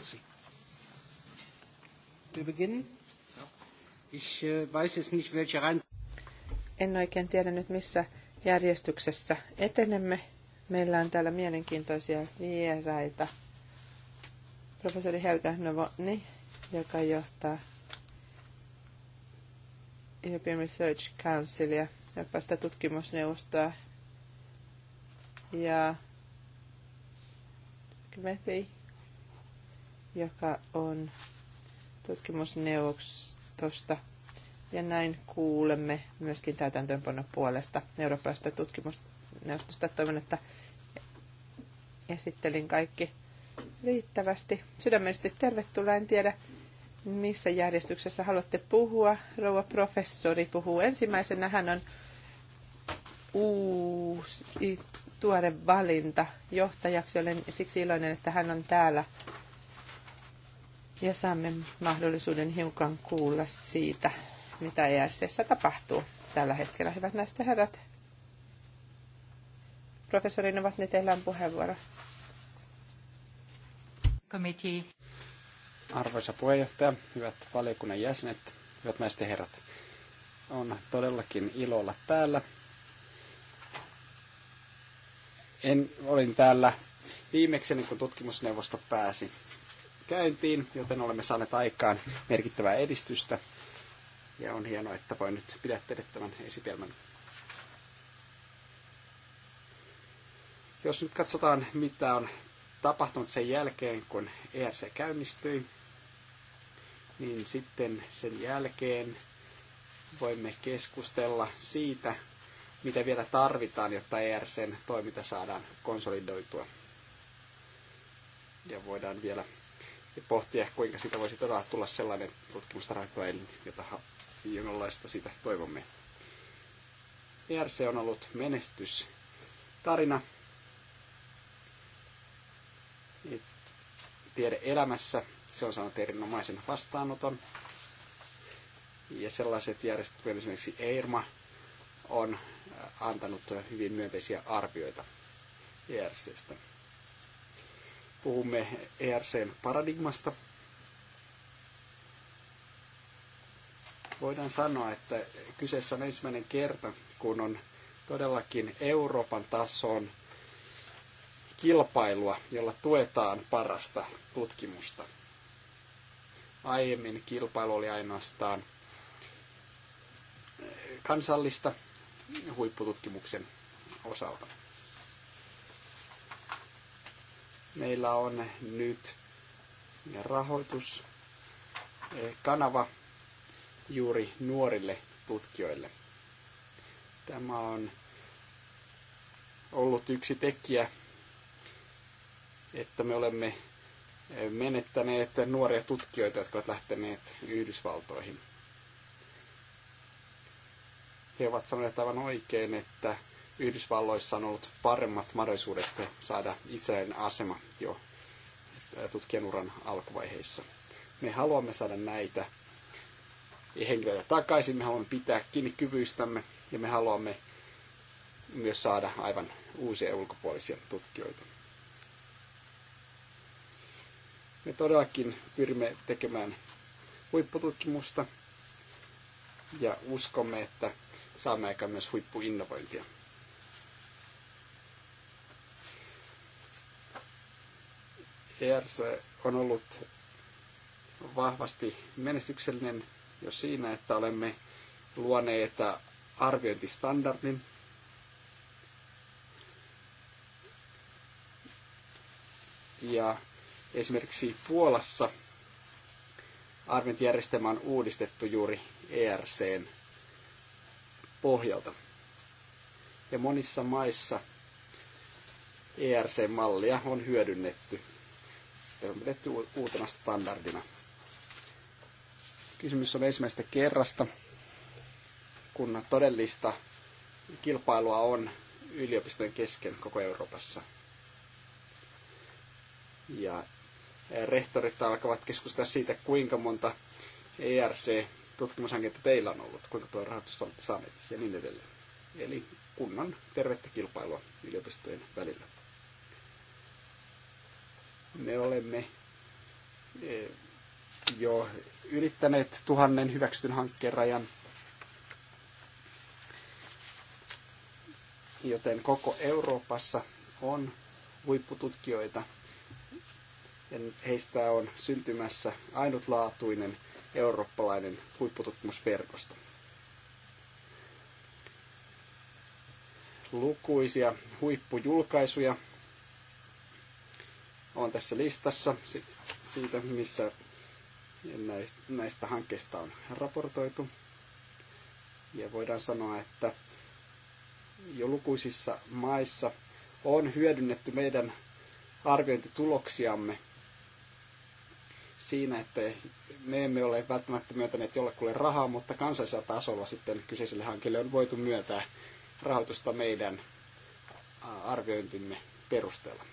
Merci. Wir beginnen. Ich äh, weiß jetzt nicht, welche Reihenfolge. En oikein tiedä nyt, missä järjestyksessä etenemme. Meillä on täällä mielenkiintoisia vieraita. Professori Helga Novotny, joka johtaa European Research Councilia, joka sitä tutkimusneuvostoa. Ja Metei, joka on tutkimusneuvostosta. Ja näin kuulemme myöskin täytäntöönpanon puolesta eurooppalaisesta tutkimusneuvostosta. Toivon, että esittelin kaikki riittävästi. Sydämellisesti tervetuloa. En tiedä, missä järjestyksessä haluatte puhua. Rouva professori puhuu ensimmäisenä. Hän on uusi tuore valinta johtajaksi. Olen siksi iloinen, että hän on täällä ja saamme mahdollisuuden hiukan kuulla siitä, mitä ERCssä tapahtuu tällä hetkellä. Hyvät näistä herrat, professori ovat ne teillä on puheenvuoro. Committee. Arvoisa puheenjohtaja, hyvät valiokunnan jäsenet, hyvät naiset herrat. On todellakin ilo olla täällä. En, olin täällä viimeksi, kun tutkimusneuvosto pääsi käyntiin, joten olemme saaneet aikaan merkittävää edistystä. Ja on hienoa, että voin nyt pidä teille tämän esitelmän. Jos nyt katsotaan, mitä on tapahtunut sen jälkeen, kun ERC käynnistyi, niin sitten sen jälkeen voimme keskustella siitä, mitä vielä tarvitaan, jotta ERCn toiminta saadaan konsolidoitua. Ja voidaan vielä ja pohtia, kuinka siitä voisi todella tulla sellainen tutkimusta rakoelin, jota jonkinlaista sitä toivomme. ERC on ollut menestys tarina tiede elämässä. Se on saanut erinomaisen vastaanoton. Ja sellaiset järjestöt kuin esimerkiksi EIRMA on äh, antanut äh, hyvin myönteisiä arvioita ERCstä puhumme ERCn paradigmasta. Voidaan sanoa, että kyseessä on ensimmäinen kerta, kun on todellakin Euroopan tason kilpailua, jolla tuetaan parasta tutkimusta. Aiemmin kilpailu oli ainoastaan kansallista huippututkimuksen osalta. Meillä on nyt rahoituskanava eh, juuri nuorille tutkijoille. Tämä on ollut yksi tekijä, että me olemme eh, menettäneet nuoria tutkijoita, jotka ovat lähteneet Yhdysvaltoihin. He ovat sanoneet aivan oikein, että Yhdysvalloissa on ollut paremmat mahdollisuudet saada itselleen asema jo tutkijan uran alkuvaiheissa. Me haluamme saada näitä henkilöitä takaisin, me haluamme pitää kiinni kyvyistämme ja me haluamme myös saada aivan uusia ulkopuolisia tutkijoita. Me todellakin pyrimme tekemään huippututkimusta ja uskomme, että saamme aikaan myös huippuinnovointia. ERC on ollut vahvasti menestyksellinen jo siinä, että olemme luoneet arviointistandardin, ja esimerkiksi Puolassa arviointijärjestelmä on uudistettu juuri ERCn pohjalta. Ja monissa maissa ERC-mallia on hyödynnetty sitä on pidetty uutena standardina. Kysymys on ensimmäistä kerrasta, kun todellista kilpailua on yliopistojen kesken koko Euroopassa. Ja rehtorit alkavat keskustella siitä, kuinka monta ERC-tutkimushanketta teillä on ollut, kuinka paljon rahoitusta olette saaneet ja niin edelleen. Eli kunnon tervettä kilpailua yliopistojen välillä. Me olemme eh, jo ylittäneet tuhannen hyväksytyn hankkeen rajan, joten koko Euroopassa on huippututkijoita. Ja heistä on syntymässä ainutlaatuinen eurooppalainen huippututkimusverkosto. Lukuisia huippujulkaisuja on tässä listassa siitä, missä näistä hankkeista on raportoitu. Ja voidaan sanoa, että jo lukuisissa maissa on hyödynnetty meidän arviointituloksiamme siinä, että me emme ole välttämättä myöntäneet jollekulle rahaa, mutta kansallisella tasolla sitten kyseiselle hankkeelle on voitu myöntää rahoitusta meidän arviointimme perusteella.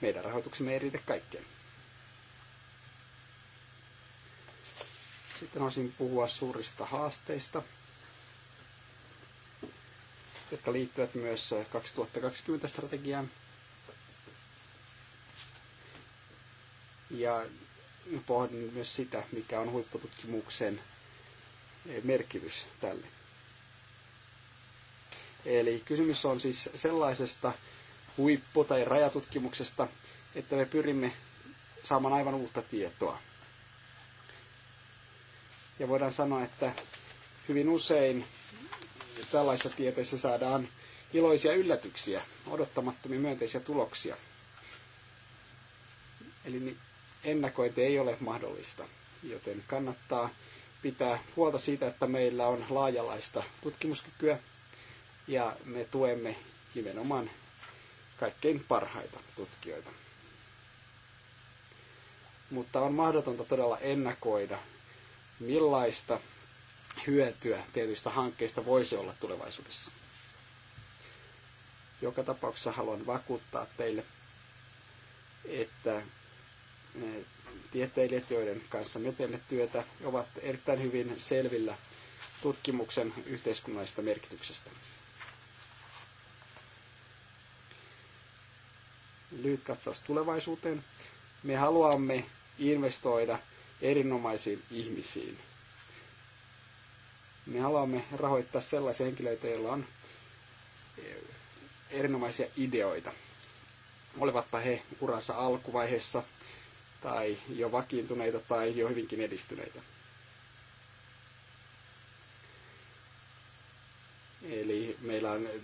Meidän rahoituksemme ei riitä kaikkeen. Sitten haluaisin puhua suurista haasteista, jotka liittyvät myös 2020 strategiaan. Ja pohdin myös sitä, mikä on huippututkimuksen merkitys tälle. Eli kysymys on siis sellaisesta huippu- tai rajatutkimuksesta, että me pyrimme saamaan aivan uutta tietoa. Ja voidaan sanoa, että hyvin usein tällaisissa tieteissä saadaan iloisia yllätyksiä, odottamattomia myönteisiä tuloksia. Eli niin, ennakointi ei ole mahdollista, joten kannattaa pitää huolta siitä, että meillä on laajalaista tutkimuskykyä ja me tuemme nimenomaan kaikkein parhaita tutkijoita. Mutta on mahdotonta todella ennakoida, millaista hyötyä tietyistä hankkeista voisi olla tulevaisuudessa. Joka tapauksessa haluan vakuuttaa teille, että eh, tieteilijät, joiden kanssa me teemme työtä, ovat erittäin hyvin selvillä tutkimuksen yhteiskunnallisesta merkityksestä. lyhyt katsaus tulevaisuuteen. Me haluamme investoida erinomaisiin ihmisiin. Me haluamme rahoittaa sellaisia henkilöitä, joilla on eh, erinomaisia ideoita. Olivatpa he uransa alkuvaiheessa tai jo vakiintuneita tai jo hyvinkin edistyneitä. Eli meillä on eh,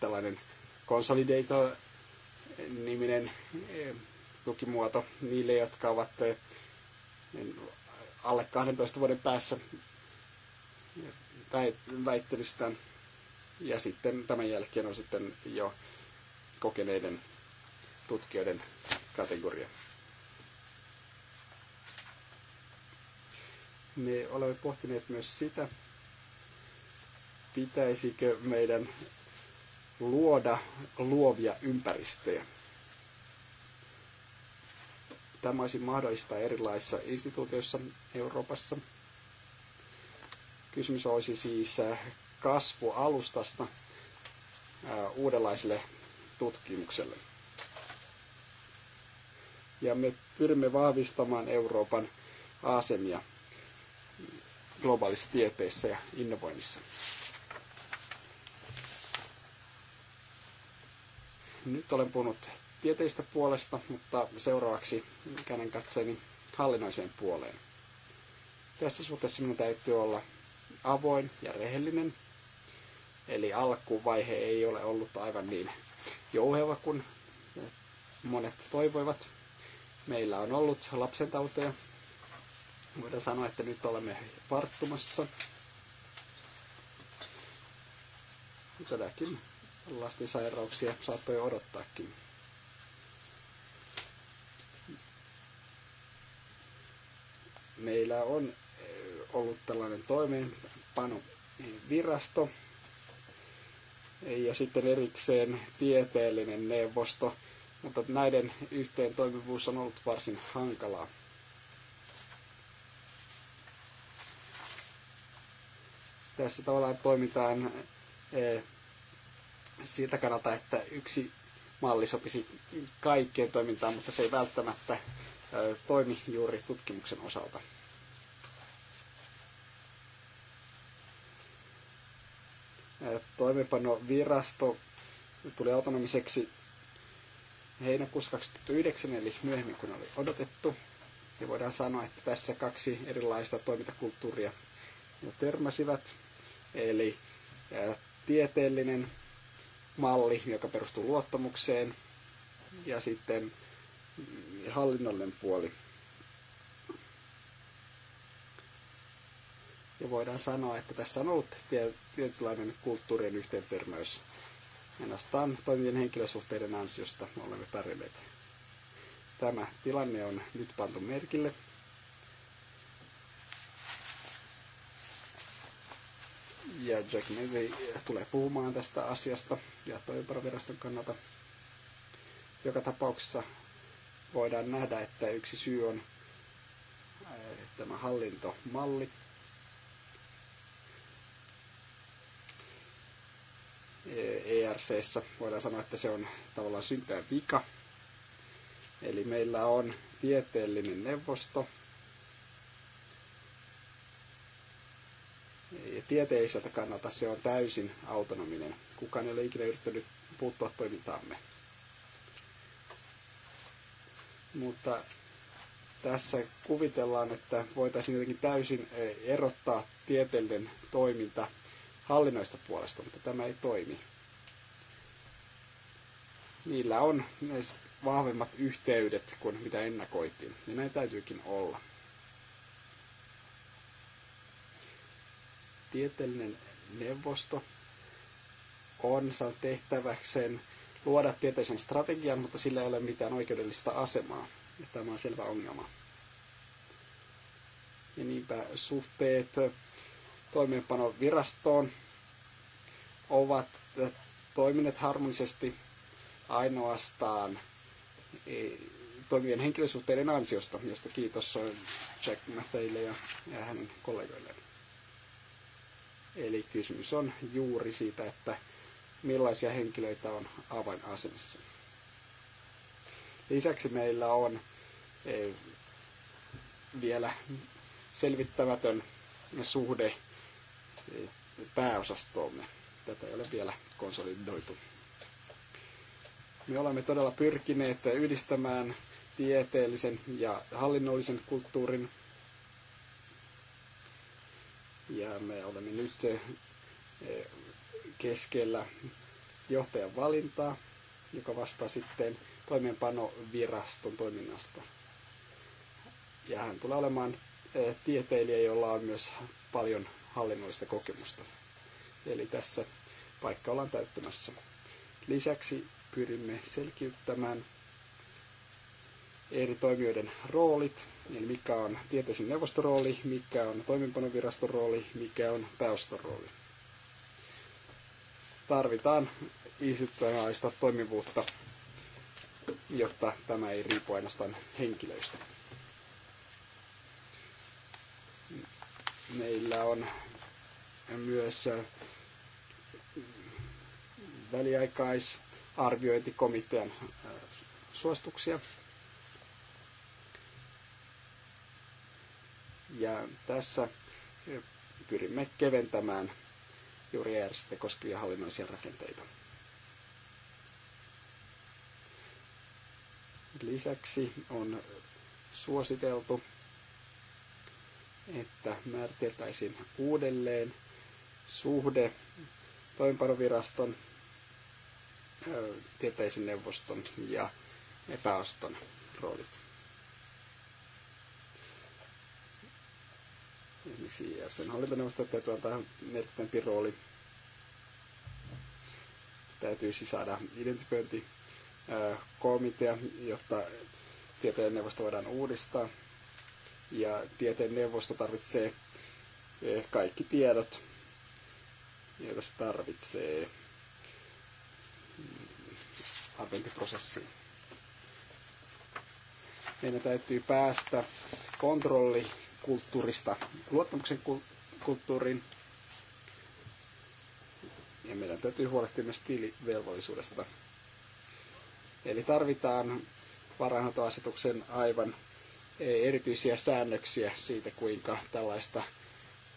tällainen consolidator niminen e, tukimuoto niille, jotka ovat e, alle 12 vuoden päässä väittelystään. Ja sitten tämän jälkeen on sitten jo kokeneiden tutkijoiden kategoria. Me olemme pohtineet myös sitä, pitäisikö meidän luoda luovia ympäristöjä. Tämä olisi mahdollista erilaisissa instituutioissa Euroopassa. Kysymys olisi siis äh, kasvualustasta äh, uudenlaiselle tutkimukselle. Ja me pyrimme vahvistamaan Euroopan asemia globaalissa tieteessä ja innovoinnissa. Nyt olen puhunut tieteistä puolesta, mutta seuraavaksi käden katseeni hallinnoiseen puoleen. Tässä suhteessa minun täytyy olla avoin ja rehellinen. Eli alkuvaihe ei ole ollut aivan niin jouheva kuin monet toivoivat. Meillä on ollut lapsentauteja. Voidaan sanoa, että nyt olemme varttumassa. Tätäkin lastisairauksia saattoi odottaakin. Meillä on eh, ollut tällainen virasto ja sitten erikseen tieteellinen neuvosto, mutta näiden yhteen toimivuus on ollut varsin hankalaa. Tässä tavallaan toimitaan eh, siltä kannalta, että yksi malli sopisi kaikkeen toimintaan, mutta se ei välttämättä toimi juuri tutkimuksen osalta. Toimeenpanovirasto tuli autonomiseksi heinäkuussa 2009, eli myöhemmin kuin oli odotettu. Ja voidaan sanoa, että tässä kaksi erilaista toimintakulttuuria törmäsivät. Eli tieteellinen malli, joka perustuu luottamukseen, ja sitten hallinnollinen puoli. Ja voidaan sanoa, että tässä on ollut tietynlainen kulttuurien yhteentörmäys. Ennastaan toimivien henkilösuhteiden ansiosta olemme pärjänneet. Tämä tilanne on nyt pantu merkille ja Jack Nevey tulee puhumaan tästä asiasta ja toivoraviraston kannalta. Joka tapauksessa voidaan nähdä, että yksi syy on eh, tämä hallintomalli. ERCssä eh, e voidaan sanoa, että se on tavallaan syntyä vika. Eli meillä on tieteellinen neuvosto, Ja tieteelliseltä kannalta se on täysin autonominen. Kukaan ei ole ikinä yrittänyt puuttua toimintaamme. Mutta tässä kuvitellaan, että voitaisiin jotenkin täysin e, erottaa tieteellinen toiminta hallinnoista puolesta, mutta tämä ei toimi. Niillä on vahvemmat yhteydet kuin mitä ennakoitiin, ja näin täytyykin olla. tieteellinen neuvosto on saanut tehtäväkseen luoda tieteellisen strategian, mutta sillä ei ole mitään oikeudellista asemaa. Ja tämä on selvä ongelma. Ja niinpä suhteet toimeenpanon virastoon ovat toimineet harmonisesti ainoastaan e, toimivien henkilösuhteiden ansiosta, josta kiitos Jack Matheille ja hänen kollegoilleen. Eli kysymys on juuri siitä, että millaisia henkilöitä on avainasemissa. Lisäksi meillä on e, vielä selvittämätön suhde e, pääosastoomme. Tätä ei ole vielä konsolidoitu. Me olemme todella pyrkineet yhdistämään tieteellisen ja hallinnollisen kulttuurin ja me olemme nyt eh, keskellä johtajan valintaa, joka vastaa sitten toimeenpanoviraston toiminnasta. Ja hän tulee olemaan eh, tieteilijä, jolla on myös paljon hallinnollista kokemusta. Eli tässä paikka ollaan täyttämässä. Lisäksi pyrimme selkiyttämään eri toimijoiden roolit, eli mikä on tieteisen neuvoston rooli, mikä on toimenpanoviraston rooli, mikä on pääoston rooli. Tarvitaan institutionaalista toimivuutta, jotta tämä ei riipu ainoastaan henkilöistä. Meillä on myös väliaikaisarviointikomitean suosituksia Ja tässä e, pyrimme keventämään juuri järjestöjä koskevia hallinnollisia rakenteita. Lisäksi on suositeltu, että määriteltäisiin uudelleen suhde toimeenpanoviraston, e, tieteisen neuvoston ja epäoston roolit. ja sen hallintoneuvostolle täytyy antaa merkittävämpi rooli. Täytyisi siis saada identifiointi komitea, jotta tieteen neuvosto voidaan uudistaa. Ja tieteen neuvosto tarvitsee eh, kaikki tiedot, joita se tarvitsee arviointiprosessiin. Meidän täytyy päästä kontrolli kulttuurista luottamuksen kulttuuriin. Ja meidän täytyy huolehtia myös tiilivelvollisuudesta. Eli tarvitaan varainhoitoasetuksen aivan erityisiä säännöksiä siitä, kuinka tällaista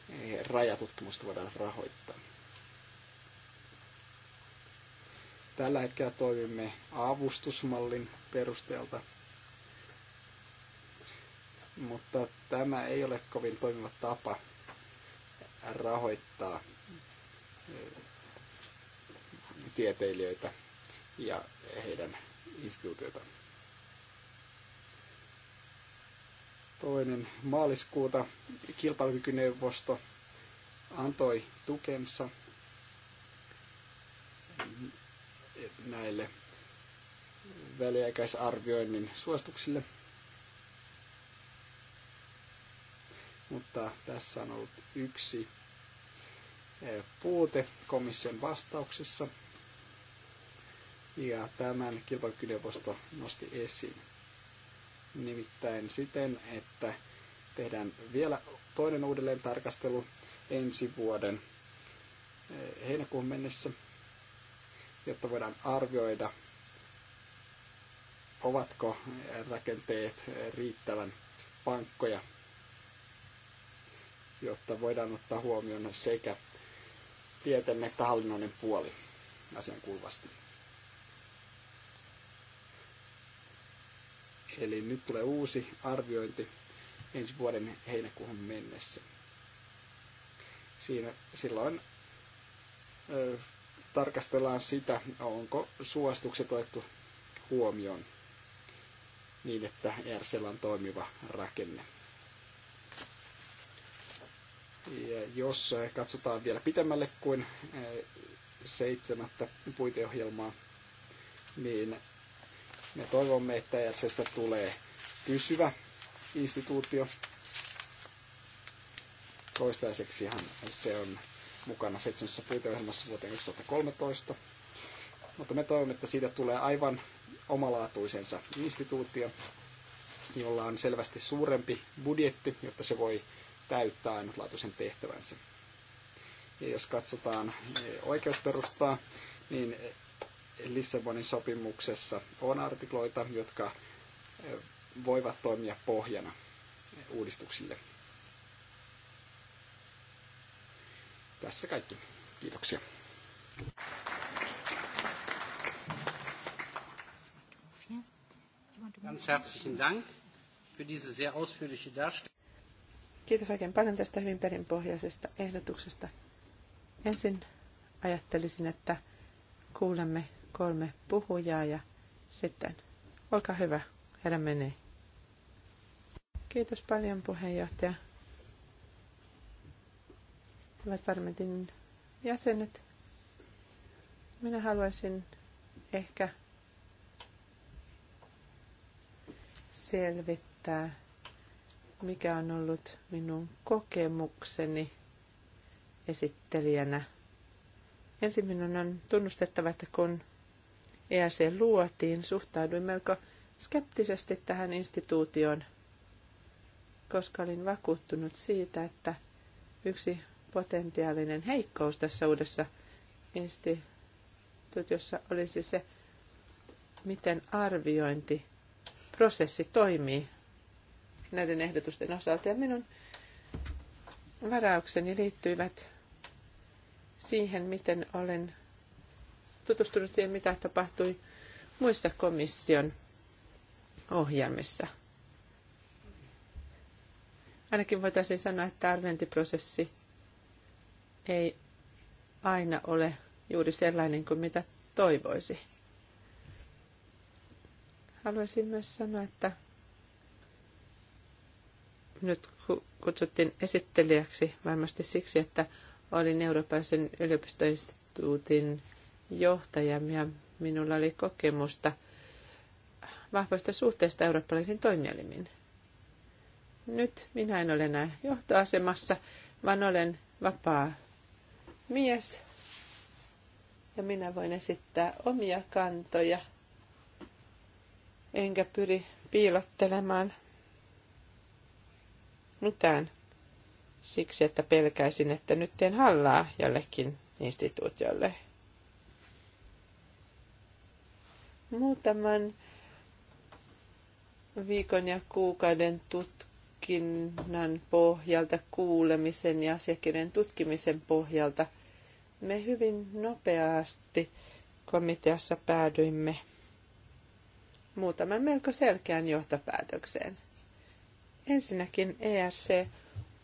eh, rajatutkimusta voidaan rahoittaa. Tällä hetkellä toimimme avustusmallin perusteelta – mutta tämä ei ole kovin toimiva tapa rahoittaa eh, tieteilijöitä ja heidän instituutiotaan. Toinen maaliskuuta kilpailukykyneuvosto antoi tukensa näille väliaikaisarvioinnin suosituksille – mutta tässä on ollut yksi eh, puute komission vastauksessa, ja tämän kilpailukyneuvosto nosti esiin. Nimittäin siten, että tehdään vielä toinen uudelleen tarkastelu ensi vuoden eh, heinäkuun mennessä, jotta voidaan arvioida, ovatko rakenteet eh, riittävän pankkoja jotta voidaan ottaa huomioon sekä tieteen että hallinnollinen puoli asian kuuluvasti. Eli nyt tulee uusi arviointi ensi vuoden heinäkuuhun mennessä. Siinä silloin ö, tarkastellaan sitä, onko suositukset otettu huomioon niin, että ERSellä on toimiva rakenne. Ja jos eh, katsotaan vielä pitemmälle kuin eh, seitsemättä puiteohjelmaa, niin me toivomme, että järjestä tulee pysyvä instituutio. Toistaiseksihan se on mukana seitsemässä puiteohjelmassa vuoteen 2013. Mutta me toivomme, että siitä tulee aivan omalaatuisensa instituutio, jolla on selvästi suurempi budjetti, jotta se voi täyttää ainutlaatuisen tehtävänsä. Ja jos katsotaan eh, oikeusperustaa, niin eh, Lissabonin sopimuksessa on artikloita, jotka eh, voivat toimia pohjana uudistuksille. Tässä kaikki. Kiitoksia. Ganz herzlichen Dank für diese sehr ausführliche Darstellung. Kiitos oikein paljon tästä hyvin perinpohjaisesta ehdotuksesta. Ensin ajattelisin, että kuulemme kolme puhujaa ja sitten olkaa hyvä, herra menee. Kiitos paljon puheenjohtaja. Hyvät parlamentin jäsenet, minä haluaisin ehkä selvittää mikä on ollut minun kokemukseni esittelijänä. Ensin minun on tunnustettava, että kun EAC luotiin, suhtauduin melko skeptisesti tähän instituutioon, koska olin vakuuttunut siitä, että yksi potentiaalinen heikkous tässä uudessa instituutiossa olisi se, miten arviointiprosessi toimii näiden ehdotusten osalta. Ja minun varaukseni liittyivät siihen, miten olen tutustunut siihen, mitä tapahtui muissa komission ohjelmissa. Ainakin voitaisiin sanoa, että arviointiprosessi ei aina ole juuri sellainen kuin mitä toivoisi. Haluaisin myös sanoa, että nyt kutsuttiin esittelijäksi varmasti siksi, että olin Euroopan yliopistoinstituutin johtaja ja minulla oli kokemusta vahvoista suhteista eurooppalaisiin toimielimiin. Nyt minä en ole enää johtoasemassa, vaan olen vapaa mies ja minä voin esittää omia kantoja, enkä pyri piilottelemaan mitään siksi, että pelkäisin, että nyt teen hallaa jollekin instituutiolle. Muutaman viikon ja kuukauden tutkinnan pohjalta, kuulemisen ja asiakirjan tutkimisen pohjalta me hyvin nopeasti komiteassa päädyimme muutaman melko selkeän johtopäätökseen – Ensinnäkin ERC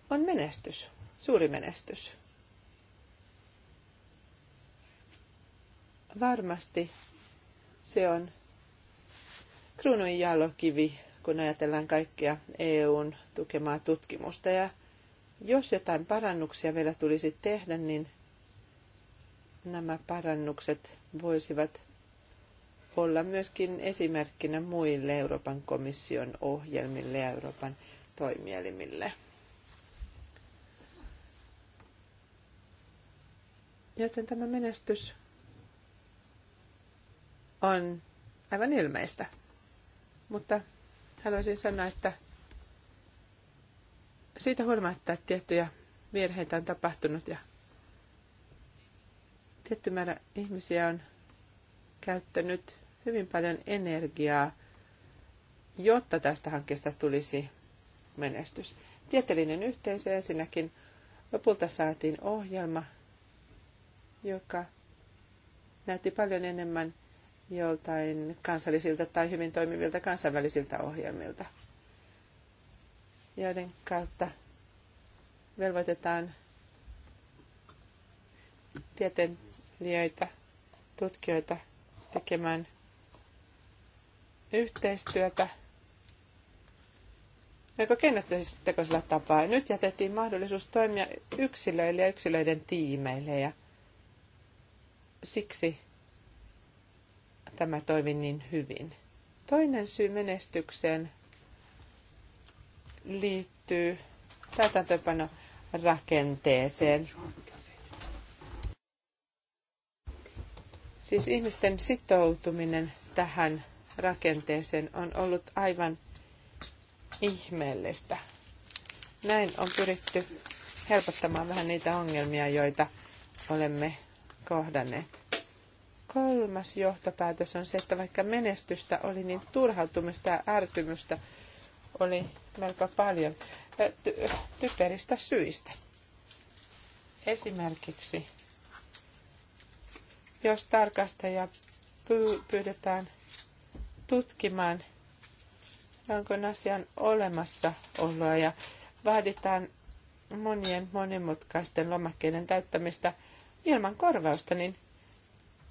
on menestys, suuri menestys. Varmasti se on kruunun jalokivi, kun ajatellaan kaikkea EUn tukemaa tutkimusta. Ja jos jotain parannuksia vielä tulisi tehdä, niin nämä parannukset voisivat olla myöskin esimerkkinä muille Euroopan komission ohjelmille ja Euroopan toimielimille. Joten tämä menestys on aivan ilmeistä. Mutta haluaisin sanoa, että siitä huolimatta, että tiettyjä virheitä on tapahtunut ja tietty määrä ihmisiä on käyttänyt hyvin paljon energiaa, jotta tästä hankkeesta tulisi menestys. Tieteellinen yhteisö ensinnäkin lopulta saatiin ohjelma, joka näytti paljon enemmän joltain kansallisilta tai hyvin toimivilta kansainvälisiltä ohjelmilta, joiden kautta velvoitetaan tieteilijöitä, tutkijoita tekemään yhteistyötä. Joko kennettäisittekö sillä tapaa? Nyt jätettiin mahdollisuus toimia yksilöille ja yksilöiden tiimeille ja siksi tämä toimi niin hyvin. Toinen syy menestykseen liittyy täytäntöpano rakenteeseen. Siis ihmisten sitoutuminen tähän rakenteeseen on ollut aivan ihmeellistä. Näin on pyritty helpottamaan vähän niitä ongelmia, joita olemme kohdanneet. Kolmas johtopäätös on se, että vaikka menestystä oli, niin turhautumista ja ärtymystä oli melko paljon ty- typeristä syistä. Esimerkiksi, jos tarkastaja pyydetään tutkimaan jonkun asian olemassaoloa ja vaaditaan monien monimutkaisten lomakkeiden täyttämistä ilman korvausta, niin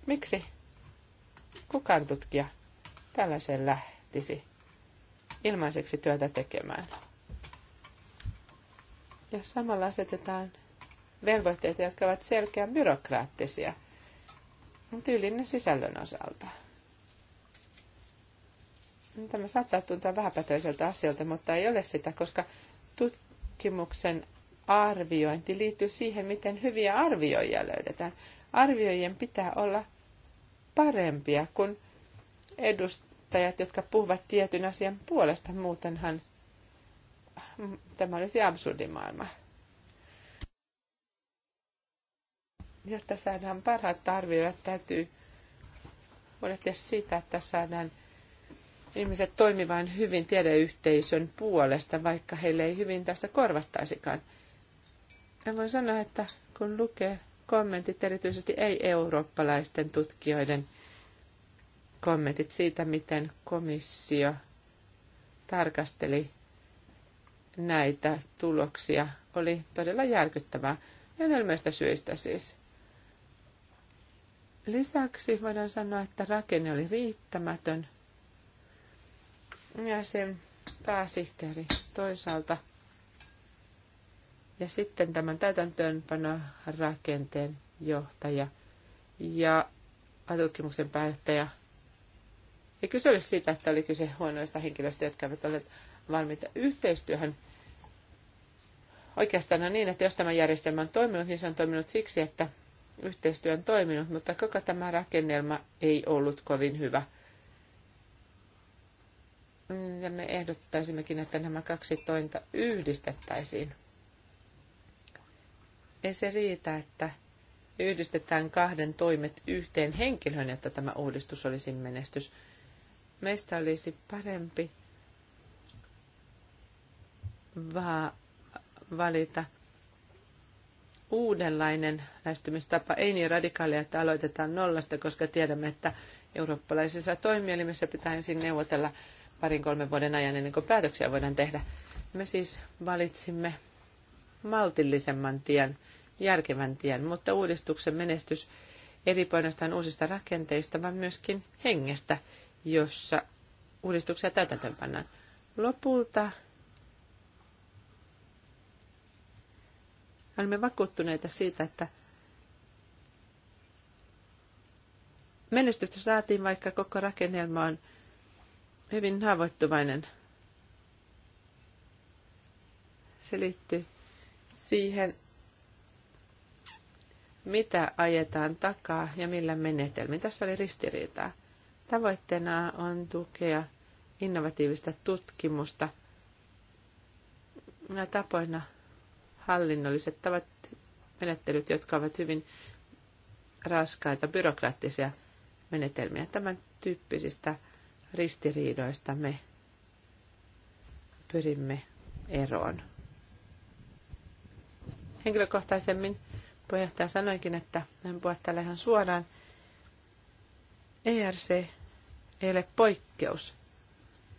miksi kukaan tutkija tällaisen lähtisi ilmaiseksi työtä tekemään? Ja samalla asetetaan velvoitteita, jotka ovat selkeän byrokraattisia, mutta sisällön osalta. Tämä saattaa tuntua vähäpätöiseltä asialta, mutta ei ole sitä, koska tutkimuksen arviointi liittyy siihen, miten hyviä arvioijia löydetään. Arvioijien pitää olla parempia kuin edustajat, jotka puhuvat tietyn asian puolesta. Muutenhan tämä olisi absurdi maailma. Jotta saadaan parhaat arvioijat, täytyy huolehtia siitä, että saadaan – ihmiset toimimaan hyvin tiedeyhteisön puolesta, vaikka heille ei hyvin tästä korvattaisikaan. Ja voin sanoa, että kun lukee kommentit, erityisesti ei-eurooppalaisten tutkijoiden kommentit siitä, miten komissio tarkasteli näitä tuloksia, oli todella järkyttävää. Enelmästä syistä siis. Lisäksi voidaan sanoa, että rakenne oli riittämätön ja sen pääsihteeri toisaalta. Ja sitten tämän rakenteen johtaja ja tutkimuksen päättäjä. Eikö kyse ole siitä, että oli kyse huonoista henkilöistä, jotka eivät olleet valmiita yhteistyöhön? Oikeastaan on niin, että jos tämä järjestelmä on toiminut, niin se on toiminut siksi, että yhteistyö on toiminut, mutta koko tämä rakennelma ei ollut kovin hyvä – ja me ehdottaisimmekin, että nämä kaksi tointa yhdistettäisiin. Ei se riitä, että yhdistetään kahden toimet yhteen henkilöön, jotta tämä uudistus olisi menestys. Meistä olisi parempi vaan valita uudenlainen lähestymistapa, ei niin radikaalia, että aloitetaan nollasta, koska tiedämme, että eurooppalaisissa toimielimissä pitää ensin neuvotella parin kolmen vuoden ajan ennen kuin päätöksiä voidaan tehdä. Me siis valitsimme maltillisemman tien, järkevän tien, mutta uudistuksen menestys eri painoistaan uusista rakenteista, vaan myöskin hengestä, jossa uudistuksia täytäntöön pannaan. Lopulta olemme vakuuttuneita siitä, että menestystä saatiin, vaikka koko rakennelma on hyvin haavoittuvainen. Se liittyy siihen, mitä ajetaan takaa ja millä menetelmin. Tässä oli ristiriitaa. Tavoitteena on tukea innovatiivista tutkimusta ja tapoina hallinnolliset tavat, menettelyt, jotka ovat hyvin raskaita, byrokraattisia menetelmiä. Tämän tyyppisistä ristiriidoista me pyrimme eroon. Henkilökohtaisemmin puheenjohtaja sanoikin, että en puhua täällä ihan suoraan. ERC ei ole poikkeus,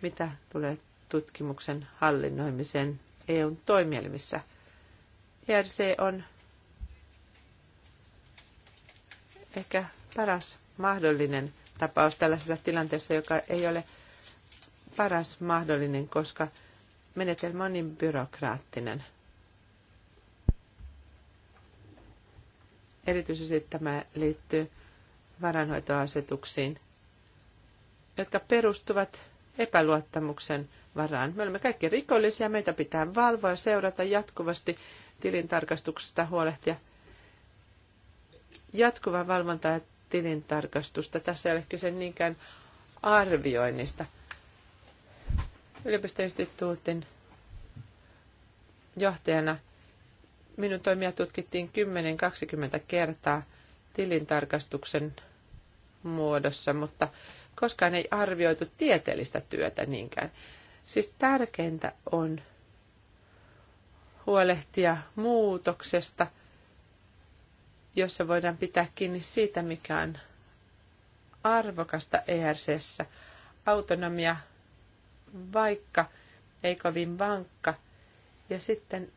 mitä tulee tutkimuksen hallinnoimiseen EUn toimielimissä. ERC on ehkä paras mahdollinen tapaus tällaisessa tilanteessa, joka ei ole paras mahdollinen, koska menetelmä on niin byrokraattinen. Erityisesti tämä liittyy varanhoitoasetuksiin, jotka perustuvat epäluottamuksen varaan. Me olemme kaikki rikollisia, meitä pitää valvoa ja seurata jatkuvasti tilintarkastuksesta huolehtia. Jatkuva valvonta ja tilintarkastusta. Tässä ei ole kyse niinkään arvioinnista. Yliopistoinstituutin johtajana minun toimia tutkittiin 10-20 kertaa tilintarkastuksen muodossa, mutta koskaan ei arvioitu tieteellistä työtä niinkään. Siis tärkeintä on huolehtia muutoksesta – jossa voidaan pitää kiinni siitä, mikä on arvokasta ERCssä. Autonomia, vaikka ei kovin vankka. Ja sitten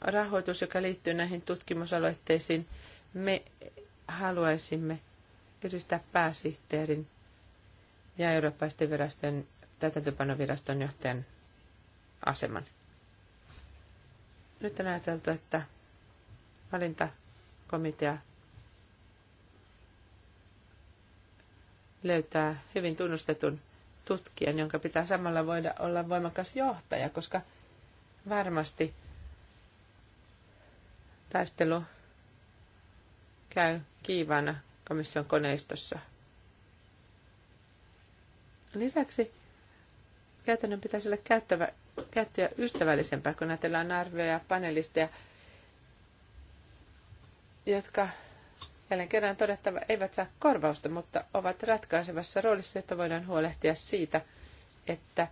rahoitus, joka liittyy näihin tutkimusaloitteisiin. Me haluaisimme yhdistää pääsihteerin ja Euroopan viraston täytäntöpanoviraston johtajan aseman. Nyt on ajateltu, että valinta komitea löytää hyvin tunnustetun tutkijan, jonka pitää samalla voida olla voimakas johtaja, koska varmasti taistelu käy kiivana komission koneistossa. Lisäksi käytännön pitäisi olla käyttävä, käyttäjä ystävällisempää, kun ajatellaan arvioja ja panelisteja – jotka jälleen kerran todettava eivät saa korvausta, mutta ovat ratkaisevassa roolissa, että voidaan huolehtia siitä, että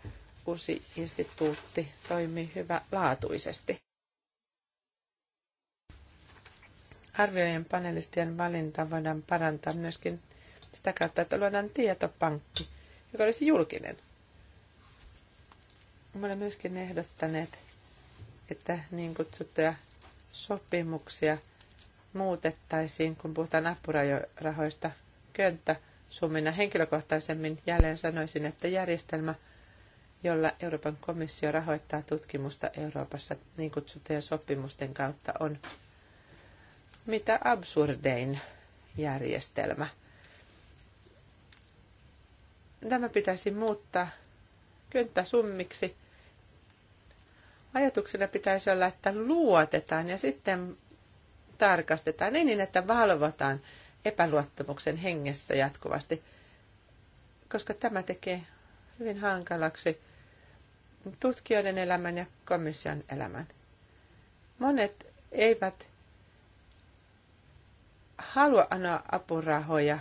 uusi instituutti toimii hyvälaatuisesti. Arvioijien panelistien valinta voidaan parantaa myöskin sitä kautta, että luodaan tietopankki, joka olisi julkinen. Me olemme myöskin ehdottaneet, että niin kutsuttuja sopimuksia – muutettaisiin, kun puhutaan apurahoista könttä summina henkilökohtaisemmin, jälleen sanoisin, että järjestelmä, jolla Euroopan komissio rahoittaa tutkimusta Euroopassa niin kutsuttujen sopimusten kautta, on mitä absurdein järjestelmä. Tämä pitäisi muuttaa könttäsummiksi. Ajatuksena pitäisi olla, että luotetaan ja sitten tarkastetaan, ei niin, että valvotaan epäluottamuksen hengessä jatkuvasti, koska tämä tekee hyvin hankalaksi tutkijoiden elämän ja komission elämän. Monet eivät halua anoa apurahoja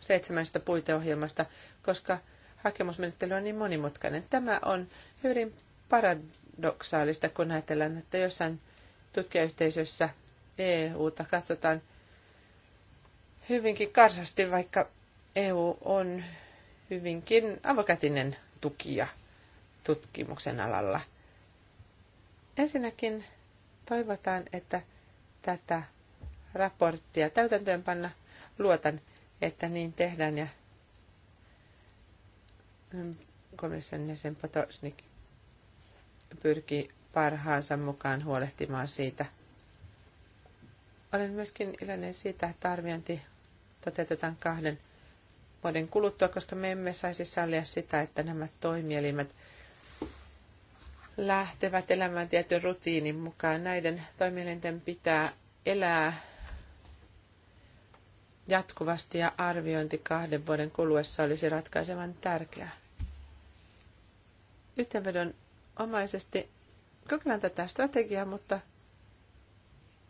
seitsemästä puiteohjelmasta, koska hakemusmenettely on niin monimutkainen. Tämä on hyvin paradoksaalista, kun ajatellaan, että jossain tutkijayhteisössä – EUta katsotaan hyvinkin karsasti, vaikka EU on hyvinkin avokätinen tukija tutkimuksen alalla. Ensinnäkin toivotaan, että tätä raporttia täytäntöönpanna. Luotan, että niin tehdään ja komission jäsen Potosnik pyrkii parhaansa mukaan huolehtimaan siitä – olen myöskin iloinen siitä, että arviointi toteutetaan kahden vuoden kuluttua, koska me emme saisi sallia sitä, että nämä toimielimet lähtevät elämään tietyn rutiinin mukaan. Näiden toimielinten pitää elää jatkuvasti ja arviointi kahden vuoden kuluessa olisi ratkaisevan tärkeää. Yhteenvedon omaisesti kokeillaan tätä strategiaa, mutta –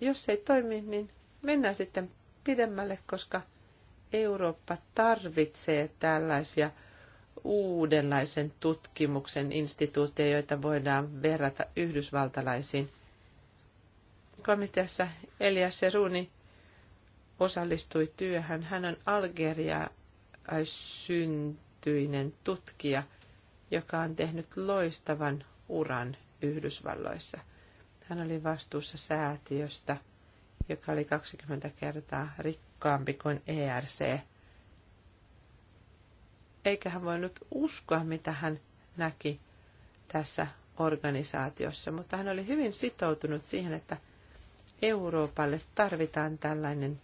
jos se ei toimi, niin mennään sitten pidemmälle, koska Eurooppa tarvitsee tällaisia uudenlaisen tutkimuksen instituutteja, joita voidaan verrata yhdysvaltalaisiin. Komiteassa Elias Seruni osallistui työhön. Hän on Algeria syntyinen tutkija, joka on tehnyt loistavan uran Yhdysvalloissa – hän oli vastuussa säätiöstä, joka oli 20 kertaa rikkaampi kuin ERC. Eikä hän voinut uskoa, mitä hän näki tässä organisaatiossa, mutta hän oli hyvin sitoutunut siihen, että Euroopalle tarvitaan tällainen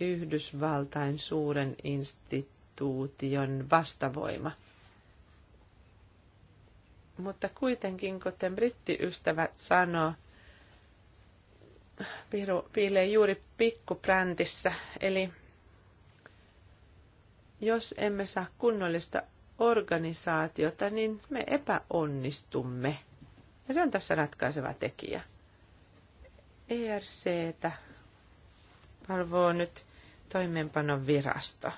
Yhdysvaltain suuren instituution vastavoima – mutta kuitenkin, kuten brittiystävät sanoo, piru piilee juuri pikkupräntissä. Eli jos emme saa kunnollista organisaatiota, niin me epäonnistumme. Ja se on tässä ratkaiseva tekijä. ERC-tä palvoo nyt toimeenpanon virasto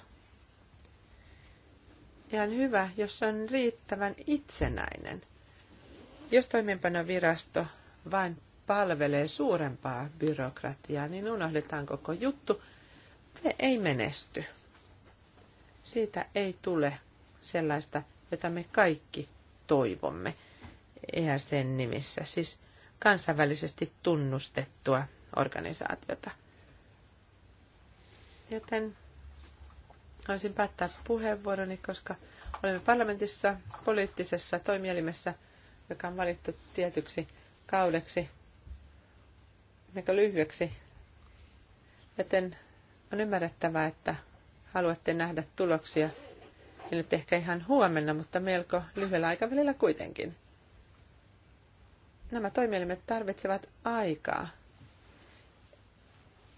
ihan hyvä, jos se on riittävän itsenäinen. Jos toimeenpanovirasto vain palvelee suurempaa byrokratiaa, niin unohdetaan koko juttu. Se ei menesty. Siitä ei tule sellaista, jota me kaikki toivomme. Eihän sen nimissä, siis kansainvälisesti tunnustettua organisaatiota. Joten Haluaisin päättää puheenvuoroni, koska olemme parlamentissa poliittisessa toimielimessä, joka on valittu tietyksi kaudeksi, mikä lyhyeksi. Joten on ymmärrettävää, että haluatte nähdä tuloksia, ja nyt ehkä ihan huomenna, mutta melko lyhyellä aikavälillä kuitenkin. Nämä toimielimet tarvitsevat aikaa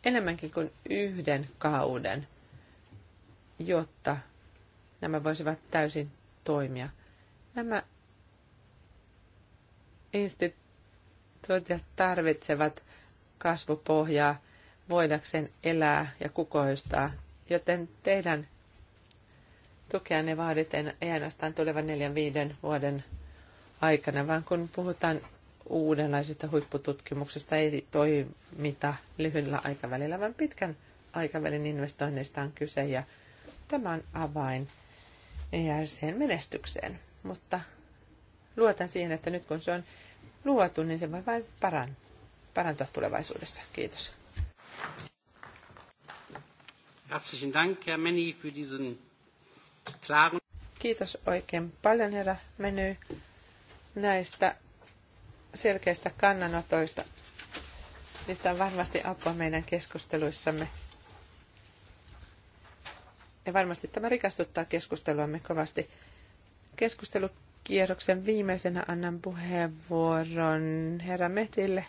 enemmänkin kuin yhden kauden jotta nämä voisivat täysin toimia. Nämä instituutiot tarvitsevat kasvupohjaa voidakseen elää ja kukoistaa, joten teidän tukea ne vaadit ei ainoastaan tulevan neljän viiden vuoden aikana, vaan kun puhutaan uudenlaisista huippututkimuksista, ei toimita lyhyellä aikavälillä, vaan pitkän aikavälin investoinneista on kyse ja Tämän avain avain sen menestykseen, mutta luotan siihen, että nyt kun se on luotu, niin se voi vain parantua tulevaisuudessa. Kiitos. Herzlichen Dank, Herr für diesen Kiitos oikein paljon, herra Meny, näistä selkeistä kannanotoista. Niistä on varmasti apua meidän keskusteluissamme. Ja varmasti tämä rikastuttaa keskusteluamme kovasti. Keskustelukierroksen viimeisenä annan puheenvuoron herra Metille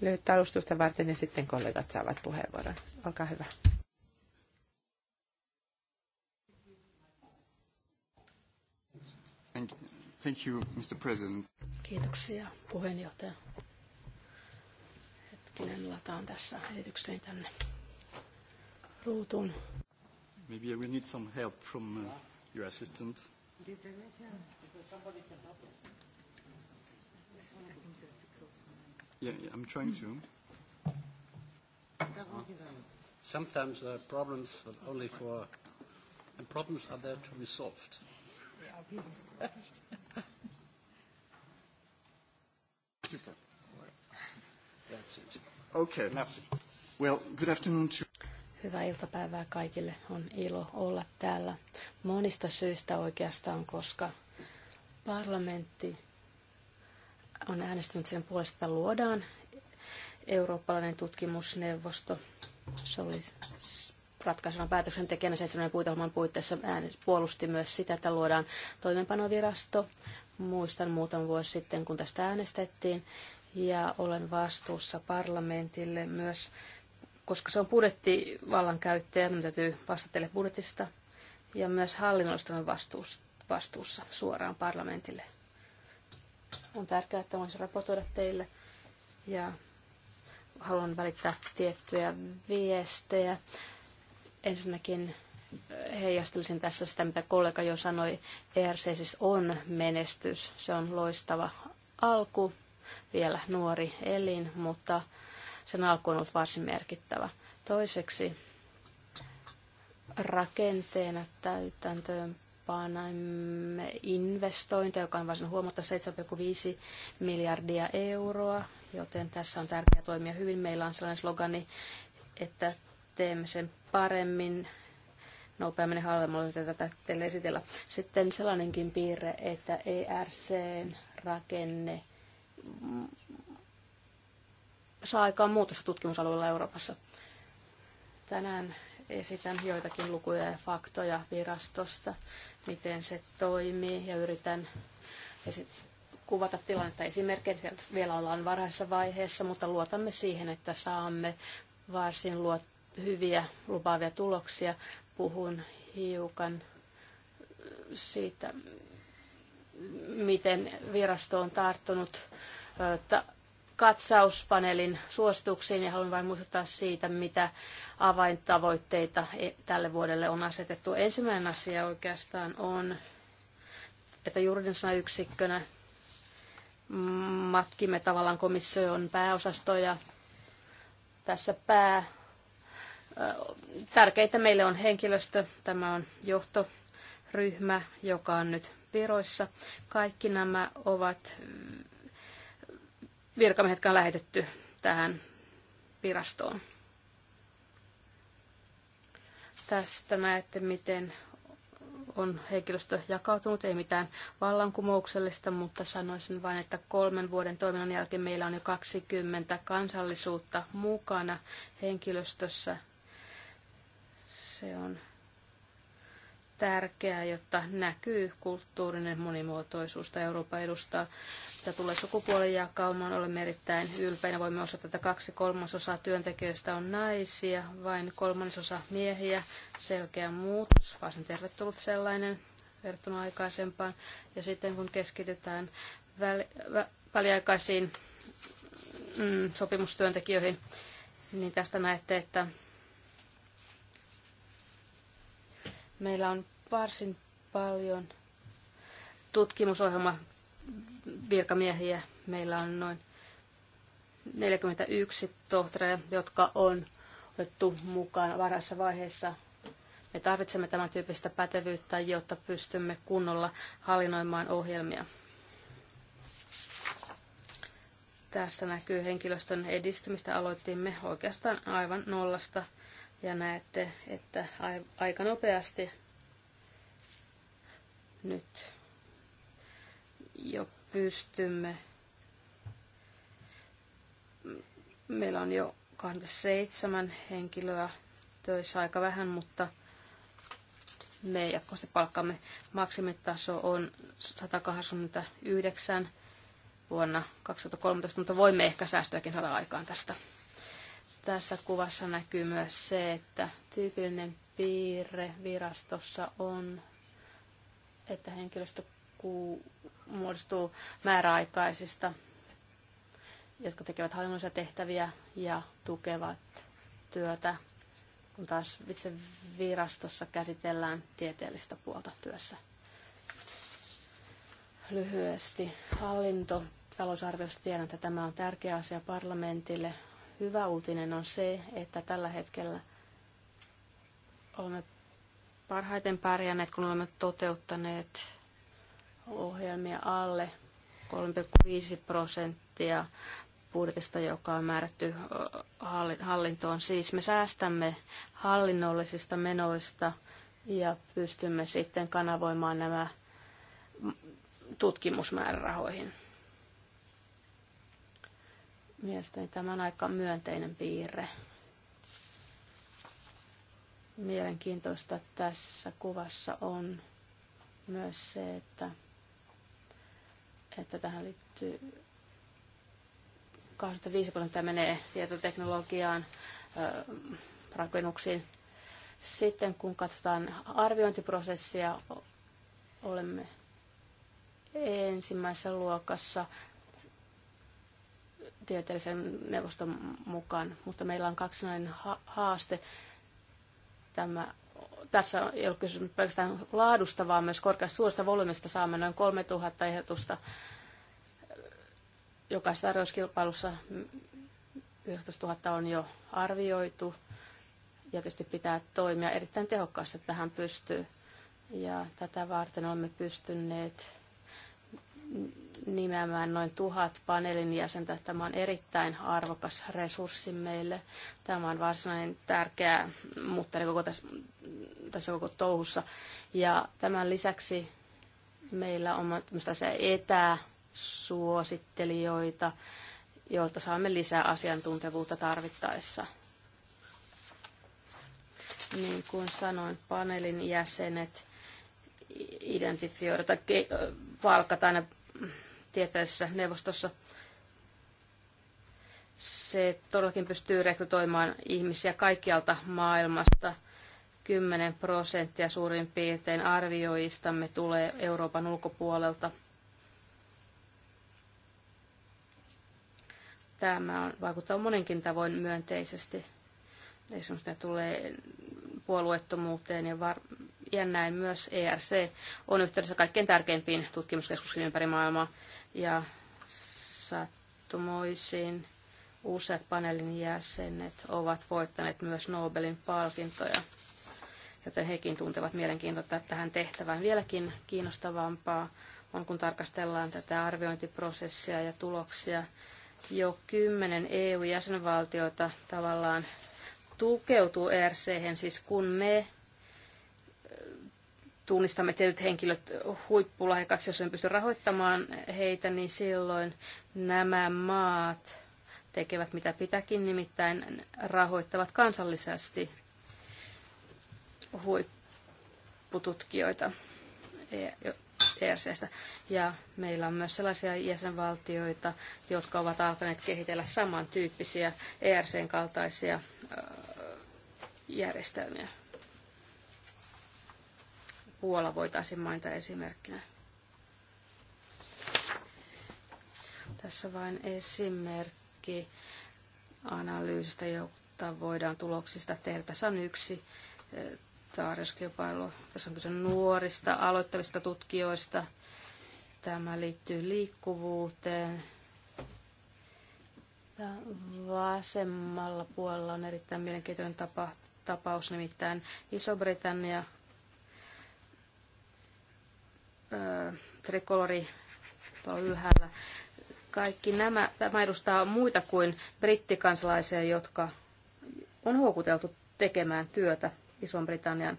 lyhyttä alustusta varten ja sitten kollegat saavat puheenvuoron. Olkaa hyvä. Thank you, Mr. President. Kiitoksia puheenjohtaja. Hetkinen, lataan tässä esitykseni tänne ruutuun. Maybe we need some help from uh, your assistant. Yeah, yeah, I'm trying to. Sometimes there are problems but only for, and problems are there to be solved. Super. That's it. Okay. Merci. Well, good afternoon to Hyvää iltapäivää kaikille. On ilo olla täällä monista syistä oikeastaan, koska parlamentti on äänestänyt sen puolesta, että luodaan eurooppalainen tutkimusneuvosto. Se oli ratkaisuna päätöksentekijänä seitsemän puitelman puitteissa äänes, puolusti myös sitä, että luodaan toimeenpanovirasto. Muistan muutaman vuosi sitten, kun tästä äänestettiin, ja olen vastuussa parlamentille myös koska se on budjettivallan käyttäjä, minun täytyy vastatella budjetista ja myös hallinnollista vastuussa, vastuussa suoraan parlamentille. On tärkeää, että voisin raportoida teille ja haluan välittää tiettyjä viestejä. Ensinnäkin eh, heijastelisin tässä sitä, mitä kollega jo sanoi. ERC siis on menestys. Se on loistava alku, vielä nuori elin, mutta sen alku on ollut varsin merkittävä. Toiseksi rakenteena täytäntöön panemme investointeja, joka on varsin huomattava 7,5 miljardia euroa, joten tässä on tärkeää toimia hyvin. Meillä on sellainen slogani, että teemme sen paremmin, nopeammin ja halvemmalla tätä teille esitellä. Sitten sellainenkin piirre, että ERCn rakenne saa aikaan muutosta tutkimusalueella Euroopassa. Tänään esitän joitakin lukuja ja faktoja virastosta, miten se toimii ja yritän kuvata tilannetta esimerkkejä. Vielä ollaan varhaisessa vaiheessa, mutta luotamme siihen, että saamme varsin luot, hyviä lupaavia tuloksia. Puhun hiukan siitä, miten virasto on tarttunut katsauspaneelin suosituksiin ja haluan vain muistuttaa siitä, mitä avaintavoitteita e- tälle vuodelle on asetettu. Ensimmäinen asia oikeastaan on, että juridisena yksikkönä matkimme tavallaan komission pääosastoja. Tässä pää Tärkeintä meille on henkilöstö. Tämä on johtoryhmä, joka on nyt viroissa. Kaikki nämä ovat Virkamiehet on lähetetty tähän virastoon. Tästä näette, miten on henkilöstö jakautunut, ei mitään vallankumouksellista, mutta sanoisin vain, että kolmen vuoden toiminnan jälkeen meillä on jo 20 kansallisuutta mukana henkilöstössä. Se on tärkeää, jotta näkyy kulttuurinen monimuotoisuus, tai Eurooppa edustaa. Mitä tulee sukupuolen jakaumaan, olemme erittäin ylpeinä. Voimme osata, että kaksi kolmasosaa työntekijöistä on naisia, vain kolmasosa miehiä. Selkeä muutos, varsin tervetullut sellainen verrattuna aikaisempaan. Ja sitten kun keskitytään väli- vä- väliaikaisiin mm, sopimustyöntekijöihin, niin tästä näette, että Meillä on varsin paljon tutkimusohjelma virkamiehiä. Meillä on noin 41 tohtoria, jotka on otettu mukaan varhaisessa vaiheessa. Me tarvitsemme tämän tyyppistä pätevyyttä, jotta pystymme kunnolla hallinnoimaan ohjelmia. Tästä näkyy henkilöstön edistymistä. Aloitimme oikeastaan aivan nollasta ja näette, että aika nopeasti nyt jo pystymme. Meillä on jo 27 henkilöä töissä aika vähän, mutta me jatkuvasti palkkaamme maksimitaso on 189 vuonna 2013, mutta voimme ehkä säästöäkin saada aikaan tästä. Tässä kuvassa näkyy myös se, että tyypillinen piirre virastossa on, että henkilöstö muodostuu määräaikaisista, jotka tekevät hallinnollisia tehtäviä ja tukevat työtä, kun taas itse virastossa käsitellään tieteellistä puolta työssä. Lyhyesti hallinto talousarviosta tiedän, että tämä on tärkeä asia parlamentille hyvä uutinen on se, että tällä hetkellä olemme parhaiten pärjänneet, kun olemme toteuttaneet ohjelmia alle 3,5 prosenttia budjetista, joka on määrätty hallintoon. Siis me säästämme hallinnollisista menoista ja pystymme sitten kanavoimaan nämä tutkimusmäärärahoihin. Mielestäni tämä on aika myönteinen piirre. Mielenkiintoista tässä kuvassa on myös se, että, että tähän liittyy 25 prosenttia menee tietoteknologiaan, rakennuksiin. Sitten kun katsotaan arviointiprosessia, olemme ensimmäisessä luokassa tieteellisen neuvoston mukaan, mutta meillä on kaksinainen haaste. Tämä, tässä ei ole kysymys pelkästään laadusta, vaan myös korkeasta suosta volyymista saamme noin 3000 ehdotusta jokaisessa tarjouskilpailussa 19 000 on jo arvioitu. Ja tietysti pitää toimia erittäin tehokkaasti, että tähän pystyy. Ja tätä varten olemme pystyneet nimeämään noin tuhat paneelin jäsentä. Tämä on erittäin arvokas resurssi meille. Tämä on varsinainen tärkeä muuttari koko tässä, tässä koko touhussa. Ja tämän lisäksi meillä on tämmöisiä etäsuosittelijoita, joilta saamme lisää asiantuntevuutta tarvittaessa. Niin kuin sanoin, paneelin jäsenet identifioida tai palkata tieteellisessä neuvostossa. Se todellakin pystyy rekrytoimaan ihmisiä kaikkialta maailmasta. 10 prosenttia suurin piirtein arvioistamme tulee Euroopan ulkopuolelta. Tämä on, vaikuttaa monenkin tavoin myönteisesti. Esimerkiksi tulee puolueettomuuteen ja var- ja näin myös ERC on yhteydessä kaikkein tärkeimpiin tutkimuskeskuksiin ympäri maailmaa. Ja sattumoisin useat paneelin jäsenet ovat voittaneet myös Nobelin palkintoja, joten hekin tuntevat mielenkiintoa tähän tehtävään. Vieläkin kiinnostavampaa on, kun tarkastellaan tätä arviointiprosessia ja tuloksia. Jo kymmenen EU-jäsenvaltiota tavallaan tukeutuu ERC, siis kun me tunnistamme tietyt henkilöt huippulahjakaksi, jos en pysty rahoittamaan heitä, niin silloin nämä maat tekevät mitä pitäkin, nimittäin rahoittavat kansallisesti huippututkijoita ERCstä. Ja meillä on myös sellaisia jäsenvaltioita, jotka ovat alkaneet kehitellä samantyyppisiä ERCn kaltaisia järjestelmiä. Puola voitaisiin mainita esimerkkinä. Tässä vain esimerkki analyysistä, jota voidaan tuloksista tehdä. Tässä on yksi eh, tarjouskilpailu. Tässä on kyse nuorista, aloittavista tutkijoista. Tämä liittyy liikkuvuuteen. Ja vasemmalla puolella on erittäin mielenkiintoinen tapa, tapaus, nimittäin Iso-Britannia trikolori tuolla ylhäällä. Kaikki nämä, tämä edustaa muita kuin brittikansalaisia, jotka on houkuteltu tekemään työtä Ison-Britannian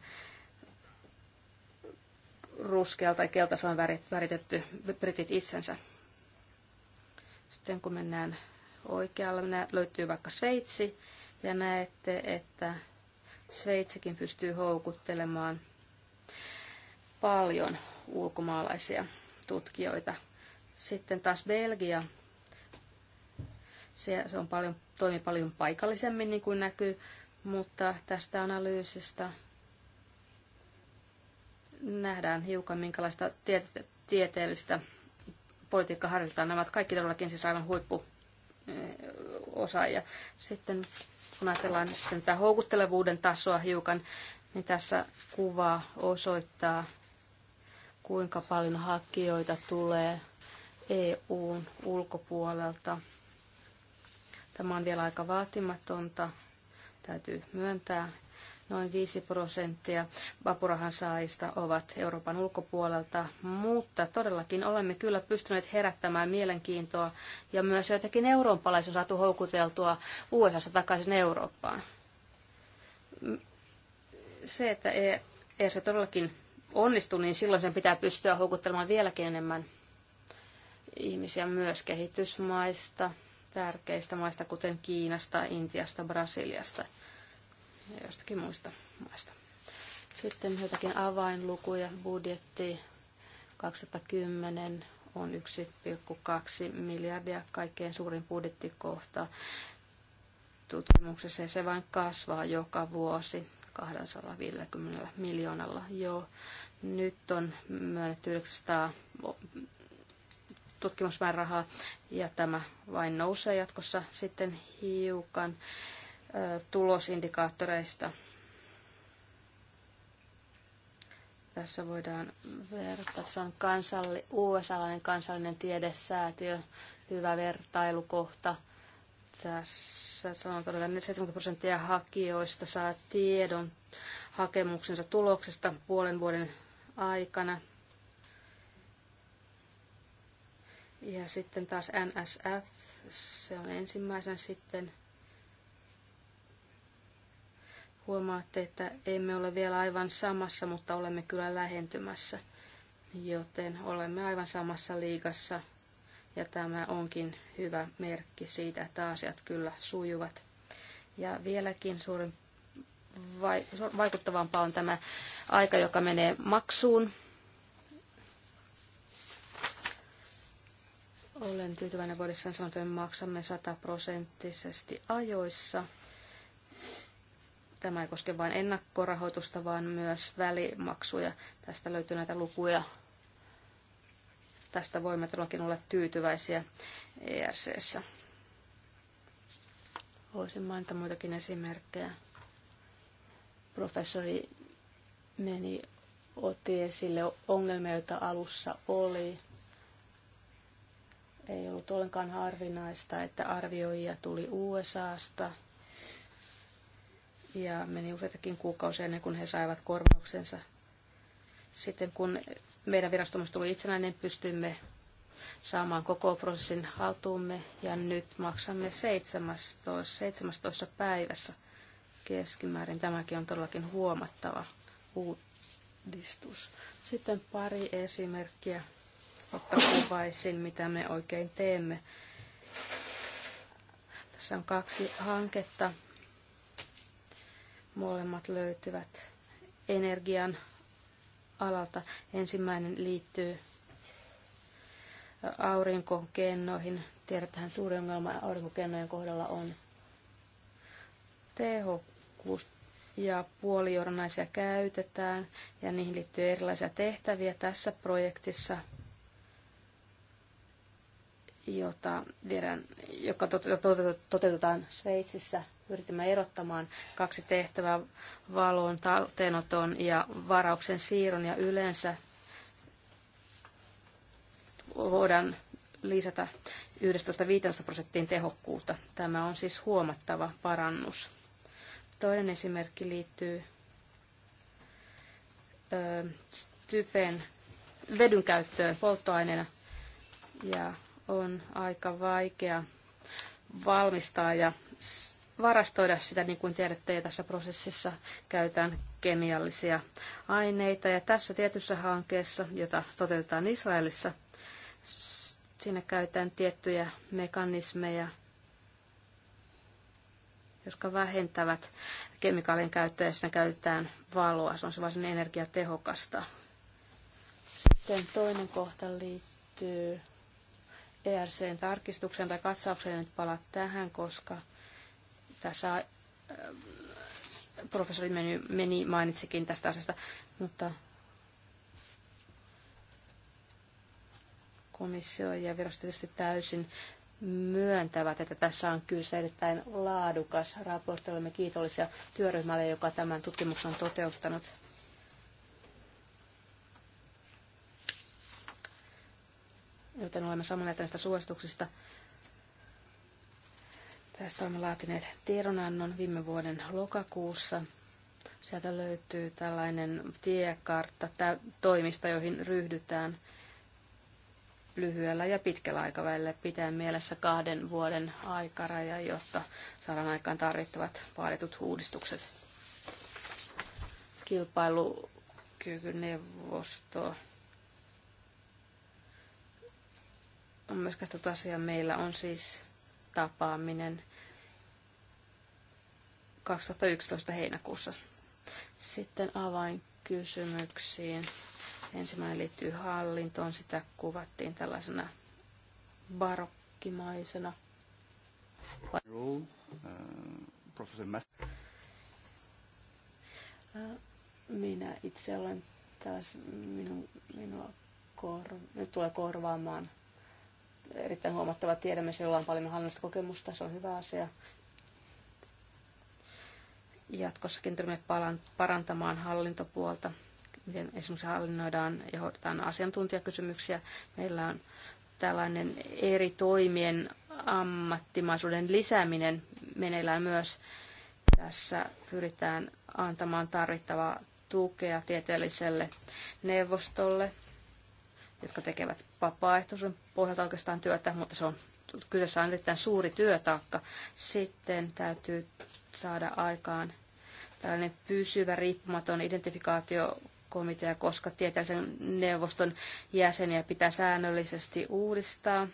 ruskealla tai keltaisella väritetty britit itsensä. Sitten kun mennään oikealle, löytyy vaikka Sveitsi, ja näette, että Sveitsikin pystyy houkuttelemaan paljon ulkomaalaisia tutkijoita. Sitten taas Belgia, se, se on paljon, toimii paljon paikallisemmin, niin kuin näkyy, mutta tästä analyysistä nähdään hiukan, minkälaista tiete- tieteellistä politiikkaa harjoitetaan. Nämä ovat kaikki todellakin siis aivan huippuosaajia. Eh, sitten kun ajatellaan sitten tätä houkuttelevuuden tasoa hiukan, niin tässä kuva osoittaa, kuinka paljon hakijoita tulee EUn ulkopuolelta. Tämä on vielä aika vaatimatonta, täytyy myöntää. Noin 5 prosenttia vapurahan saajista ovat Euroopan ulkopuolelta, mutta todellakin olemme kyllä pystyneet herättämään mielenkiintoa ja myös joitakin eurooppalaisia on saatu houkuteltua USA takaisin Eurooppaan. Se, että ESA e todellakin onnistu, niin silloin sen pitää pystyä houkuttelemaan vieläkin enemmän ihmisiä myös kehitysmaista, tärkeistä maista, kuten Kiinasta, Intiasta, Brasiliasta ja jostakin muista maista. Sitten jotakin avainlukuja. Budjetti 2010 on 1,2 miljardia kaikkein suurin budjettikohta tutkimuksessa ja se vain kasvaa joka vuosi. 250 miljoonalla. Jo nyt on myönnetty 900 tutkimusmäärärahaa ja tämä vain nousee jatkossa sitten hiukan tulosindikaattoreista. Tässä voidaan verrata, se on kansalli, USA-lainen kansallinen tiedesäätiö, hyvä vertailukohta – tässä sanotaan, että 70 prosenttia hakijoista saa tiedon hakemuksensa tuloksesta puolen vuoden aikana. Ja sitten taas NSF, se on ensimmäisen sitten. Huomaatte, että emme ole vielä aivan samassa, mutta olemme kyllä lähentymässä, joten olemme aivan samassa liigassa ja tämä onkin hyvä merkki siitä, että asiat kyllä sujuvat. Ja vieläkin suurin vaikuttavampaa on tämä aika, joka menee maksuun. Olen tyytyväinen vuodessaan sanoa, että me maksamme sataprosenttisesti ajoissa. Tämä ei koske vain ennakkorahoitusta, vaan myös välimaksuja. Tästä löytyy näitä lukuja Tästä voimme todellakin olla tyytyväisiä ERCssä. Voisin mainita muitakin esimerkkejä. Professori meni otti esille ongelmia, joita alussa oli. Ei ollut ollenkaan harvinaista, että arvioijia tuli USAsta ja meni useitakin kuukausia ennen kuin he saivat korvauksensa sitten kun meidän virastomme tuli itsenäinen, niin pystymme saamaan koko prosessin haltuumme ja nyt maksamme 17, 17 päivässä keskimäärin. Tämäkin on todellakin huomattava uudistus. Sitten pari esimerkkiä, ottakuvaisin, mitä me oikein teemme. Tässä on kaksi hanketta. Molemmat löytyvät energian alalta. Ensimmäinen liittyy aurinkokennoihin. Tiedetään suuri ongelma aurinkokennojen kohdalla on tehokkuus ja puolijournaisia käytetään ja niihin liittyy erilaisia tehtäviä tässä projektissa, jota viedään, joka toteutetaan Sveitsissä – Yritimme erottamaan kaksi tehtävää, valon talteenoton ja varauksen siirron, ja yleensä voidaan lisätä 11-15 prosenttiin tehokkuutta. Tämä on siis huomattava parannus. Toinen esimerkki liittyy ö, typen vedyn käyttöön polttoaineena ja on aika vaikea valmistaa ja varastoida sitä, niin kuin tiedätte, ja tässä prosessissa käytetään kemiallisia aineita. Ja tässä tietyssä hankkeessa, jota toteutetaan Israelissa, siinä käytetään tiettyjä mekanismeja, jotka vähentävät kemikaalien käyttöä ja siinä käytetään valoa. Se on se varsin energiatehokasta. Sitten toinen kohta liittyy ERCn tarkistukseen tai katsaukseen. nyt palaa tähän, koska tässä äh, professori meni, meni mainitsikin tästä asiasta, mutta komissio ja virasto tietysti täysin myöntävät, että tässä on kyllä erittäin laadukas raportti. Olemme kiitollisia työryhmälle, joka tämän tutkimuksen on toteuttanut. Joten olemme samanlaista näistä suosituksista. Tästä olemme laatineet tiedonannon viime vuoden lokakuussa. Sieltä löytyy tällainen tiekartta toimista, joihin ryhdytään lyhyellä ja pitkällä aikavälillä pitää mielessä kahden vuoden aikaraja, jotta saadaan aikaan tarvittavat vaaditut uudistukset. Kilpailukykyneuvosto on myös tästä asiaa. Meillä on siis tapaaminen 2011 heinäkuussa. Sitten avainkysymyksiin. Ensimmäinen liittyy hallintoon. Sitä kuvattiin tällaisena barokkimaisena. Minä itse olen taas minun, minua kor, nyt tulee korvaamaan erittäin huomattava tiedämme, jolla on paljon hallinnosta kokemusta, se on hyvä asia. Jatkossakin tulemme parantamaan hallintopuolta, miten esimerkiksi hallinnoidaan ja hoidetaan asiantuntijakysymyksiä. Meillä on tällainen eri toimien ammattimaisuuden lisääminen meneillään myös. Tässä pyritään antamaan tarvittavaa tukea tieteelliselle neuvostolle jotka tekevät vapaaehtoisen pohjalta oikeastaan työtä, mutta se on kyseessä on erittäin suuri työtaakka. Sitten täytyy saada aikaan tällainen pysyvä riippumaton identifikaatio komitea, koska tieteellisen neuvoston jäseniä pitää säännöllisesti uudistaa.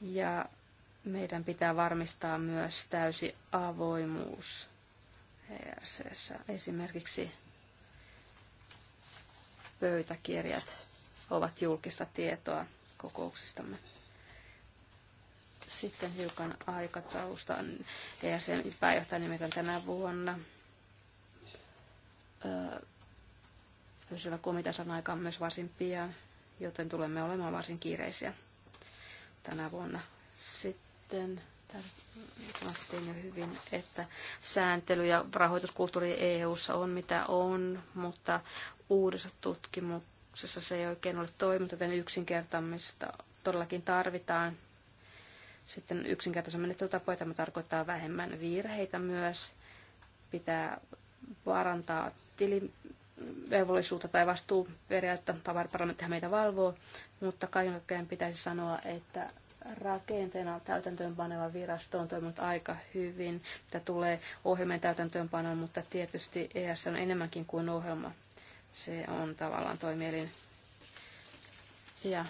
Ja meidän pitää varmistaa myös täysi avoimuus ERCssä. Esimerkiksi pöytäkirjat ovat julkista tietoa kokouksistamme. Sitten hiukan aikataulusta. ESM pääjohtaja nimetään tänä vuonna. Pysyvä komitea on aikaan myös varsin pian, joten tulemme olemaan varsin kiireisiä tänä vuonna. Sitten sanottiin jo hyvin, että sääntely ja rahoituskulttuuri EU:ssa on mitä on, mutta uudessa tutkimuksessa ehdotuksessa se ei oikein ole toiminut, joten yksinkertaistamista todellakin tarvitaan. Sitten yksinkertaisen menettelytapoja tämä tarkoittaa vähemmän virheitä myös. Pitää parantaa tilivelvollisuutta tai vastuuperiaatetta. Parlamenttihan meitä valvoo, mutta kaiken pitäisi sanoa, että rakenteena täytäntöönpaneva virasto on toiminut aika hyvin. Tämä tulee ohjelmien täytäntöönpanoon, mutta tietysti ES on enemmänkin kuin ohjelma se on tavallaan toimielin. Ja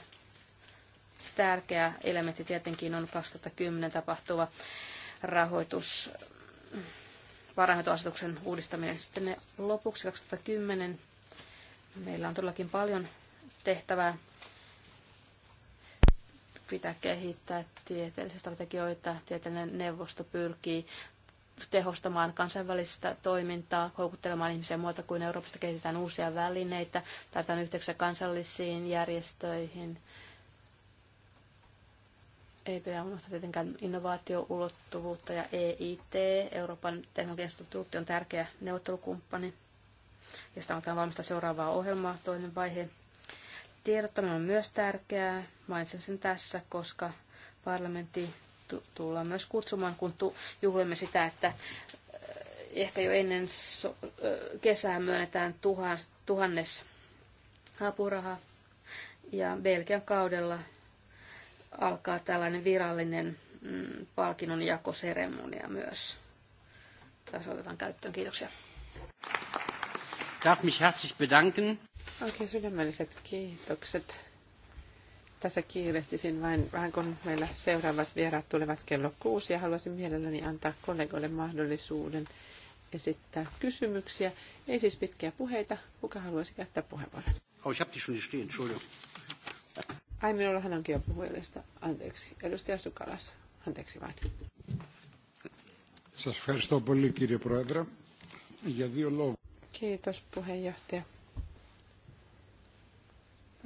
tärkeä elementti tietenkin on 2010 tapahtuva rahoitus, varainhoitoasetuksen uudistaminen. Sitten ne lopuksi 2010 meillä on todellakin paljon tehtävää pitää kehittää tieteellisiä strategioita. Tieteellinen neuvosto pyrkii tehostamaan kansainvälistä toimintaa, houkuttelemaan ihmisiä muuta kuin Euroopasta, kehitetään uusia välineitä, tarvitaan yhteyksiä kansallisiin järjestöihin. Ei pidä unohtaa tietenkään innovaatioulottuvuutta ja EIT, Euroopan teknologian instituutti, on tärkeä neuvottelukumppani. Ja sitä aletaan valmistaa seuraavaa ohjelmaa, toinen vaihe. Tiedottaminen on myös tärkeää, mainitsen sen tässä, koska parlamentti tullaan myös kutsumaan, kun juhlimme sitä, että eh, ehkä jo ennen eh, kesää myönnetään tuhannes apuraha. Ja Belgian kaudella alkaa tällainen virallinen mm, palkinnonjakoseremonia myös. Tässä otetaan käyttöön. Kiitoksia. Darf mich herzlich bedanken. okay, sydämelliset kiitokset tässä kiirehtisin vain vähän, kun meillä seuraavat vieraat tulevat kello kuusi ja haluaisin mielelläni antaa kollegoille mahdollisuuden esittää kysymyksiä. Ei siis pitkiä puheita. Kuka haluaisi käyttää puheenvuoron? Oh, ich hän Entschuldigung. Ai, minullahan onkin jo puhujalista. Anteeksi. Edustaja Sukalas. Anteeksi vain. Kiitos puheenjohtaja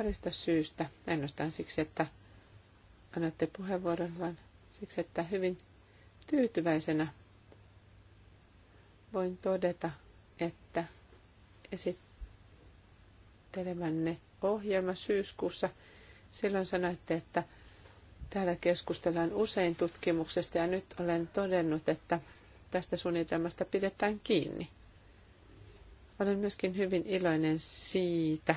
parista syystä. Ainoastaan siksi, että annatte puheenvuoron, vaan siksi, että hyvin tyytyväisenä voin todeta, että esittelemänne ohjelma syyskuussa silloin sanoitte, että täällä keskustellaan usein tutkimuksesta ja nyt olen todennut, että tästä suunnitelmasta pidetään kiinni. Olen myöskin hyvin iloinen siitä,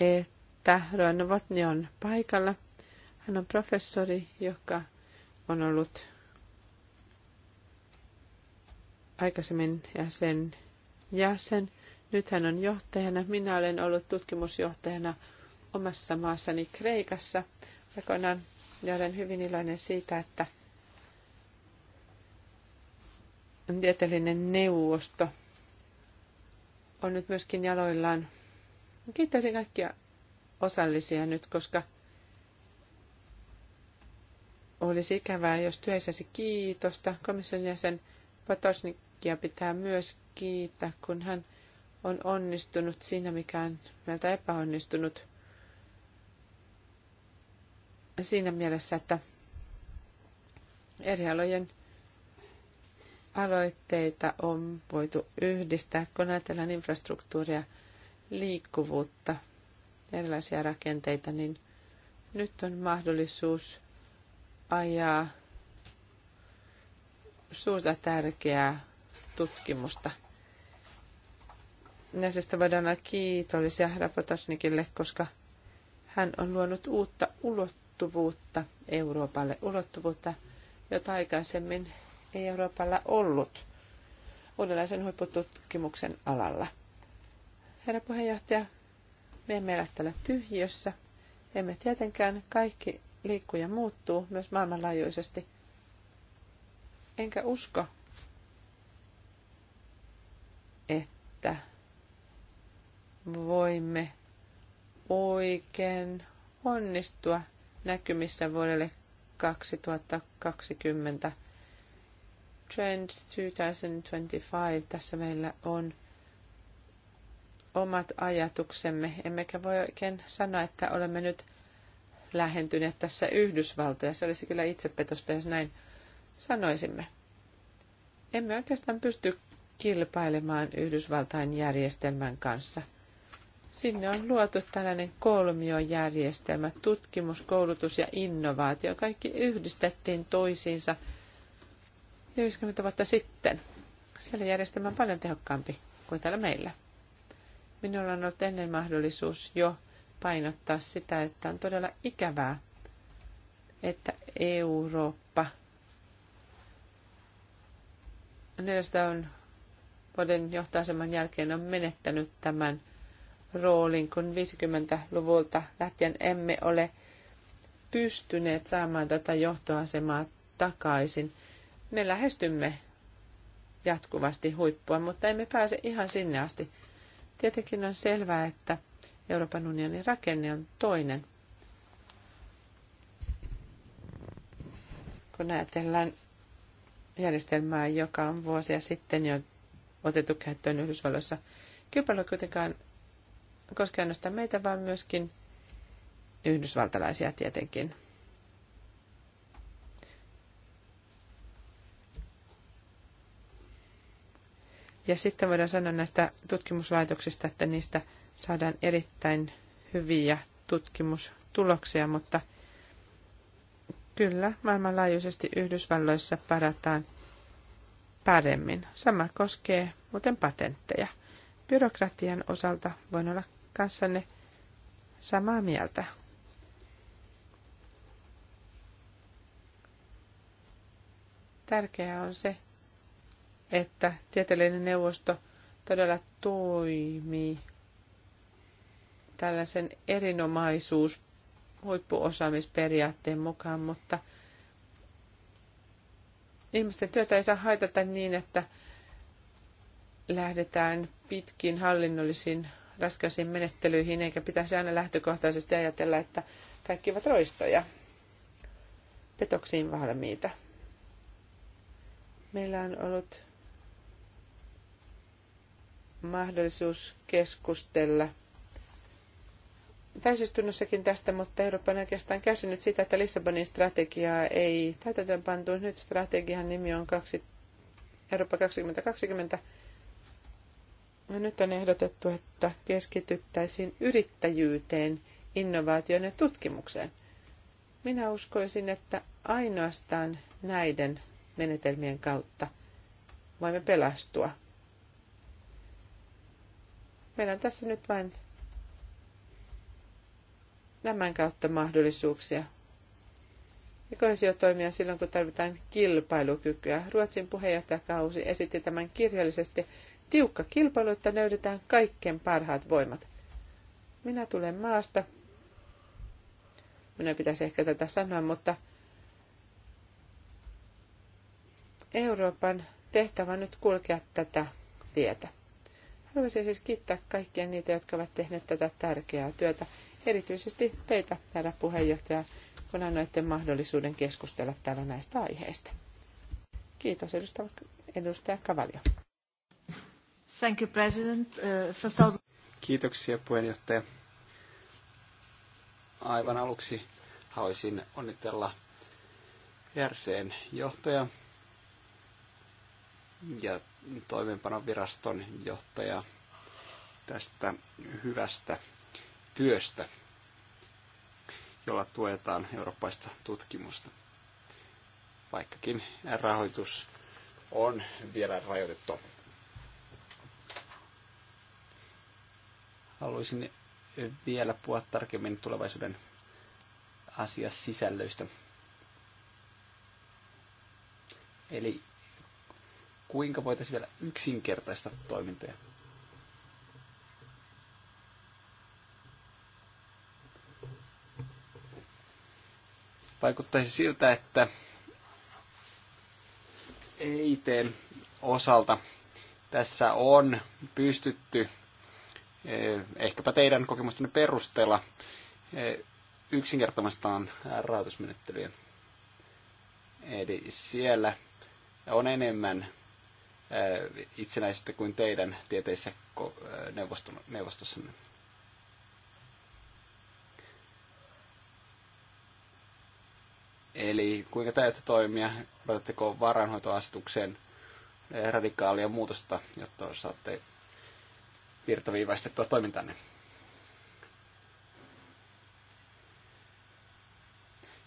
että Roina Votni on paikalla. Hän on professori, joka on ollut aikaisemmin jäsen, jäsen. Nyt hän on johtajana. Minä olen ollut tutkimusjohtajana omassa maassani Kreikassa aikoinaan ja olen hyvin iloinen siitä, että tieteellinen neuvosto on nyt myöskin jaloillaan Kiittäisin kaikkia osallisia nyt, koska olisi ikävää, jos työssäsi kiitosta. Komission jäsen Patosnikia pitää myös kiittää, kun hän on onnistunut siinä, mikä on meiltä epäonnistunut. Siinä mielessä, että eri alojen aloitteita on voitu yhdistää, kun ajatellaan infrastruktuuria – liikkuvuutta, erilaisia rakenteita, niin nyt on mahdollisuus ajaa suurta tärkeää tutkimusta. Näisestä voidaan olla kiitollisia Rapotasnikille, koska hän on luonut uutta ulottuvuutta Euroopalle, ulottuvuutta, jota aikaisemmin ei Euroopalla ollut uudenlaisen huippututkimuksen alalla. Herra puheenjohtaja, me emme elä täällä tyhjiössä. Emme tietenkään kaikki liikkuja muuttuu myös maailmanlaajuisesti. Enkä usko, että voimme oikein onnistua näkymissä vuodelle 2020. Trends 2025, tässä meillä on omat ajatuksemme, emmekä voi oikein sanoa, että olemme nyt lähentyneet tässä Yhdysvaltoja. Se olisi kyllä itsepetosta, jos näin sanoisimme. Emme oikeastaan pysty kilpailemaan Yhdysvaltain järjestelmän kanssa. Sinne on luotu tällainen kolmiojärjestelmä, tutkimus, koulutus ja innovaatio. Kaikki yhdistettiin toisiinsa 50 vuotta sitten. Siellä järjestelmä on paljon tehokkaampi kuin täällä meillä. Minulla on ollut ennen mahdollisuus jo painottaa sitä, että on todella ikävää, että Eurooppa, neljästä on vuoden johtoaseman jälkeen on menettänyt tämän roolin, kun 50-luvulta lähtien emme ole pystyneet saamaan tätä johtoasemaa takaisin. Me lähestymme jatkuvasti huippua, mutta emme pääse ihan sinne asti. Tietenkin on selvää, että Euroopan unionin rakenne on toinen. Kun ajatellaan järjestelmää, joka on vuosia sitten jo otettu käyttöön Yhdysvalloissa, kilpailu kuitenkaan koskee ainoastaan meitä, vaan myöskin yhdysvaltalaisia tietenkin. Ja sitten voidaan sanoa näistä tutkimuslaitoksista, että niistä saadaan erittäin hyviä tutkimustuloksia, mutta kyllä maailmanlaajuisesti Yhdysvalloissa parataan paremmin. Sama koskee muuten patentteja. Byrokratian osalta voin olla kanssanne samaa mieltä. Tärkeää on se, että tieteellinen neuvosto todella toimii tällaisen erinomaisuus huippuosaamisperiaatteen mukaan, mutta ihmisten työtä ei saa haitata niin, että lähdetään pitkiin hallinnollisiin raskaisiin menettelyihin, eikä pitäisi aina lähtökohtaisesti ajatella, että kaikki ovat roistoja, petoksiin valmiita. Meillä on ollut mahdollisuus keskustella täysistunnossakin tästä, mutta Eurooppa on oikeastaan käsinyt sitä, että Lissabonin strategiaa ei täytäntöön pantu. Nyt strategian nimi on kaksi, Eurooppa 2020. Ja nyt on ehdotettu, että keskityttäisiin yrittäjyyteen, innovaatioon ja tutkimukseen. Minä uskoisin, että ainoastaan näiden menetelmien kautta voimme pelastua – Meillä on tässä nyt vain tämän kautta mahdollisuuksia. Ja toimia silloin, kun tarvitaan kilpailukykyä. Ruotsin puheenjohtajakausi esitti tämän kirjallisesti. Tiukka kilpailu, että löydetään kaikkien parhaat voimat. Minä tulen maasta. Minä pitäisi ehkä tätä sanoa, mutta Euroopan tehtävä on nyt kulkea tätä tietä. Haluaisin siis kiittää kaikkia niitä, jotka ovat tehneet tätä tärkeää työtä. Erityisesti teitä, herra puheenjohtaja, kun annoitte mahdollisuuden keskustella täällä näistä aiheista. Kiitos, edustaja, edustaja Kavalio. Thank you, President. Uh, first of... Kiitoksia, puheenjohtaja. Aivan aluksi haluaisin onnitella Järseen johtoja ja toimeenpanoviraston johtaja tästä hyvästä työstä, jolla tuetaan eurooppaista tutkimusta. Vaikkakin rahoitus on vielä rajoitettu. Haluaisin vielä puhua tarkemmin tulevaisuuden asiasisällöistä. Eli kuinka voitaisiin vielä yksinkertaista toimintoja. Vaikuttaisi siltä, että EITn osalta tässä on pystytty eh, ehkäpä teidän kokemustenne perusteella eh, yksinkertaistamaan rahoitusmenettelyjä. Eli siellä on enemmän itsenäisyyttä kuin teidän tieteissä neuvostossanne? Eli kuinka täytyy toimia? Odotatteko varainhoitoasetukseen radikaalia muutosta, jotta saatte virtaviivaistettua toimintanne?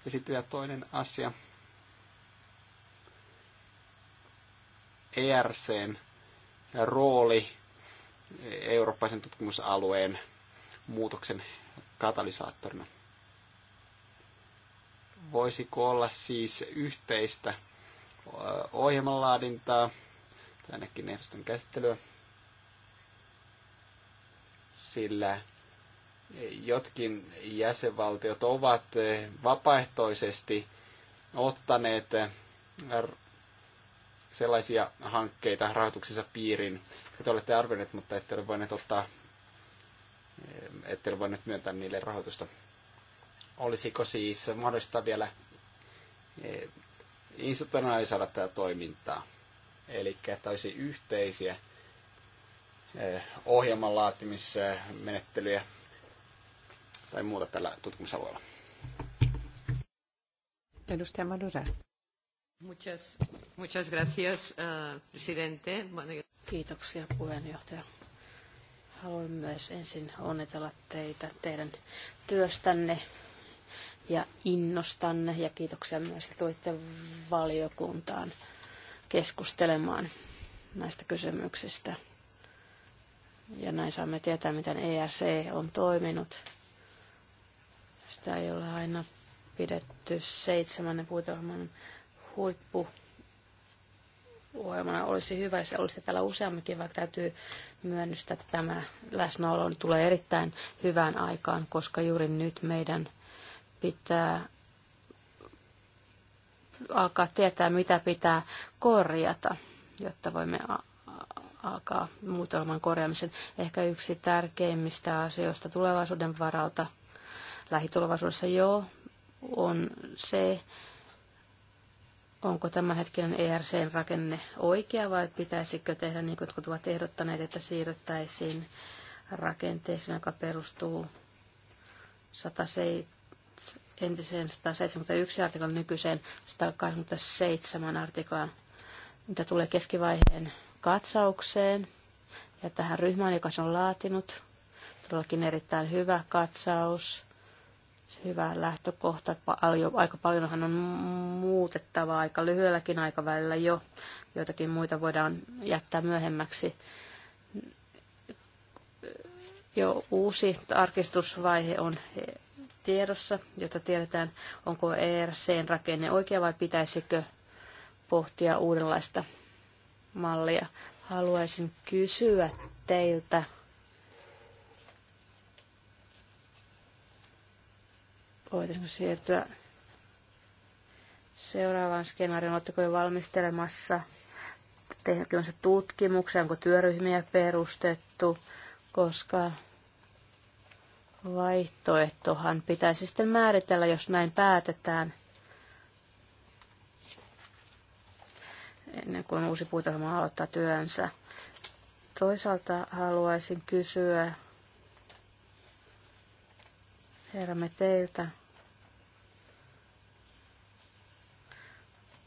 Ja sitten vielä toinen asia. ERCn rooli eurooppaisen tutkimusalueen muutoksen katalysaattorina. Voisiko olla siis yhteistä ohjelmanlaadintaa tai ainakin ehdotusten käsittelyä, sillä jotkin jäsenvaltiot ovat vapaaehtoisesti ottaneet sellaisia hankkeita rahoituksensa piiriin, joita olette arvioineet, mutta ette ole voineet ottaa, ette ole voineet myöntää niille rahoitusta. Olisiko siis mahdollista vielä e, institutionaalisoida tätä toimintaa? Eli että olisi yhteisiä e, ohjelman laatimismenettelyjä tai muuta tällä tutkimusalueella. Edustaja Madura. Muchas, muchas gracias, uh, presidente. Kiitoksia puheenjohtaja. Haluan myös ensin onnitella teitä teidän työstänne ja innostanne ja kiitoksia myös, että tulitte valiokuntaan keskustelemaan näistä kysymyksistä. Ja näin saamme tietää, miten ERC on toiminut. Sitä ei ole aina pidetty seitsemännen puitelman huippu ohjelmana olisi hyvä, jos olisi täällä useamminkin, vaikka täytyy myönnystää, että tämä läsnäolo tulee erittäin hyvään aikaan, koska juuri nyt meidän pitää alkaa tietää, mitä pitää korjata, jotta voimme alkaa muutelman korjaamisen. Ehkä yksi tärkeimmistä asioista tulevaisuuden varalta lähitulevaisuudessa jo on se, onko tämänhetkinen ERCn rakenne oikea vai pitäisikö tehdä niin kuin ovat ehdottaneet, että siirryttäisiin rakenteeseen, joka perustuu 107, entiseen 171 artiklan nykyiseen 187 artiklaan, mitä tulee keskivaiheen katsaukseen ja tähän ryhmään, joka se on laatinut. Todellakin erittäin hyvä katsaus hyvä lähtökohta. Aika paljonhan on muutettavaa aika lyhyelläkin aikavälillä jo. Joitakin muita voidaan jättää myöhemmäksi. Jo uusi tarkistusvaihe on tiedossa, jotta tiedetään, onko ERCn rakenne oikea vai pitäisikö pohtia uudenlaista mallia. Haluaisin kysyä teiltä Voitaisiinko siirtyä seuraavaan skenaarioon? Oletteko jo valmistelemassa se tutkimuksia? Onko työryhmiä perustettu? Koska vaihtoehtohan pitäisi sitten määritellä, jos näin päätetään. ennen kuin uusi puutelma aloittaa työnsä. Toisaalta haluaisin kysyä Herra me teiltä.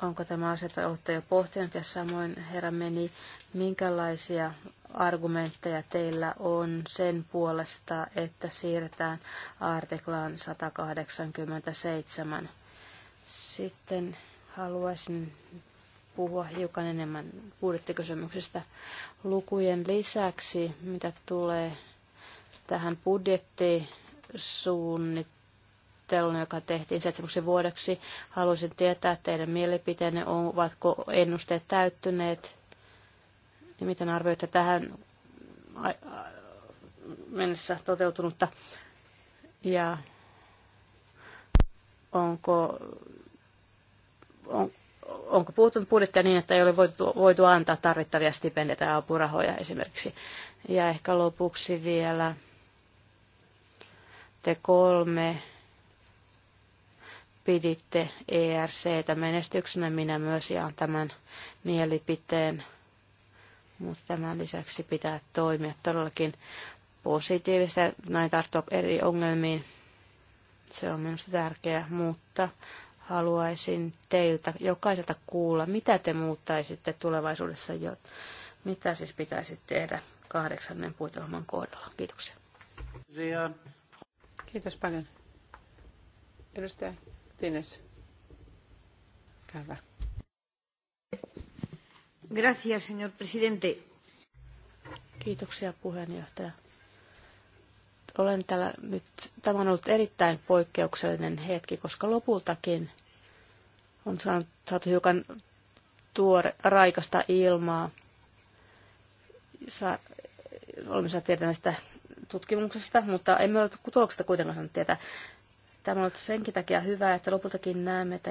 Onko tämä asia, jota olette jo pohtinut, ja samoin herra meni, niin minkälaisia argumentteja teillä on sen puolesta, että siirretään artiklaan 187. Sitten haluaisin puhua hiukan enemmän budjettikysymyksistä lukujen lisäksi, mitä tulee tähän budjettiin suunnittelun, joka tehtiin seitsemäksi vuodeksi. Haluaisin tietää teidän mielipiteenne, ovatko ennusteet täyttyneet ja miten arvioitte tähän mennessä toteutunutta ja onko, on, onko puuttunut budjettia niin, että ei ole voitu, voitu antaa tarvittavia stipendejä tai apurahoja esimerkiksi. Ja ehkä lopuksi vielä te kolme piditte ERCtä menestyksenä. Minä myös jaan tämän mielipiteen. Mutta tämän lisäksi pitää toimia todellakin positiivista, näin tarttua eri ongelmiin. Se on minusta tärkeää, mutta haluaisin teiltä jokaiselta kuulla, mitä te muuttaisitte tulevaisuudessa, jo, mitä siis pitäisi tehdä kahdeksannen puitelman kohdalla. Kiitoksia. Kiitos paljon. Edustaja Tines. Hyvä. Gracias, señor presidente. Kiitoksia puheenjohtaja. Olen täällä nyt, tämä on ollut erittäin poikkeuksellinen hetki, koska lopultakin on saanut, saatu hiukan tuore, raikasta ilmaa. Sa, olemme saaneet tiedä näistä tutkimuksesta, mutta emme ole tuloksesta kuitenkaan saaneet tietää. Tämä on ollut senkin takia hyvä, että lopultakin näemme, että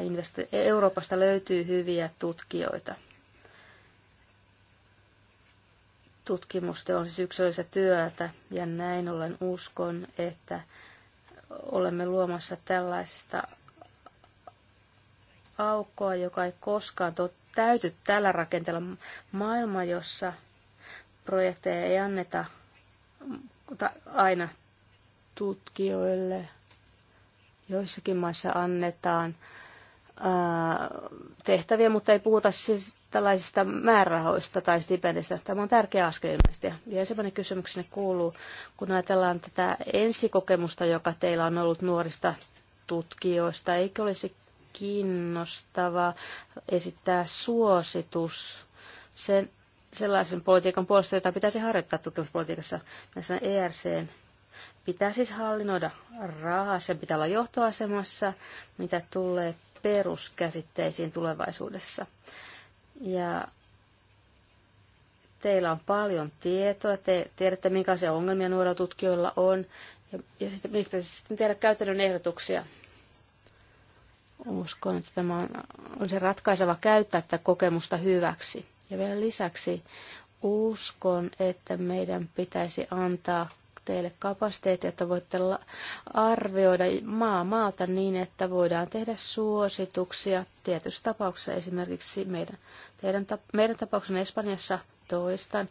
Euroopasta löytyy hyviä tutkijoita. Tutkimuste on siis yksilöllistä työtä ja näin ollen uskon, että olemme luomassa tällaista aukkoa, joka ei koskaan tot, täyty tällä rakenteella maailma, jossa projekteja ei anneta aina tutkijoille. Joissakin maissa annetaan tehtäviä, mutta ei puhuta siis tällaisista määrärahoista tai stipendistä. Tämä on tärkeä askel ilmeisesti. Ja ensimmäinen kysymykseni kuuluu, kun ajatellaan tätä ensikokemusta, joka teillä on ollut nuorista tutkijoista, eikö olisi kiinnostavaa esittää suositus sen sellaisen politiikan puolesta, jota pitäisi harjoittaa tutkimuspolitiikassa. Näissä ERCn pitää siis hallinnoida rahaa, sen pitää olla johtoasemassa, mitä tulee peruskäsitteisiin tulevaisuudessa. Ja teillä on paljon tietoa, te tiedätte minkälaisia ongelmia nuorilla tutkijoilla on, ja, ja sitten, mistä sitten tehdä käytännön ehdotuksia. Uskon, että tämä on, on se ratkaiseva käyttää tätä kokemusta hyväksi. Ja vielä lisäksi uskon, että meidän pitäisi antaa teille kapasiteetti, että voitte arvioida maa maalta niin, että voidaan tehdä suosituksia tietyissä tapauksissa. Esimerkiksi meidän, teidän, meidän tapauksemme Espanjassa toistan.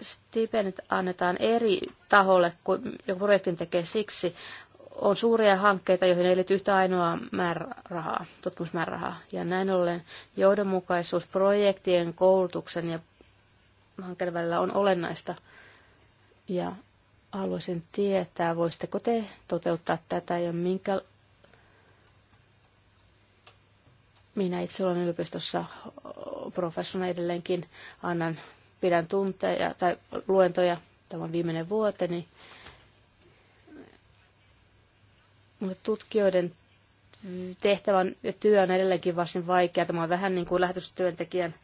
Stipendit annetaan eri taholle kun joku projektin tekee siksi, on suuria hankkeita, joihin ei liity yhtä ainoa määrärahaa, tutkimusmäärärahaa. Ja näin ollen johdonmukaisuus projektien, koulutuksen ja hankkeiden välillä on olennaista. Ja haluaisin tietää, voisitteko te toteuttaa tätä ja minkä... Minä itse olen yliopistossa professorina edelleenkin, annan, pidän tunteja tai luentoja, tämä on viimeinen vuoteni. Niin mutta tutkijoiden tehtävän ja työ on edelleenkin varsin vaikea. Tämä on vähän niin kuin lähetystyöntekijän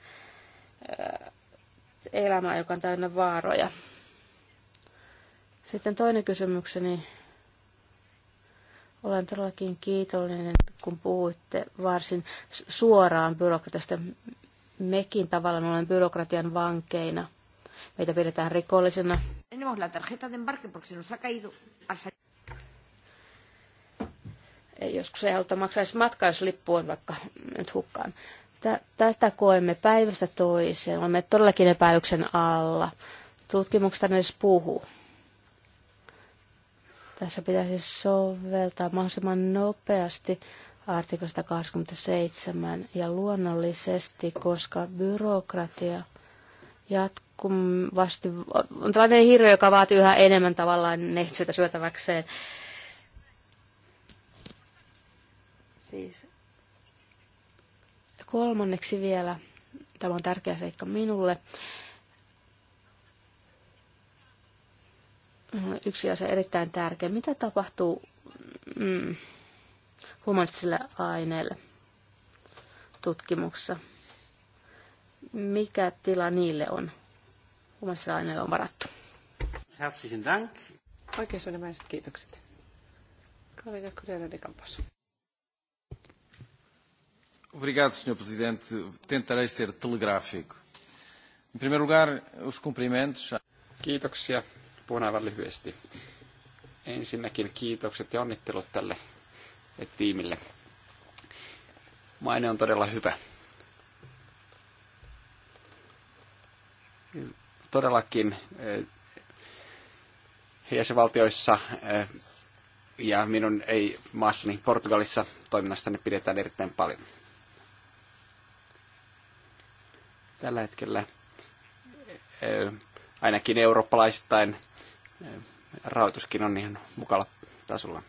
elämä, joka on täynnä vaaroja. Sitten toinen kysymykseni. Olen todellakin kiitollinen, kun puhuitte varsin suoraan byrokratiasta. Mekin tavallaan olen byrokratian vankeina. Meitä pidetään rikollisena. Joskus ei haluta maksaa edes matkaa, jos lippu on vaikka nyt hukkaan. Tästä koemme päivästä toiseen. Olemme todellakin epäilyksen alla. Tutkimuksesta myös puhuu. Tässä pitäisi soveltaa mahdollisimman nopeasti artiklasta 27 ja luonnollisesti, koska byrokratia jatkuvasti on tällainen hirveä, joka vaatii yhä enemmän tavallaan neitsyitä syötäväkseen. Siis kolmanneksi vielä, tämä on tärkeä seikka minulle, yksi asia erittäin tärkeä. Mitä tapahtuu mm, humanistiselle aineelle tutkimuksessa? Mikä tila niille on? Humanistiselle aineelle on varattu. Herzlichen Dank. Oikein suurimmäiset kiitokset. Kollega Kudera de Campos. Obrigado, Sr. Presidente. Tentarei ser telegráfico. Em primeiro lugar, os cumprimentos. Kiitoksia. Puhun aivan lyhyesti. Ensinnäkin kiitokset ja onnittelut tälle tiimille. Maine on todella hyvä. Todellakin eh, jäsenvaltioissa eh, ja minun ei maassani Portugalissa toiminnastani pidetään erittäin paljon. tällä hetkellä ainakin eurooppalaisittain rahoituskin on ihan mukalla tasolla.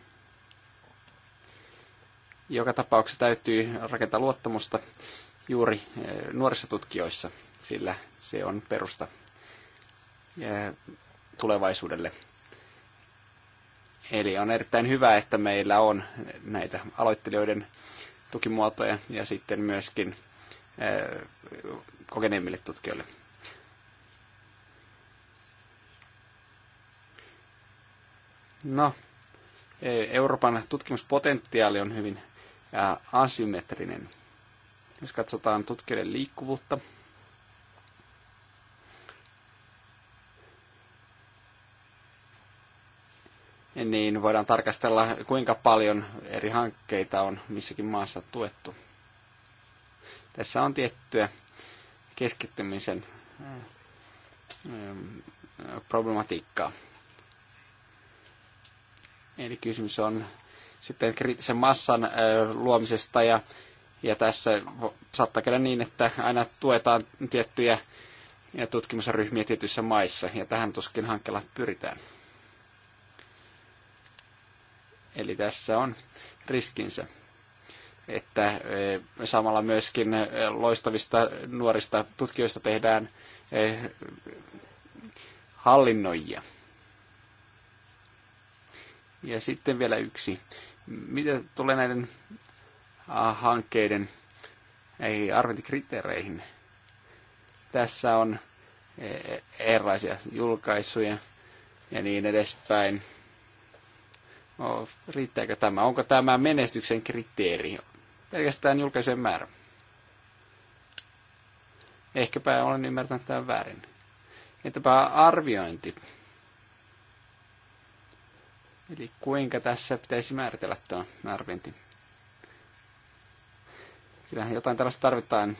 Joka tapauksessa täytyy rakentaa luottamusta juuri nuorissa tutkijoissa, sillä se on perusta tulevaisuudelle. Eli on erittäin hyvä, että meillä on näitä aloittelijoiden tukimuotoja ja sitten myöskin Äh, kokeneemmille tutkijoille. No, e, Euroopan tutkimuspotentiaali on hyvin asymmetrinen. Jos katsotaan tutkijoiden liikkuvuutta, niin voidaan tarkastella, kuinka paljon eri hankkeita on missäkin maassa tuettu. Tässä on tiettyä keskittymisen eh, problematiikkaa. Eli kysymys on sitten kriittisen massan eh, luomisesta ja, ja tässä saattaa käydä niin, että aina tuetaan tiettyjä ja tutkimusryhmiä tietyissä maissa, ja tähän tuskin hankkeella pyritään. Eli tässä on riskinsä että eh, samalla myöskin eh, loistavista nuorista tutkijoista tehdään eh, hallinnoijia. Ja sitten vielä yksi. Mitä tulee näiden hankkeiden ei arviointikriteereihin? Tässä on erilaisia julkaisuja ja niin edespäin. No, riittääkö tämä? Onko tämä menestyksen kriteeri? pelkästään julkaisujen määrä. Ehkäpä olen ymmärtänyt tämän väärin. Entäpä arviointi? Eli kuinka tässä pitäisi määritellä tuo arviointi? Kyllähän jotain tällaista tarvitaan,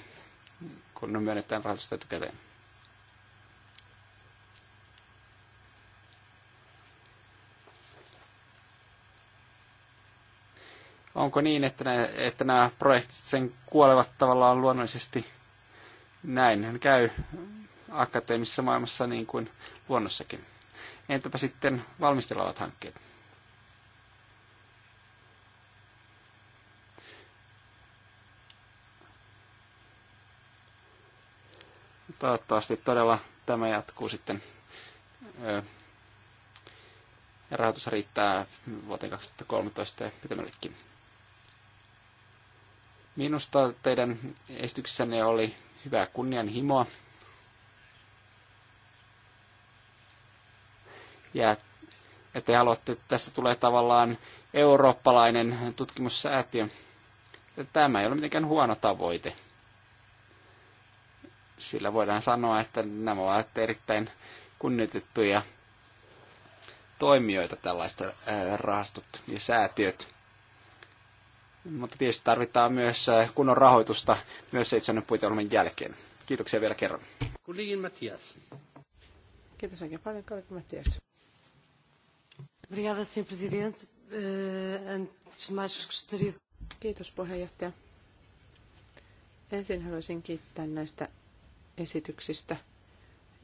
kun myönnetään rahoitusta etukäteen. Onko niin, että, ne, että nämä projektit sen kuolevat tavallaan luonnollisesti näin? käy akateemisessa maailmassa niin kuin luonnossakin. Entäpä sitten valmistelevat hankkeet? Toivottavasti todella tämä jatkuu sitten. Ja rahoitus riittää vuoteen 2013 ja pitemmällekin. Minusta teidän esityksessänne oli hyvää kunnianhimoa. Ja että haluatte, että tästä tulee tavallaan eurooppalainen tutkimussäätiö. Tämä ei ole mitenkään huono tavoite. Sillä voidaan sanoa, että nämä ovat erittäin kunnioitettuja toimijoita, tällaista rahastot ja säätiöt mutta tietysti tarvitaan myös äh, kunnon rahoitusta myös seitsemän puitelman jälkeen. Kiitoksia vielä kerran. Kuliin Matias. Kiitos oikein paljon, kollega Matias. Obrigada, senhor presidente. Eh, antes de mais, gostaria... Kiitos puheenjohtaja. Ensin haluaisin kiittää näistä esityksistä,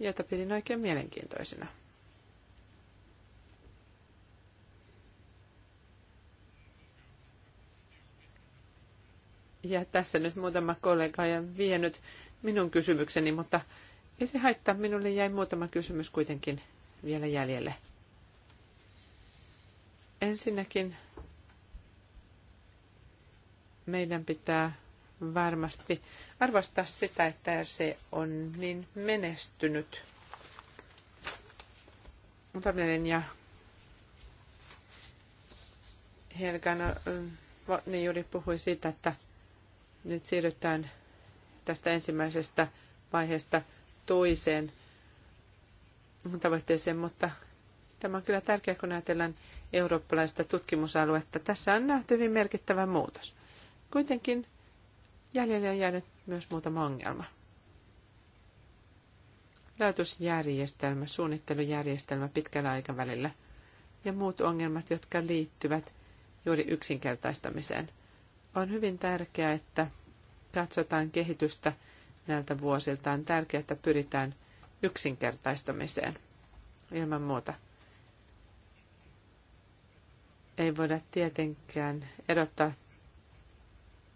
joita pidin oikein mielenkiintoisina. Ja tässä nyt muutama kollega on vienyt minun kysymykseni, mutta ei se haittaa. Minulle jäi muutama kysymys kuitenkin vielä jäljelle. Ensinnäkin meidän pitää varmasti arvostaa sitä, että se on niin menestynyt. Taminen ja Helgan, äh, niin juuri puhui siitä, että nyt siirrytään tästä ensimmäisestä vaiheesta toiseen tavoitteeseen, mutta tämä on kyllä tärkeää, kun ajatellaan eurooppalaista tutkimusaluetta. Tässä on nähty hyvin merkittävä muutos. Kuitenkin jäljelle on jäänyt myös muutama ongelma. Rahoitusjärjestelmä, suunnittelujärjestelmä pitkällä aikavälillä ja muut ongelmat, jotka liittyvät juuri yksinkertaistamiseen – on hyvin tärkeää, että katsotaan kehitystä näiltä vuosilta. On tärkeää, että pyritään yksinkertaistamiseen ilman muuta. Ei voida tietenkään erottaa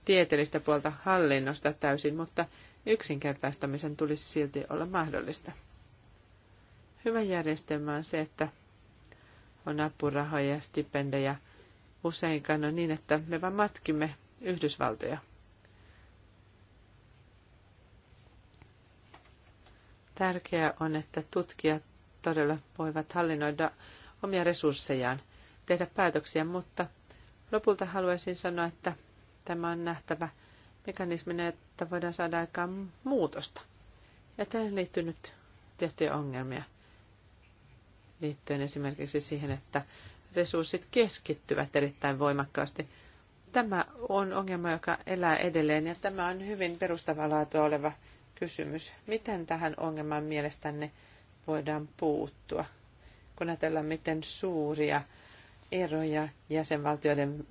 tieteellistä puolta hallinnosta täysin, mutta yksinkertaistamisen tulisi silti olla mahdollista. Hyvä järjestelmä on se, että on apurahoja ja stipendejä. Useinkaan on niin, että me vain matkimme Yhdysvaltoja. Tärkeää on, että tutkijat todella voivat hallinnoida omia resurssejaan, tehdä päätöksiä, mutta lopulta haluaisin sanoa, että tämä on nähtävä mekanismina, että voidaan saada aikaan muutosta. Ja tähän liittyy nyt tiettyjä ongelmia liittyen esimerkiksi siihen, että resurssit keskittyvät erittäin voimakkaasti Tämä on ongelma, joka elää edelleen ja tämä on hyvin perustavaa laatua oleva kysymys. Miten tähän ongelmaan mielestänne voidaan puuttua, kun ajatellaan, miten suuria eroja jäsenvaltioiden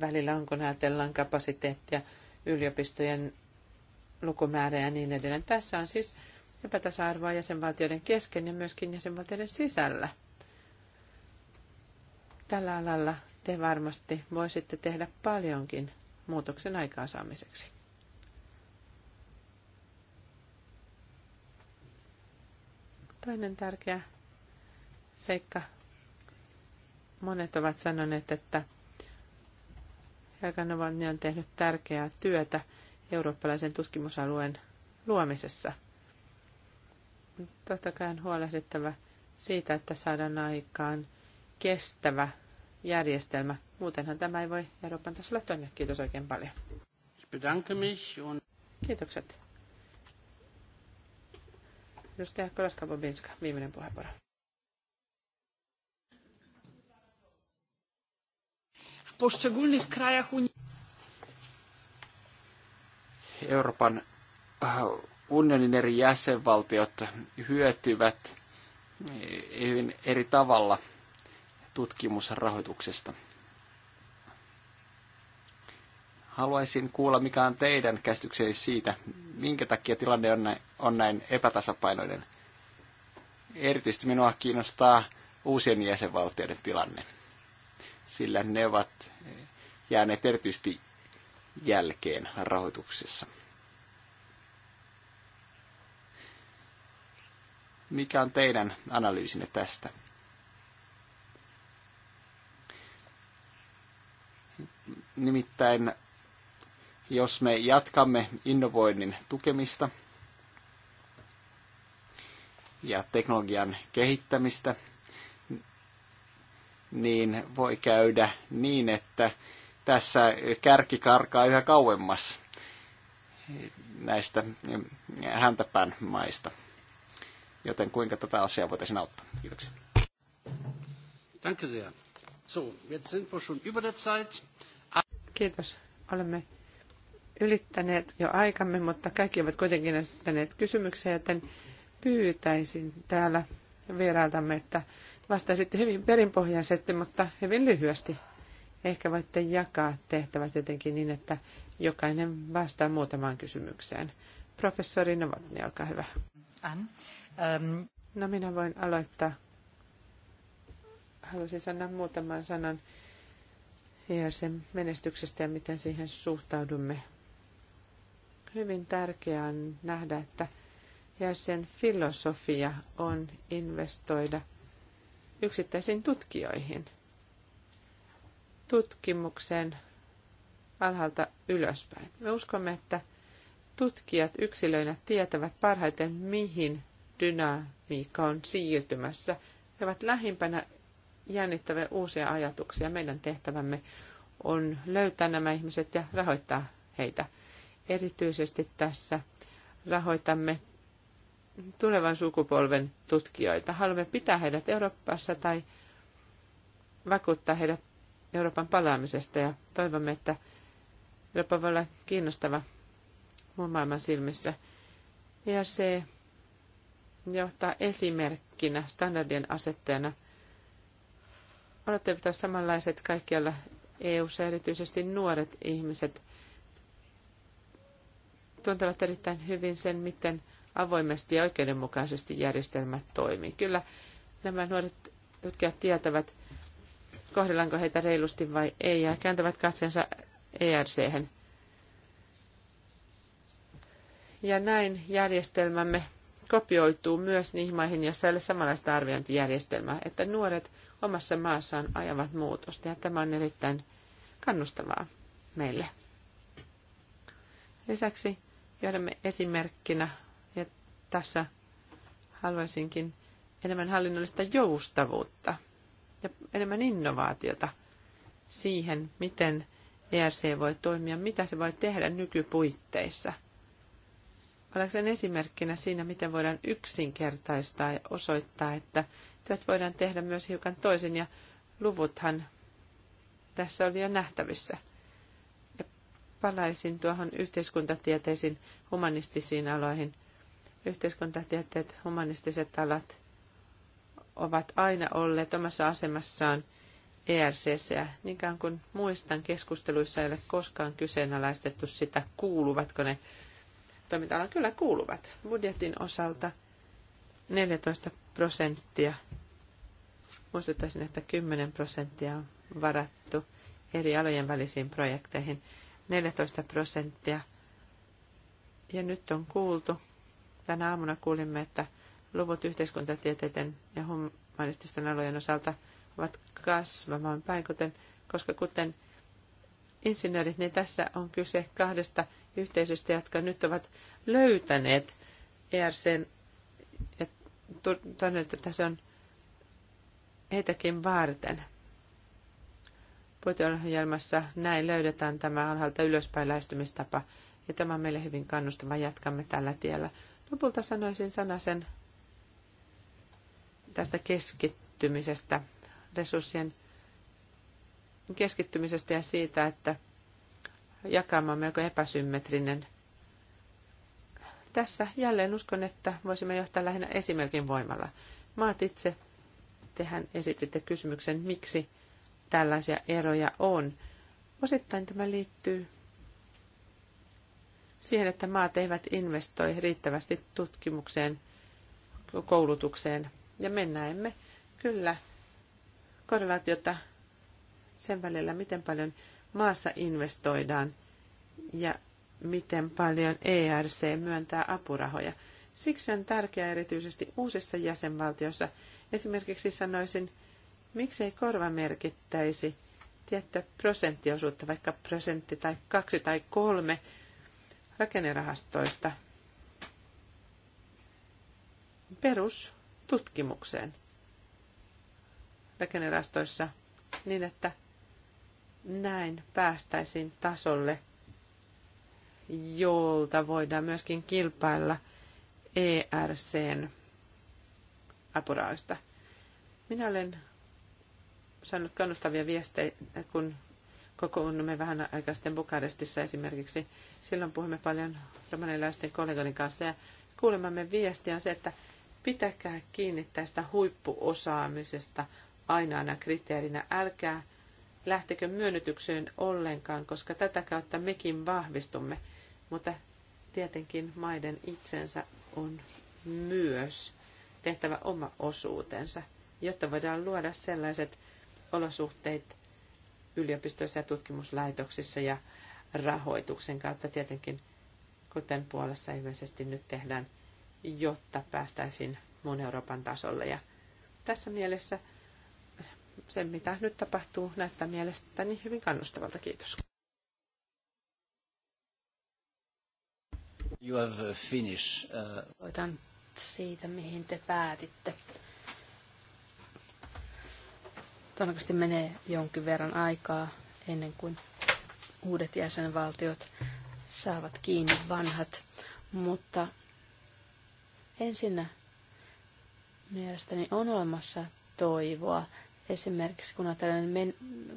välillä on, kun ajatellaan kapasiteettia, yliopistojen lukumäärä ja niin edelleen. Tässä on siis epätasa-arvoa jäsenvaltioiden kesken ja myöskin jäsenvaltioiden sisällä. Tällä alalla te varmasti voisitte tehdä paljonkin muutoksen aikaansaamiseksi. Toinen tärkeä seikka. Monet ovat sanoneet, että Helganovani on tehnyt tärkeää työtä eurooppalaisen tutkimusalueen luomisessa. Totta kai on huolehdittava siitä, että saadaan aikaan kestävä järjestelmä. Muutenhan tämä ei voi Euroopan tasolla toimia. Kiitos oikein paljon. Kiitokset. Edustaja Kolaskapobinska, viimeinen puheenvuoro. Euroopan äh, unionin eri jäsenvaltiot hyötyvät eh, hyvin eri tavalla tutkimusrahoituksesta. Haluaisin kuulla, mikä on teidän käsitykseni siitä, minkä takia tilanne on näin, on näin epätasapainoinen. Erityisesti minua kiinnostaa uusien jäsenvaltioiden tilanne, sillä ne ovat jääneet erityisesti jälkeen rahoituksessa. Mikä on teidän analyysinne tästä? Nimittäin jos me jatkamme innovoinnin tukemista ja teknologian kehittämistä, niin voi käydä niin, että tässä kärki karkaa yhä kauemmas näistä häntäpään maista. Joten kuinka tätä asiaa voitaisiin auttaa? Kiitoksia. Danke sehr. So, jetzt sind wir schon über der Zeit. Kiitos. Olemme ylittäneet jo aikamme, mutta kaikki ovat kuitenkin esittäneet kysymyksiä, joten pyytäisin täällä vierailtamme, että vastaisitte hyvin perinpohjaisesti, mutta hyvin lyhyesti. Ehkä voitte jakaa tehtävät jotenkin niin, että jokainen vastaa muutamaan kysymykseen. Professori Novotni, olkaa hyvä. Ann, um... No minä voin aloittaa. Haluaisin sanoa muutaman sanan ja sen menestyksestä ja miten siihen suhtaudumme. Hyvin tärkeää on nähdä, että jäsen filosofia on investoida yksittäisiin tutkijoihin, tutkimukseen alhaalta ylöspäin. Me uskomme, että tutkijat yksilöinä tietävät parhaiten, mihin dynamiikka on siirtymässä. He ovat lähimpänä jännittäviä uusia ajatuksia. Meidän tehtävämme on löytää nämä ihmiset ja rahoittaa heitä. Erityisesti tässä rahoitamme tulevan sukupolven tutkijoita. Haluamme pitää heidät Euroopassa tai vakuuttaa heidät Euroopan palaamisesta ja toivomme, että Eurooppa voi olla kiinnostava muun maailman silmissä. Ja se johtaa esimerkkinä standardien asettajana – odotetaan samanlaiset kaikkialla EU-ssa, erityisesti nuoret ihmiset tuntevat erittäin hyvin sen, miten avoimesti ja oikeudenmukaisesti järjestelmä toimii. Kyllä nämä nuoret tutkijat tietävät, kohdellaanko heitä reilusti vai ei, ja kääntävät katseensa erc Ja näin järjestelmämme kopioituu myös niihin maihin, joissa ei ole samanlaista arviointijärjestelmää, että nuoret omassa maassaan ajavat muutosta ja tämä on erittäin kannustavaa meille. Lisäksi johdamme esimerkkinä ja tässä haluaisinkin enemmän hallinnollista joustavuutta ja enemmän innovaatiota siihen, miten ERC voi toimia, mitä se voi tehdä nykypuitteissa – olen esimerkkinä siinä, miten voidaan yksinkertaistaa ja osoittaa, että työt voidaan tehdä myös hiukan toisin ja luvuthan tässä oli jo nähtävissä. Ja palaisin tuohon yhteiskuntatieteisiin humanistisiin aloihin. Yhteiskuntatieteet, humanistiset alat ovat aina olleet omassa asemassaan ERCC. Niinkään kuin muistan, keskusteluissa ei ole koskaan kyseenalaistettu sitä, kuuluvatko ne toiminta kyllä kuuluvat. Budjetin osalta 14 prosenttia. Muistuttaisin, että 10 prosenttia on varattu eri alojen välisiin projekteihin. 14 prosenttia. Ja nyt on kuultu, tänä aamuna kuulimme, että luvut yhteiskuntatieteiden ja humanististen alojen osalta ovat kasvamaan päin, kuten, koska kuten insinöörit, niin tässä on kyse kahdesta yhteisöistä, jotka nyt ovat löytäneet ERCn ja todenneet, että tässä on heitäkin varten. Puiteohjelmassa näin löydetään tämä alhaalta ylöspäin lähestymistapa, ja tämä on meille hyvin kannustava. Jatkamme tällä tiellä. Lopulta sanoisin sanasen tästä keskittymisestä, resurssien keskittymisestä ja siitä, että – jakama on melko epäsymmetrinen. Tässä jälleen uskon, että voisimme johtaa lähinnä esimerkin voimalla. Maat itse, tehän esititte kysymyksen, miksi tällaisia eroja on. Osittain tämä liittyy siihen, että maat eivät investoi riittävästi tutkimukseen, koulutukseen. Ja me näemme kyllä korrelaatiota sen välillä, miten paljon maassa investoidaan ja miten paljon ERC myöntää apurahoja. Siksi on tärkeää erityisesti uusissa jäsenvaltioissa, esimerkiksi sanoisin, miksei korva merkittäisi tiettyä prosenttiosuutta, vaikka prosentti tai kaksi tai kolme rakennerahastoista perustutkimukseen rakennerahastoissa niin, että näin päästäisiin tasolle, jolta voidaan myöskin kilpailla ERCn apuraista. Minä olen saanut kannustavia viestejä, kun kokoonnumme vähän aikaa sitten Bukarestissa esimerkiksi. Silloin puhumme paljon romanilaisten kollegoiden kanssa ja kuulemamme viesti on se, että pitäkää kiinni tästä huippuosaamisesta aina aina kriteerinä. Älkää lähtekö myönnytykseen ollenkaan, koska tätä kautta mekin vahvistumme. Mutta tietenkin maiden itsensä on myös tehtävä oma osuutensa, jotta voidaan luoda sellaiset olosuhteet yliopistoissa ja tutkimuslaitoksissa ja rahoituksen kautta tietenkin, kuten Puolassa ilmeisesti nyt tehdään, jotta päästäisiin muun Euroopan tasolle. Ja tässä mielessä se, mitä nyt tapahtuu, näyttää mielestäni hyvin kannustavalta. Kiitos. You have finish. Uh... uh siitä, mihin te päätitte. Todennäköisesti menee jonkin verran aikaa ennen kuin uudet jäsenvaltiot saavat kiinni vanhat, mutta ensinnä mielestäni on olemassa toivoa Esimerkiksi kun ajattelen men-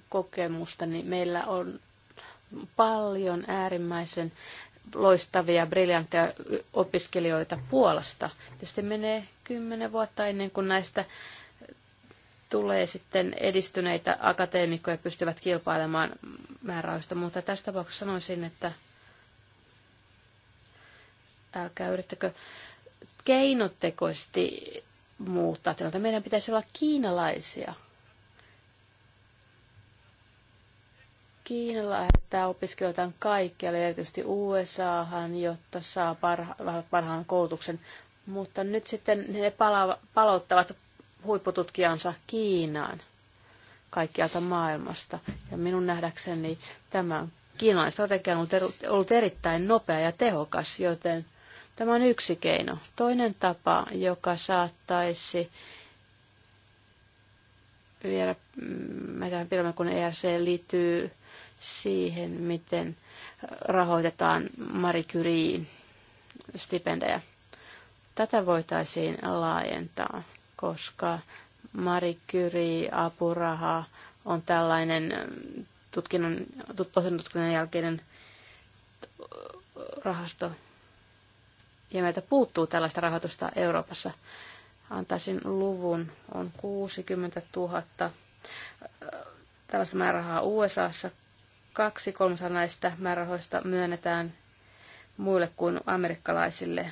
kokemusta, niin meillä on paljon äärimmäisen loistavia, briljantteja opiskelijoita Puolasta. Tietysti menee kymmenen vuotta ennen kuin näistä tulee sitten edistyneitä akateemikkoja pystyvät kilpailemaan määräystä, mutta tässä tapauksessa sanoisin, että älkää yrittäkö keinotekoisesti muuttaa tilannetta. Meidän pitäisi olla kiinalaisia Kiina lähettää opiskelijoitaan kaikkialle, erityisesti USAhan, jotta saa parha- parhaan koulutuksen. Mutta nyt sitten ne pala- palauttavat huippututkijansa Kiinaan kaikkialta maailmasta. Ja minun nähdäkseni tämä kiinalainen strategia on ollut erittäin nopea ja tehokas, joten tämä on yksi keino. Toinen tapa, joka saattaisi vielä meidän mm, pidämme, kun ERC liittyy siihen, miten rahoitetaan Marie Curie-stipendejä. Tätä voitaisiin laajentaa, koska Marie Curie-apuraha on tällainen tutkinnon, toisen tutkinnon jälkeinen rahasto. Ja meiltä puuttuu tällaista rahoitusta Euroopassa antaisin luvun, on 60 000 äh, tällaista määrärahaa USAssa. Kaksi kolmasa näistä määrärahoista myönnetään muille kuin amerikkalaisille.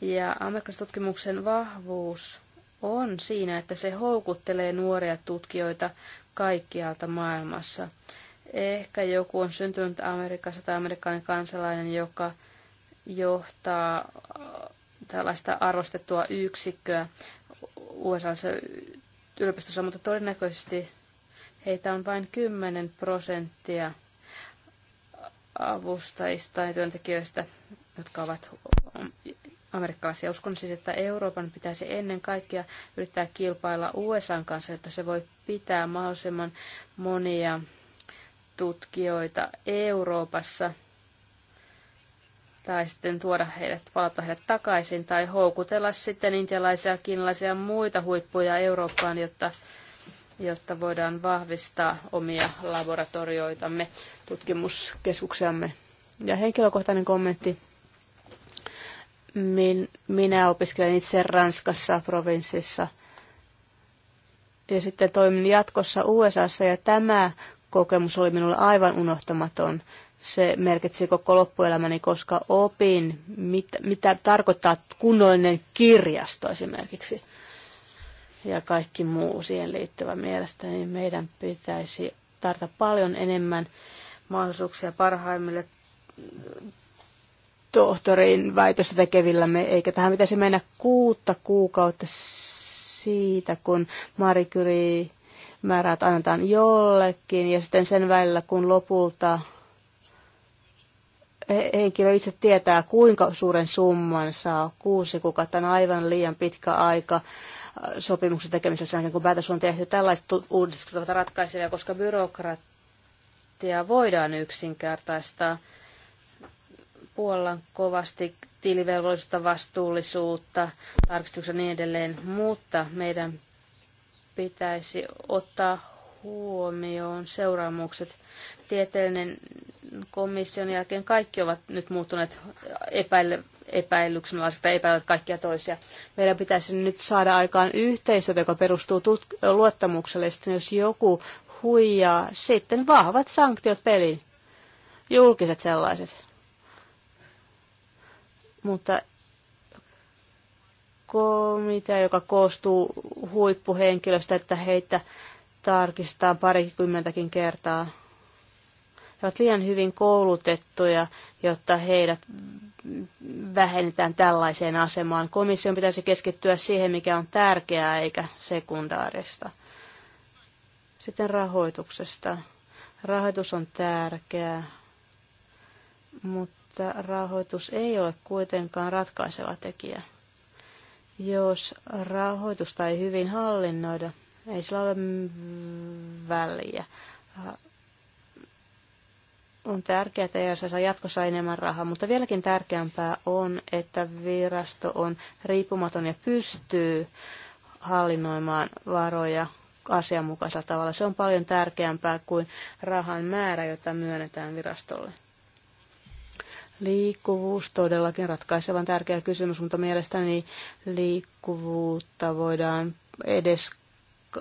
Ja tutkimuksen vahvuus on siinä, että se houkuttelee nuoria tutkijoita kaikkialta maailmassa. Ehkä joku on syntynyt Amerikassa tai amerikkalainen kansalainen, joka johtaa tällaista arvostettua yksikköä USA yliopistossa, mutta todennäköisesti heitä on vain 10 prosenttia avustajista ja työntekijöistä, jotka ovat amerikkalaisia. Uskon siis, että Euroopan pitäisi ennen kaikkea yrittää kilpailla USAn kanssa, että se voi pitää mahdollisimman monia tutkijoita Euroopassa – tai sitten tuoda heidät, palata heidät takaisin tai houkutella sitten intialaisia, kiinalaisia muita huippuja Eurooppaan, jotta, jotta voidaan vahvistaa omia laboratorioitamme, tutkimuskeskuksiamme. Ja henkilökohtainen kommentti. Min, minä opiskelen itse Ranskassa provinssissa ja sitten toimin jatkossa USAssa ja tämä kokemus oli minulle aivan unohtamaton se merkitsi koko loppuelämäni, koska opin, mit, mitä tarkoittaa kunnollinen kirjasto esimerkiksi ja kaikki muu siihen liittyvä mielestä, niin meidän pitäisi tarjota paljon enemmän mahdollisuuksia parhaimmille tohtorin väitöstä tekevillämme, eikä tähän pitäisi mennä kuutta kuukautta siitä, kun Marie Curie määrät annetaan jollekin, ja sitten sen välillä, kun lopulta henkilö itse tietää, kuinka suuren summan saa. Kuusi kuukautta on aivan liian pitkä aika äh, sopimuksen tekemisessä, jälkeen kun päätös on tehty. Tällaiset uudistukset ovat ratkaisevia, koska byrokratia voidaan yksinkertaistaa. Puolan kovasti tilivelvollisuutta, vastuullisuutta, tarkistuksia ja niin edelleen, mutta meidän pitäisi ottaa huomioon seuraamukset. Tieteellinen komission jälkeen kaikki ovat nyt muuttuneet epäille, epäilyksenalaisista ja epäilevät kaikkia toisia. Meidän pitäisi nyt saada aikaan yhteisö, joka perustuu tut- luottamukselle. sitten jos joku huijaa, sitten vahvat sanktiot peliin. Julkiset sellaiset. Mutta komitea, joka koostuu huippuhenkilöstä, että heitä tarkistaa parikymmentäkin kertaa he ovat liian hyvin koulutettuja, jotta heidät vähennetään tällaiseen asemaan. Komission pitäisi keskittyä siihen, mikä on tärkeää, eikä sekundaarista. Sitten rahoituksesta. Rahoitus on tärkeää, mutta rahoitus ei ole kuitenkaan ratkaiseva tekijä. Jos rahoitusta ei hyvin hallinnoida, ei sillä ole väliä on tärkeää, että se saa jatkossa enemmän rahaa, mutta vieläkin tärkeämpää on, että virasto on riippumaton ja pystyy hallinnoimaan varoja asianmukaisella tavalla. Se on paljon tärkeämpää kuin rahan määrä, jota myönnetään virastolle. Liikkuvuus todellakin ratkaisevan tärkeä kysymys, mutta mielestäni liikkuvuutta voidaan edes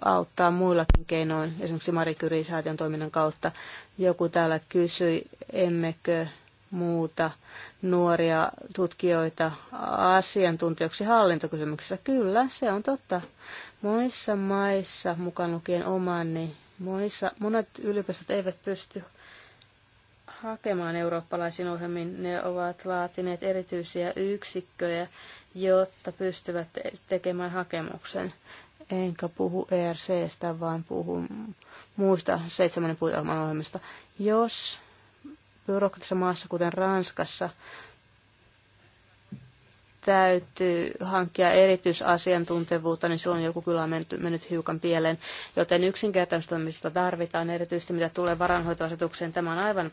auttaa muillakin keinoin, esimerkiksi Marikyri-säätiön toiminnan kautta. Joku täällä kysyi, emmekö muuta nuoria tutkijoita asiantuntijoiksi hallintokysymyksessä. Kyllä, se on totta. Monissa maissa, mukaan lukien oman, niin monissa, monet yliopistot eivät pysty hakemaan eurooppalaisiin ohjelmiin. Ne ovat laatineet erityisiä yksikköjä, jotta pystyvät tekemään hakemuksen enkä puhu ERCstä, vaan puhun muista seitsemän puitelman ohjelmista. Jos byrokratisessa maassa, kuten Ranskassa, täytyy hankkia erityisasiantuntevuutta, niin silloin joku kyllä on mennyt, mennyt hiukan pieleen. Joten yksinkertaistamista tarvitaan erityisesti, mitä tulee varanhoitoasetukseen. Tämä on aivan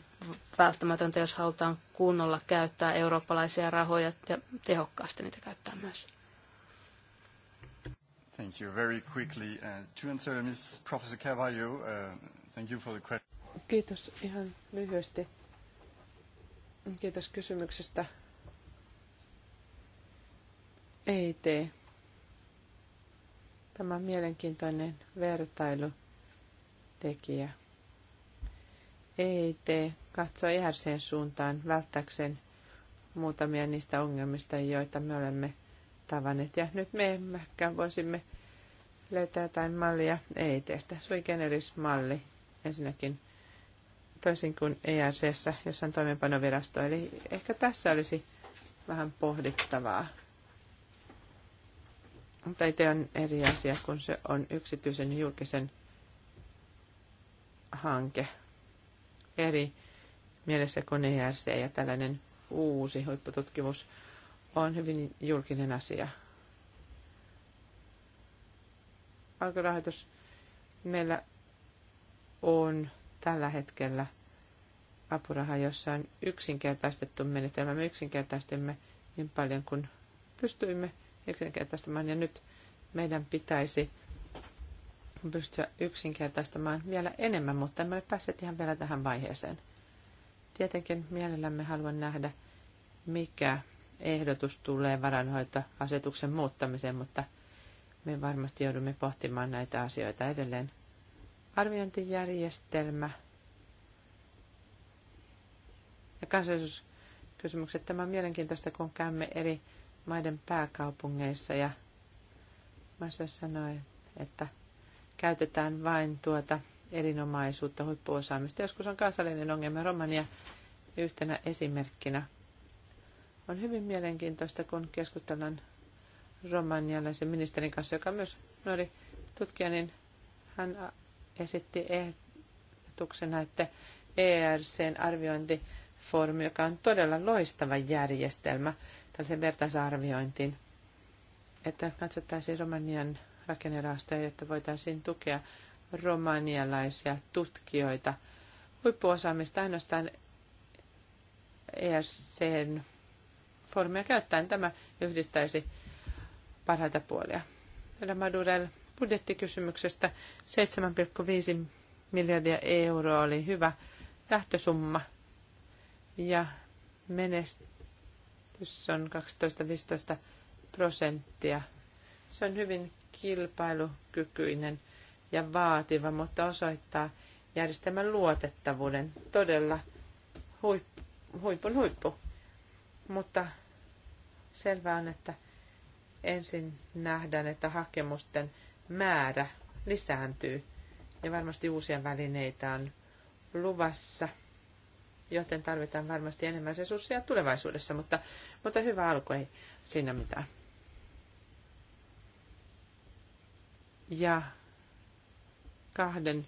välttämätöntä, jos halutaan kunnolla käyttää eurooppalaisia rahoja ja tehokkaasti niitä käyttää myös. Thank you. Very quickly, uh, to answer Ms. Professor Carvalho, uh, thank you for the question. Kiitos ihan lyhyesti. Kiitos kysymyksestä. Ei tee. Tämä on mielenkiintoinen vertailutekijä. EIT katsoo ERCn suuntaan välttääkseen muutamia niistä ongelmista, joita me olemme – tavan, Ja nyt me ehkä voisimme löytää jotain mallia e teistä Sui generis malli ensinnäkin toisin kuin ERCssä, jossa on toimeenpanovirasto. Eli ehkä tässä olisi vähän pohdittavaa. Mutta itse on eri asia, kun se on yksityisen ja julkisen hanke. Eri mielessä kuin ERC ja tällainen uusi huippututkimus on hyvin julkinen asia. Alkurahoitus meillä on tällä hetkellä apuraha, jossa on yksinkertaistettu menetelmä. Me yksinkertaistimme niin paljon kuin pystyimme yksinkertaistamaan ja nyt meidän pitäisi pystyä yksinkertaistamaan vielä enemmän, mutta emme ole päässeet ihan vielä tähän vaiheeseen. Tietenkin mielellämme haluan nähdä, mikä ehdotus tulee varainhoitoasetuksen muuttamiseen, mutta me varmasti joudumme pohtimaan näitä asioita edelleen. Arviointijärjestelmä ja kansallisuuskysymykset. Tämä on mielenkiintoista, kun käymme eri maiden pääkaupungeissa ja Massa sanoi, että käytetään vain tuota erinomaisuutta, huippuosaamista. Joskus on kansallinen ongelma Romania yhtenä esimerkkinä – on hyvin mielenkiintoista, kun keskustellaan romanialaisen ministerin kanssa, joka on myös nuori tutkija, niin hän esitti ehdotuksena, että ERCn arviointifoorumi, joka on todella loistava järjestelmä tällaisen vertaisarviointiin, että katsottaisiin Romanian rakennerahastoja, jotta voitaisiin tukea romanialaisia tutkijoita. Huippuosaamista ainoastaan ERCn foorumia käyttäen. Tämä yhdistäisi parhaita puolia. Madurel budjettikysymyksestä 7,5 miljardia euroa oli hyvä lähtösumma ja menestys on 12-15 prosenttia. Se on hyvin kilpailukykyinen ja vaativa, mutta osoittaa järjestelmän luotettavuuden todella huippu, huipun huippu. Mutta selvää on, että ensin nähdään, että hakemusten määrä lisääntyy ja varmasti uusia välineitä on luvassa, joten tarvitaan varmasti enemmän resursseja tulevaisuudessa, mutta, mutta hyvä alku ei siinä mitään. Ja kahden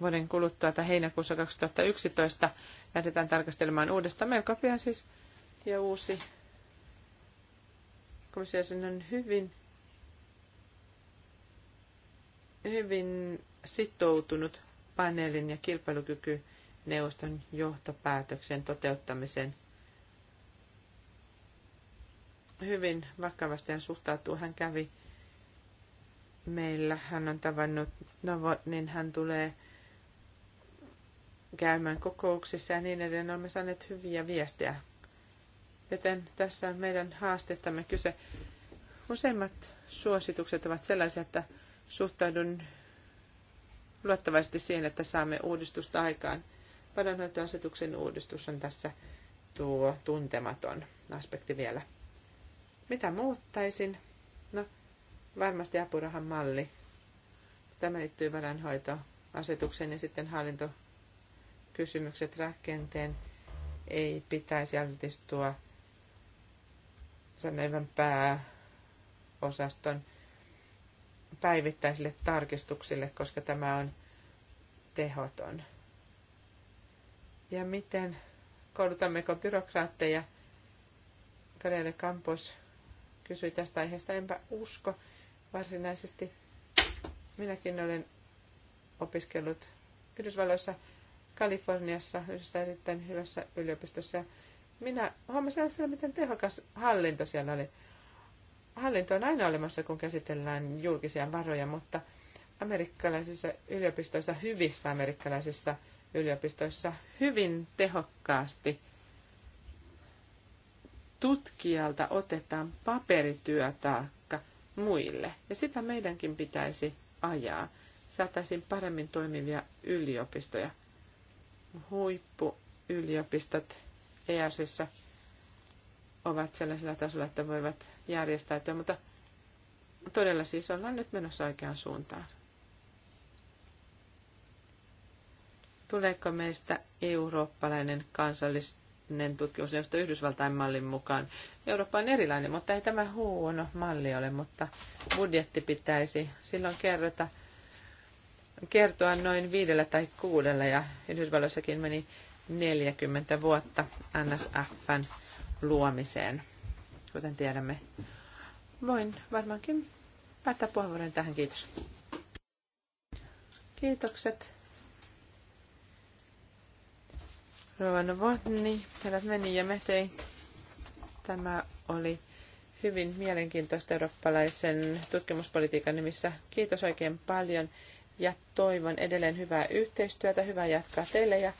vuoden kuluttua tai heinäkuussa 2011 lähdetään tarkastelemaan uudestaan melko pian siis ja uusi komission on hyvin, hyvin sitoutunut paneelin ja neuvoston johtopäätöksen toteuttamiseen hyvin vakavasti hän suhtautuu. Hän kävi meillä, hän on tavannut, no, niin hän tulee käymään kokouksissa ja niin edelleen. Olemme saaneet hyviä viestejä Joten tässä on meidän haasteestamme kyse. Useimmat suositukset ovat sellaisia, että suhtaudun luottavaisesti siihen, että saamme uudistusta aikaan. Paranhoitoasetuksen uudistus on tässä tuo tuntematon aspekti vielä. Mitä muuttaisin? No, varmasti apurahan malli. Tämä liittyy varanhoitoasetukseen ja sitten hallintokysymykset rakenteen ei pitäisi altistua sanoivan pääosaston päivittäisille tarkistuksille, koska tämä on tehoton. Ja miten koulutammeko byrokraatteja? Karele Kampos kysyi tästä aiheesta. Enpä usko varsinaisesti. Minäkin olen opiskellut Yhdysvalloissa, Kaliforniassa, yhdessä erittäin hyvässä yliopistossa. Minä huomasin siellä, miten tehokas hallinto siellä oli. Hallinto on aina olemassa, kun käsitellään julkisia varoja, mutta amerikkalaisissa yliopistoissa, hyvissä amerikkalaisissa yliopistoissa hyvin tehokkaasti tutkijalta otetaan paperityötaakka muille. Ja sitä meidänkin pitäisi ajaa. Saataisiin paremmin toimivia yliopistoja. Huippuyliopistot EASissa ovat sellaisella tasolla, että voivat järjestäytyä, mutta todella siis ollaan nyt menossa oikeaan suuntaan. Tuleeko meistä eurooppalainen kansallinen tutkimusneuvosto Yhdysvaltain mallin mukaan? Eurooppa on erilainen, mutta ei tämä huono malli ole, mutta budjetti pitäisi silloin kerrota, kertoa noin viidellä tai kuudella ja Yhdysvalloissakin meni 40 vuotta NSFn luomiseen, kuten tiedämme. Voin varmaankin päättää puheenvuoron tähän. Kiitos. Kiitokset. Rovana Votni, herrat meni ja metei. Tämä oli hyvin mielenkiintoista eurooppalaisen tutkimuspolitiikan nimissä. Kiitos oikein paljon ja toivon edelleen hyvää yhteistyötä, hyvää jatkaa teille ja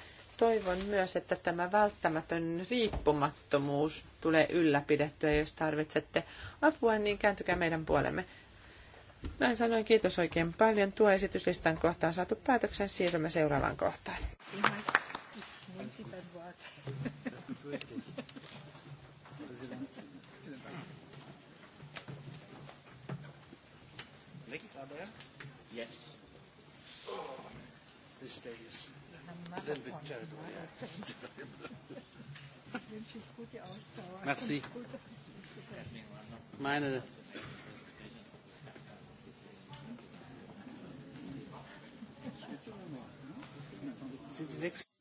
Toivon myös, että tämä välttämätön riippumattomuus tulee ylläpidettyä. Jos tarvitsette apua, niin kääntykää meidän puolemme. Näin sanoin kiitos oikein paljon. Tuo esityslistan kohta on saatu päätöksen. Siirrymme seuraavaan kohtaan. Yes. This day is Merci. Meine Sind die nächsten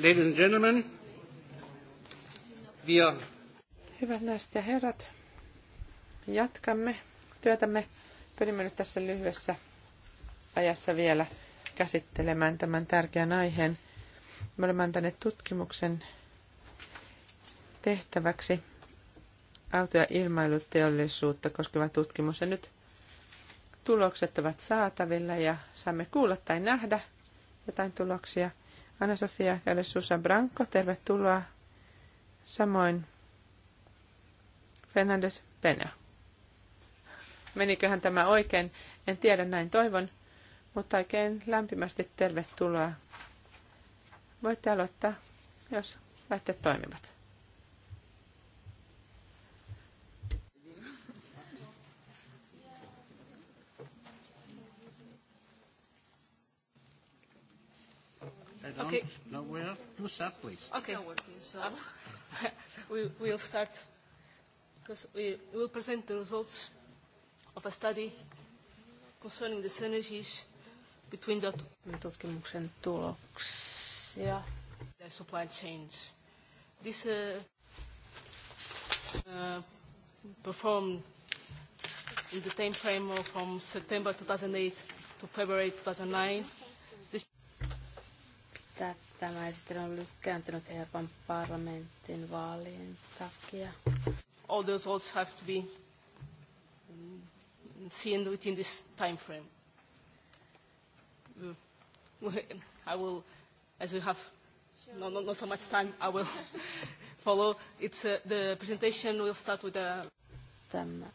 Ladies and gentlemen, Hyvät naiset ja herrat, jatkamme työtämme. Pyrimme nyt tässä lyhyessä ajassa vielä käsittelemään tämän tärkeän aiheen. Me olemme antaneet tutkimuksen tehtäväksi auto- ja ilmailuteollisuutta koskeva tutkimus. Ja nyt tulokset ovat saatavilla ja saamme kuulla tai nähdä jotain tuloksia – Anna-Sofia ja Susa Branco, tervetuloa. Samoin Fernandes Pena. Meniköhän tämä oikein? En tiedä, näin toivon, mutta oikein lämpimästi tervetuloa. Voitte aloittaa, jos lähtee toimivat. don't okay. know where to start, please. Okay. So we will start because we will present the results of a study concerning the synergies between the tutkimuksen tuloksia. The supply chains. This uh, uh, performed in the time frame from September 2008 to February 2009 että tämä sitten ole lykkääntynyt Euroopan parlamentin vaalien takia. All those results have to be mm, seen within this time frame. Mm. I will, as we have no, no, not so much time, I will follow. It's, uh, the presentation will start with a... Tämä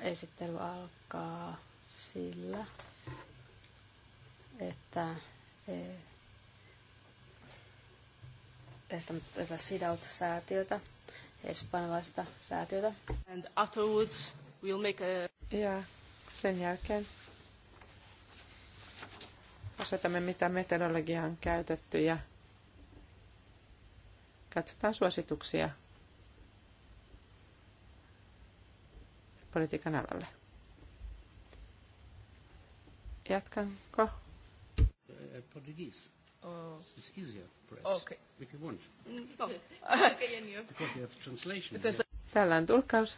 esittely alkaa sillä, että... Eh, tätä SIDAUT-säätiötä, espanjalaista säätiötä. And afterwards we'll make a... Ja sen jälkeen osoitamme, mitä metodologiaa on käytetty ja katsotaan suosituksia politiikan alalle. Jatkanko? Portugis. Uh, it's easier, perhaps, okay. if you want. No. Oh. Because you have translation. Täällä on tulkkaus.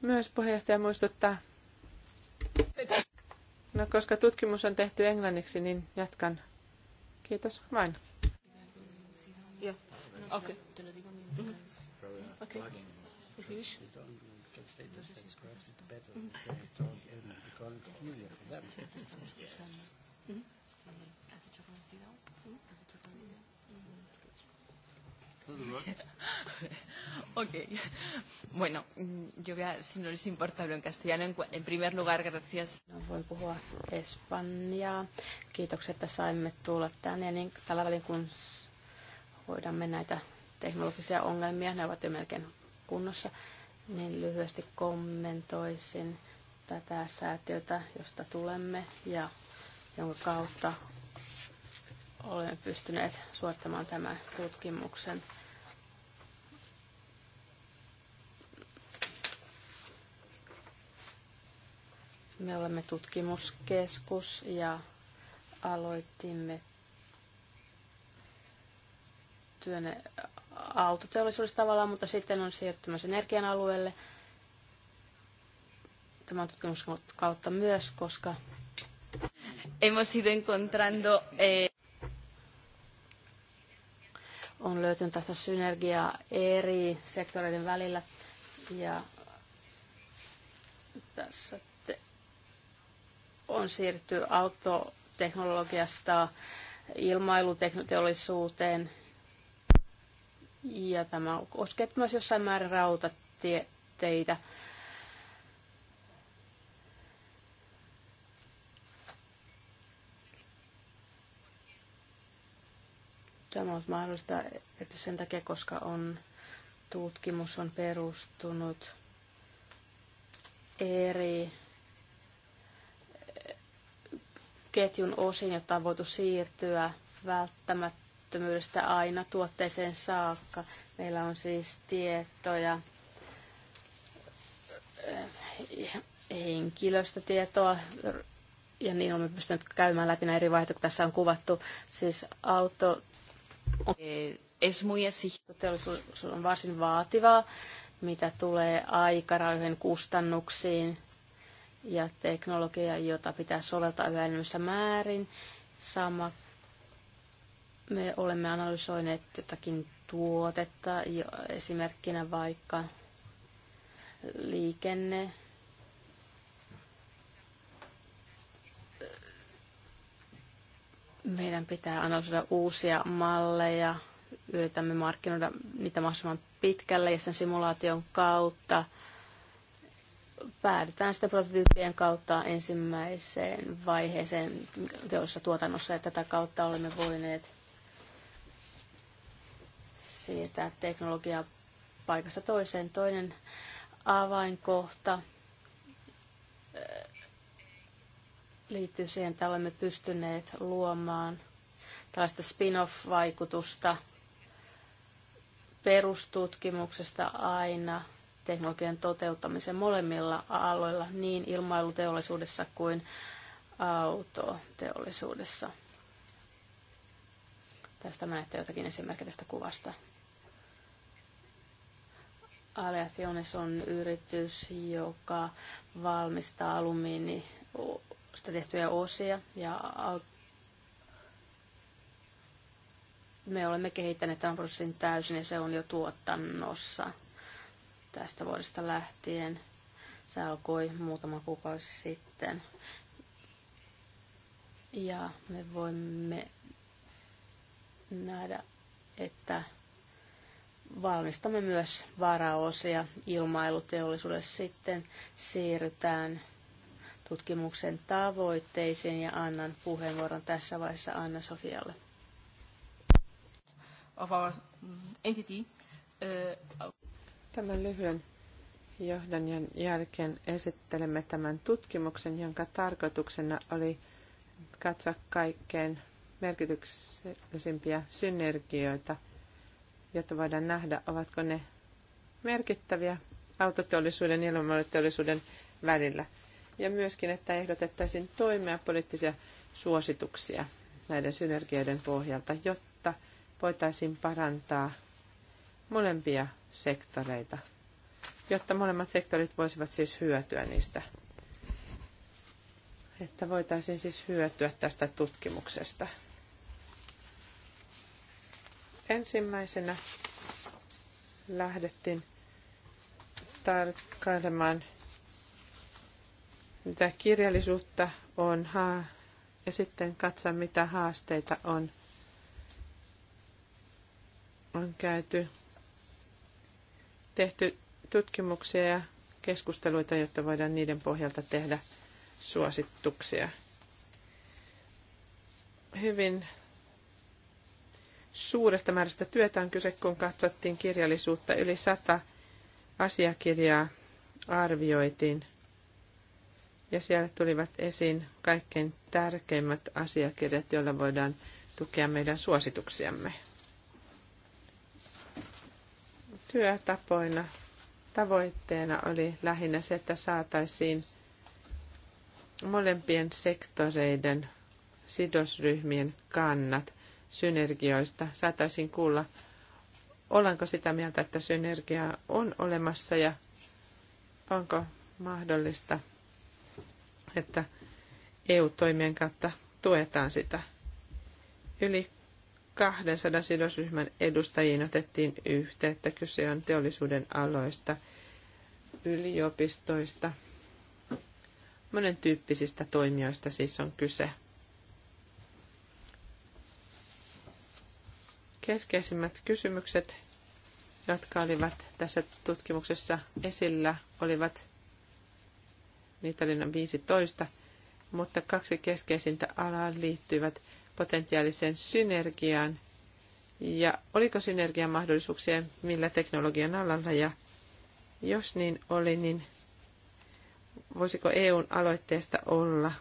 Myös puheenjohtaja muistuttaa. No, koska tutkimus on tehty englanniksi, niin jatkan. Kiitos vain. Yeah. Okei. Mm-hmm. Ok. Bueno, yo voy a, si no les importa, hablo en castellano. En, en primer lugar, gracias. No, voin puhua espanjaa. Kiitokset, että saimme tulla tänne. Niin, tällä välin, kun hoidamme näitä teknologisia ongelmia, ne ovat jo melkein kunnossa, niin lyhyesti kommentoisin tätä säätiötä, josta tulemme ja jonka kautta olemme pystyneet suorittamaan tämän tutkimuksen. Me olemme tutkimuskeskus ja aloitimme työn autoteollisuudessa tavallaan, mutta sitten on siirtymässä energian alueelle tämän tutkimuksen kautta myös, koska hemos ido encontrando eh, on löytynyt tästä synergiaa eri sektoreiden välillä. Ja tässä on siirtyy autoteknologiasta ilmailuteollisuuteen. Ja tämä koskee myös jossain määrin rautateitä. Tämä on ollut mahdollista että sen takia, koska on, tutkimus on perustunut eri eh, ketjun osin, jotta on voitu siirtyä välttämättömyydestä aina tuotteeseen saakka. Meillä on siis tietoja, eh, henkilöstötietoa, ja niin olemme pystyneet käymään läpi nämä eri vaihtoehtoja, tässä on kuvattu. Siis auto Eh, Teollisuus on varsin vaativaa, mitä tulee aikarajojen kustannuksiin ja teknologiaa, jota pitää soveltaa yhä enemmissä määrin. Sama me olemme analysoineet jotakin tuotetta, jo esimerkkinä vaikka liikenne, Meidän pitää analysoida uusia malleja, yritämme markkinoida niitä mahdollisimman pitkälle ja sen simulaation kautta päädytään sitten prototyyppien kautta ensimmäiseen vaiheeseen teollisessa tuotannossa ja tätä kautta olemme voineet siirtää teknologiaa paikasta toiseen. Toinen avainkohta liittyy siihen, että olemme pystyneet luomaan tällaista spin-off-vaikutusta perustutkimuksesta aina teknologian toteuttamisen molemmilla aloilla, niin ilmailuteollisuudessa kuin autoteollisuudessa. Tästä näette jotakin esimerkkejä tästä kuvasta. Aleationis on yritys, joka valmistaa alumiini sitä tehtyjä osia ja me olemme kehittäneet tämän prosessin täysin ja se on jo tuotannossa tästä vuodesta lähtien. Se alkoi muutama kuukausi sitten. Ja me voimme nähdä, että valmistamme myös varaosia ilmailuteollisuudessa sitten siirrytään tutkimuksen tavoitteisiin ja annan puheenvuoron tässä vaiheessa Anna Sofialle. Uh, tämän lyhyen johdanjan jälkeen esittelemme tämän tutkimuksen, jonka tarkoituksena oli katsoa kaikkein merkityksellisimpiä synergioita, jotta voidaan nähdä, ovatko ne merkittäviä autoteollisuuden ja ilmailuteollisuuden välillä ja myöskin, että ehdotettaisiin toimia poliittisia suosituksia näiden synergioiden pohjalta, jotta voitaisiin parantaa molempia sektoreita, jotta molemmat sektorit voisivat siis hyötyä niistä, että voitaisiin siis hyötyä tästä tutkimuksesta. Ensimmäisenä lähdettiin tarkkailemaan mitä kirjallisuutta on ja sitten katsa mitä haasteita on, on käyty, tehty tutkimuksia ja keskusteluita, jotta voidaan niiden pohjalta tehdä suosituksia. Hyvin suuresta määrästä työtä on kyse, kun katsottiin kirjallisuutta. Yli sata asiakirjaa arvioitiin – ja siellä tulivat esiin kaikkein tärkeimmät asiakirjat, joilla voidaan tukea meidän suosituksiamme. Työtapoina tavoitteena oli lähinnä se, että saataisiin molempien sektoreiden sidosryhmien kannat synergioista. Saataisiin kuulla, ollaanko sitä mieltä, että synergia on olemassa ja onko mahdollista – että EU-toimien kautta tuetaan sitä. Yli 200 sidosryhmän edustajiin otettiin yhteyttä. Kyse on teollisuuden aloista, yliopistoista, monen tyyppisistä toimijoista siis on kyse. Keskeisimmät kysymykset, jotka olivat tässä tutkimuksessa esillä, olivat niitä oli noin 15, mutta kaksi keskeisintä alaa liittyvät potentiaaliseen synergiaan ja oliko synergian mahdollisuuksia millä teknologian alalla ja jos niin oli, niin voisiko EUn aloitteesta olla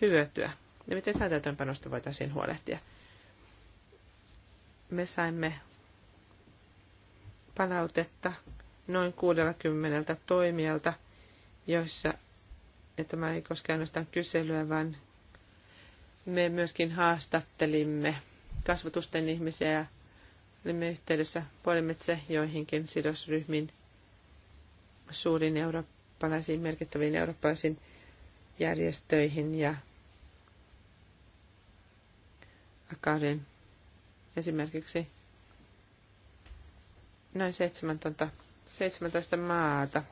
hyötyä ja miten täytäntöönpanosta voitaisiin huolehtia. Me saimme palautetta noin 60 toimijalta – joissa, ja tämä ei koske ainoastaan kyselyä, vaan me myöskin haastattelimme kasvatusten ihmisiä ja olimme yhteydessä puolimetse joihinkin sidosryhmiin suurin eurooppalaisiin, merkittäviin eurooppalaisiin järjestöihin ja Akarin esimerkiksi noin 17, 17 maata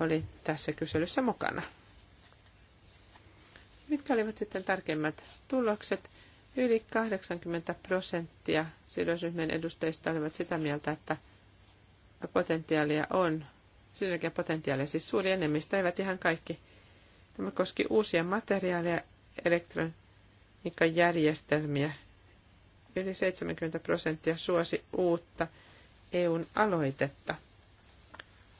oli tässä kyselyssä mukana. Mitkä olivat sitten tärkeimmät tulokset? Yli 80 prosenttia sidosryhmien edustajista olivat sitä mieltä, että potentiaalia on, synergiapotentiaalia siis suuri enemmistö, eivät ihan kaikki. Tämä koski uusia materiaaleja, elektroniikkajärjestelmiä. Yli 70 prosenttia suosi uutta EUn aloitetta –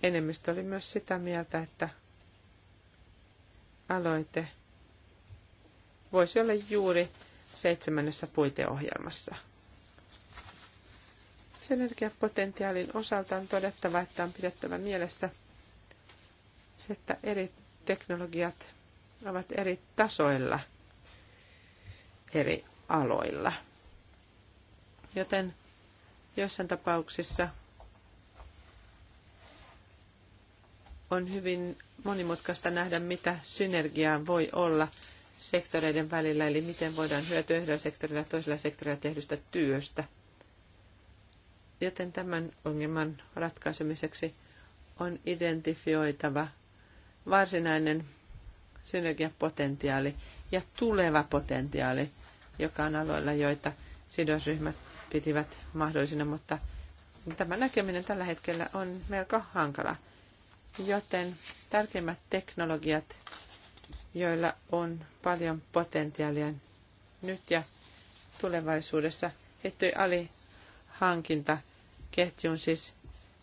Enemmistö oli myös sitä mieltä, että aloite voisi olla juuri seitsemännessä puiteohjelmassa. Synergiapotentiaalin osalta on todettava, että on pidettävä mielessä se, että eri teknologiat ovat eri tasoilla eri aloilla. Joten joissain tapauksissa on hyvin monimutkaista nähdä, mitä synergiaa voi olla sektoreiden välillä, eli miten voidaan hyötyä yhdellä sektorilla ja toisella sektorilla tehdystä työstä. Joten tämän ongelman ratkaisemiseksi on identifioitava varsinainen synergiapotentiaali ja tuleva potentiaali, joka on aloilla, joita sidosryhmät pitivät mahdollisina, mutta tämä näkeminen tällä hetkellä on melko hankala. Joten tärkeimmät teknologiat, joilla on paljon potentiaalia nyt ja tulevaisuudessa, liittyy alihankintaketjun, siis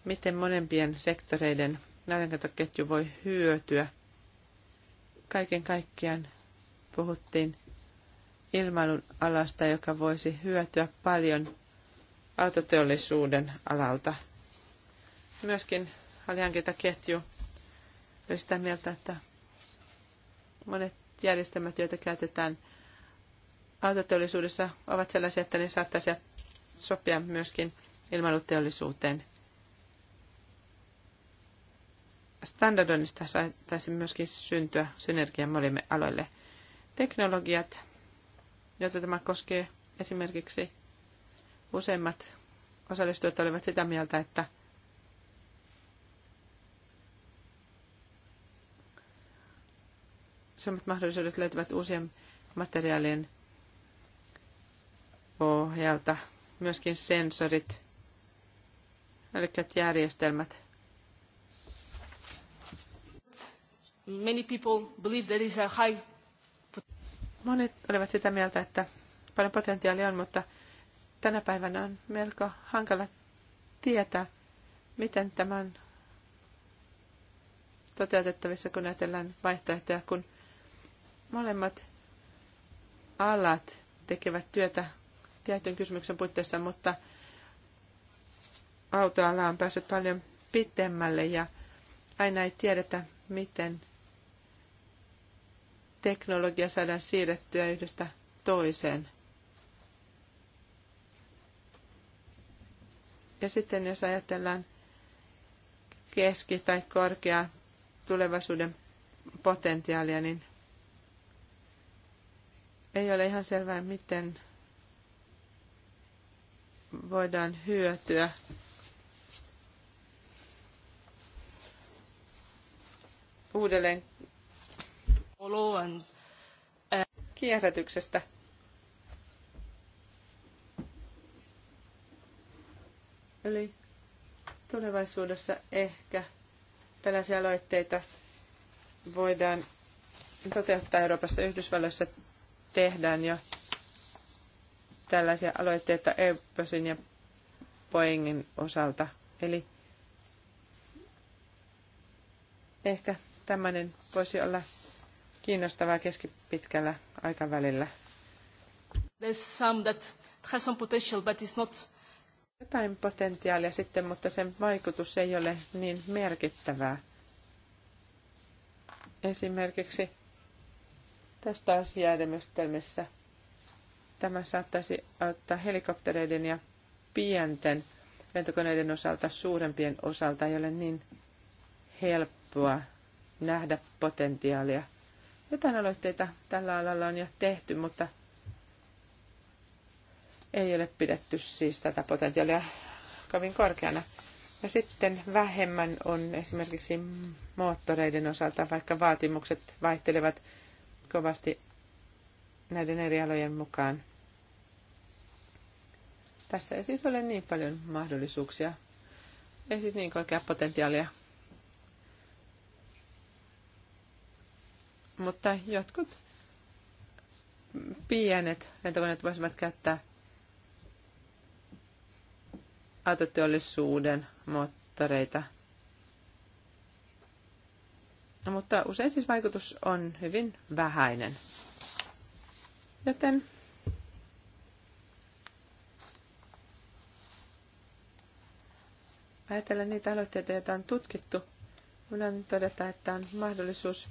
miten monempien sektoreiden alihankintaketju voi hyötyä. Kaiken kaikkiaan puhuttiin ilmailun alasta, joka voisi hyötyä paljon autoteollisuuden alalta. Myöskin alihankintaketju oli sitä mieltä, että monet järjestelmät, joita käytetään autoteollisuudessa, ovat sellaisia, että ne saattaisivat sopia myöskin ilmailuteollisuuteen. Standardoinnista saattaisi myöskin syntyä synergia molemmille aloille. Teknologiat, joita tämä koskee esimerkiksi useimmat osallistujat olivat sitä mieltä, että suuremmat mahdollisuudet löytyvät uusien materiaalien pohjalta. Myöskin sensorit, älykkäät järjestelmät. Many people believe there is a high... Monet olivat sitä mieltä, että paljon potentiaalia on, mutta tänä päivänä on melko hankala tietää, miten tämän toteutettavissa, kun ajatellaan vaihtoehtoja, kun Molemmat alat tekevät työtä tietyn kysymyksen puitteissa, mutta autoala on päässyt paljon pitemmälle ja aina ei tiedetä, miten teknologia saadaan siirrettyä yhdestä toiseen. Ja sitten jos ajatellaan keski- tai korkea tulevaisuuden potentiaalia, niin ei ole ihan selvää, miten voidaan hyötyä uudelleen kierrätyksestä. Eli tulevaisuudessa ehkä tällaisia aloitteita voidaan toteuttaa Euroopassa Yhdysvalloissa tehdään jo tällaisia aloitteita Airbusin ja Boeingin osalta. Eli ehkä tämmöinen voisi olla kiinnostavaa keskipitkällä aikavälillä. There's some that has some potential, but it's not... Jotain potentiaalia sitten, mutta sen vaikutus ei ole niin merkittävää. Esimerkiksi tästä asiajärjestelmissä. Tämä saattaisi auttaa helikoptereiden ja pienten lentokoneiden osalta suurempien osalta ei ole niin helppoa nähdä potentiaalia. Jotain aloitteita tällä alalla on jo tehty, mutta ei ole pidetty siis tätä potentiaalia kovin korkeana. Ja sitten vähemmän on esimerkiksi moottoreiden osalta, vaikka vaatimukset vaihtelevat kovasti näiden eri alojen mukaan. Tässä ei siis ole niin paljon mahdollisuuksia. Ei siis niin korkea potentiaalia. Mutta jotkut pienet lentokoneet voisivat käyttää autoteollisuuden moottoreita – mutta usein siis vaikutus on hyvin vähäinen. Joten ajatellen niitä aloitteita, joita on tutkittu, voidaan todeta, että on mahdollisuus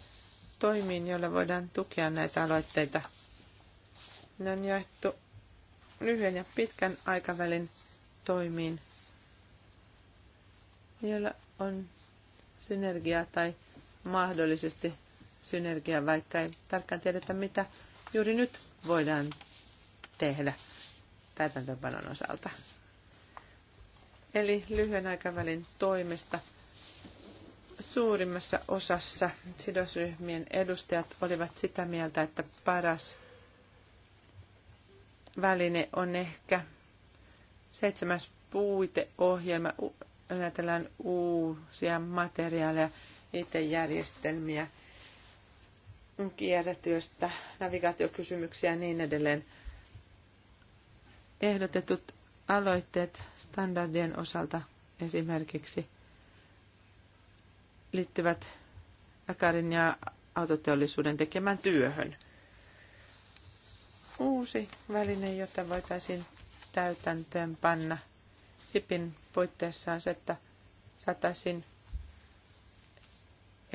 toimiin, joilla voidaan tukea näitä aloitteita. Ne on jaettu lyhyen ja pitkän aikavälin toimiin, joilla on synergiaa tai mahdollisesti synergia, vaikka ei tarkkaan tiedetä, mitä juuri nyt voidaan tehdä täytäntöpanon osalta. Eli lyhyen aikavälin toimesta suurimmassa osassa sidosryhmien edustajat olivat sitä mieltä, että paras väline on ehkä seitsemäs puiteohjelma. näytellään uusia materiaaleja, IT-järjestelmiä, kierrätyöstä, navigaatiokysymyksiä ja niin edelleen. Ehdotetut aloitteet standardien osalta esimerkiksi liittyvät Akarin ja autoteollisuuden tekemään työhön. Uusi väline, jota voitaisiin täytäntöön panna SIPin puitteissa on se, että saataisiin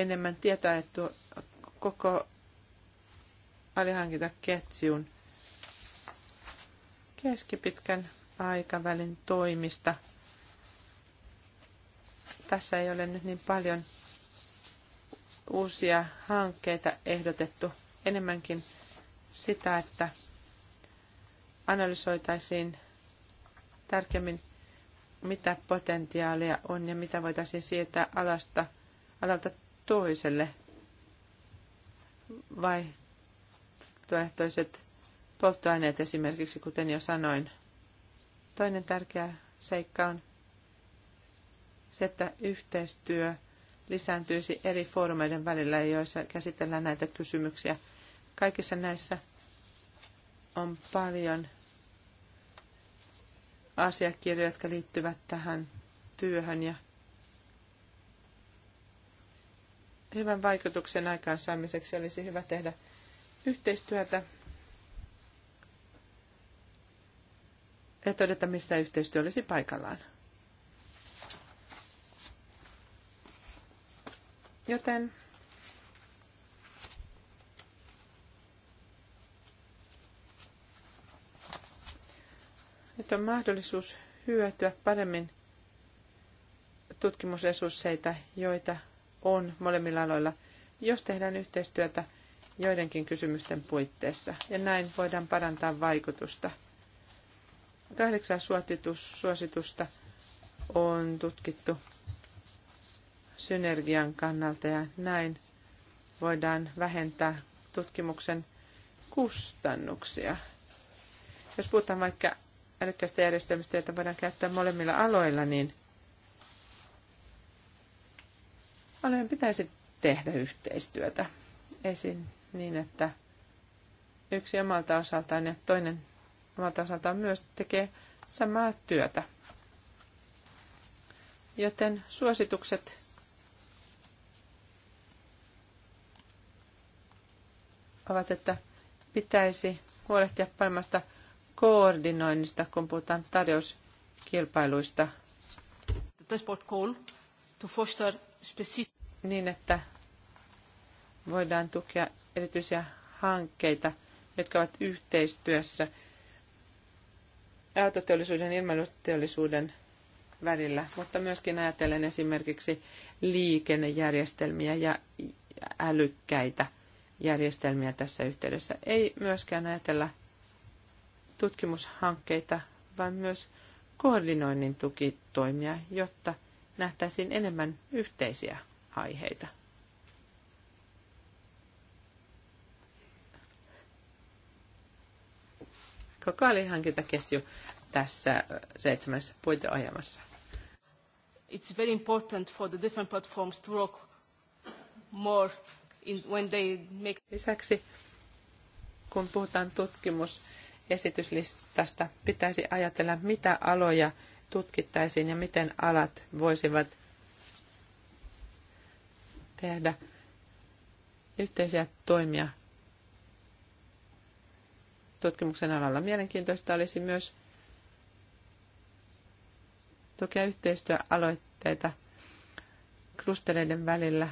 enemmän tietää että koko alihankintaketjun keskipitkän aikavälin toimista. Tässä ei ole nyt niin paljon uusia hankkeita ehdotettu, enemmänkin sitä, että analysoitaisiin tarkemmin, mitä potentiaalia on ja mitä voitaisiin siirtää alasta, alalta toiselle. Vaihtoehtoiset polttoaineet esimerkiksi, kuten jo sanoin. Toinen tärkeä seikka on se, että yhteistyö lisääntyisi eri foorumeiden välillä, joissa käsitellään näitä kysymyksiä. Kaikissa näissä on paljon asiakirjoja, jotka liittyvät tähän työhön ja hyvän vaikutuksen aikaansaamiseksi olisi hyvä tehdä yhteistyötä ja todeta, missä yhteistyö olisi paikallaan. Joten nyt on mahdollisuus hyötyä paremmin tutkimusresursseita, joita on molemmilla aloilla, jos tehdään yhteistyötä joidenkin kysymysten puitteissa. Ja näin voidaan parantaa vaikutusta. Kahdeksan suositusta on tutkittu synergian kannalta ja näin voidaan vähentää tutkimuksen kustannuksia. Jos puhutaan vaikka älykkäistä järjestelmistä, joita voidaan käyttää molemmilla aloilla, niin – paljon pitäisi tehdä yhteistyötä esin niin, että yksi omalta osaltaan ja toinen omalta osaltaan myös tekee samaa työtä. Joten suositukset ovat, että pitäisi huolehtia paremmasta koordinoinnista, kun puhutaan tarjouskilpailuista. The to foster specific... Niin, että voidaan tukea erityisiä hankkeita, jotka ovat yhteistyössä autoteollisuuden ja ilmailuteollisuuden välillä, mutta myöskin ajatellen esimerkiksi liikennejärjestelmiä ja älykkäitä järjestelmiä tässä yhteydessä. Ei myöskään ajatella tutkimushankkeita, vaan myös koordinoinnin tukitoimia, jotta – nähtäisiin enemmän yhteisiä aiheita. Koko alihankintaketju tässä seitsemässä puiteohjelmassa. It's very important for the different platforms to work more in, when they make... Lisäksi kun puhutaan tutkimusesityslistasta, pitäisi ajatella, mitä aloja tutkittaisiin ja miten alat voisivat tehdä yhteisiä toimia tutkimuksen alalla. Mielenkiintoista olisi myös tukea yhteistyöaloitteita klustereiden välillä,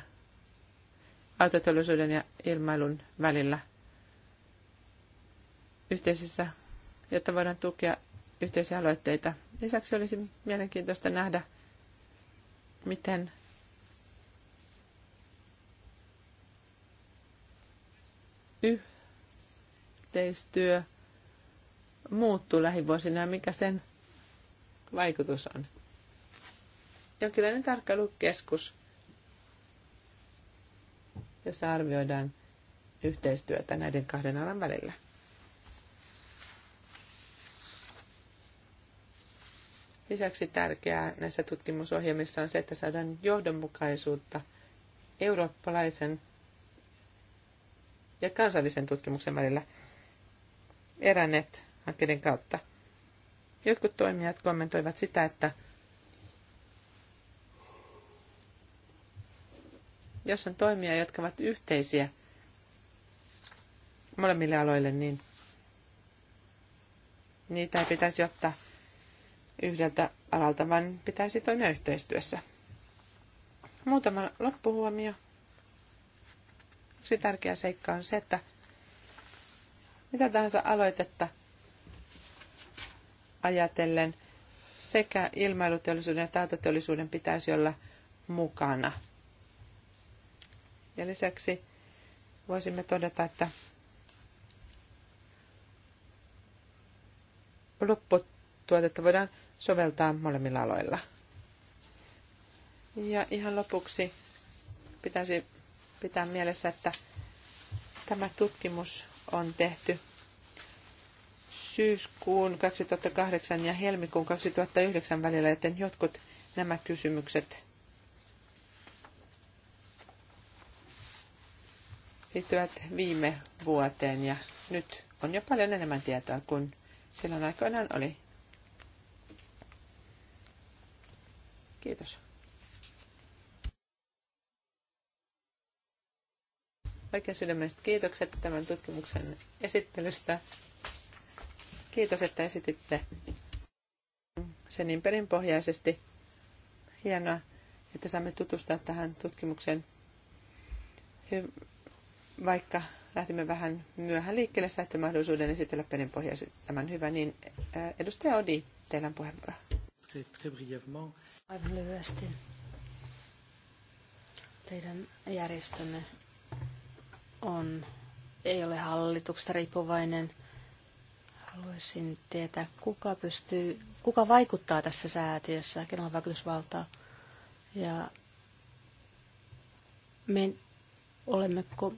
autoteollisuuden ja ilmailun välillä yhteisissä, jotta voidaan tukea yhteisiä aloitteita Lisäksi olisi mielenkiintoista nähdä, miten yhteistyö muuttuu lähivuosina ja mikä sen vaikutus on. Jonkinlainen tarkkailukeskus, jossa arvioidaan yhteistyötä näiden kahden alan välillä. Lisäksi tärkeää näissä tutkimusohjelmissa on se, että saadaan johdonmukaisuutta eurooppalaisen ja kansallisen tutkimuksen välillä eränet hankkeiden kautta. Jotkut toimijat kommentoivat sitä, että jos on toimia, jotka ovat yhteisiä molemmille aloille, niin niitä ei pitäisi ottaa yhdeltä alalta, vaan pitäisi toimia yhteistyössä. Muutama loppuhuomio. Yksi tärkeä seikka on se, että mitä tahansa aloitetta ajatellen sekä ilmailuteollisuuden että autoteollisuuden pitäisi olla mukana. Ja lisäksi voisimme todeta, että lopputuotetta voidaan soveltaa molemmilla aloilla. Ja ihan lopuksi pitäisi pitää mielessä, että tämä tutkimus on tehty syyskuun 2008 ja helmikuun 2009 välillä, joten jotkut nämä kysymykset liittyvät viime vuoteen ja nyt on jo paljon enemmän tietoa kuin silloin aikoinaan oli. Kiitos. Oikein sydämestä kiitokset tämän tutkimuksen esittelystä. Kiitos, että esititte sen niin perinpohjaisesti. Hienoa, että saamme tutustua tähän tutkimukseen. Vaikka lähdimme vähän myöhään liikkeelle, saitte mahdollisuuden esitellä perinpohjaisesti tämän hyvän. Niin, edustaja Odi, teillä on puheenvuoro très, très brièvement. Teidän järjestönne on, ei ole hallituksesta riippuvainen. Haluaisin tietää, kuka pystyy, kuka vaikuttaa tässä säätiössä, kenellä on vaikutusvaltaa. Ja me olemmeko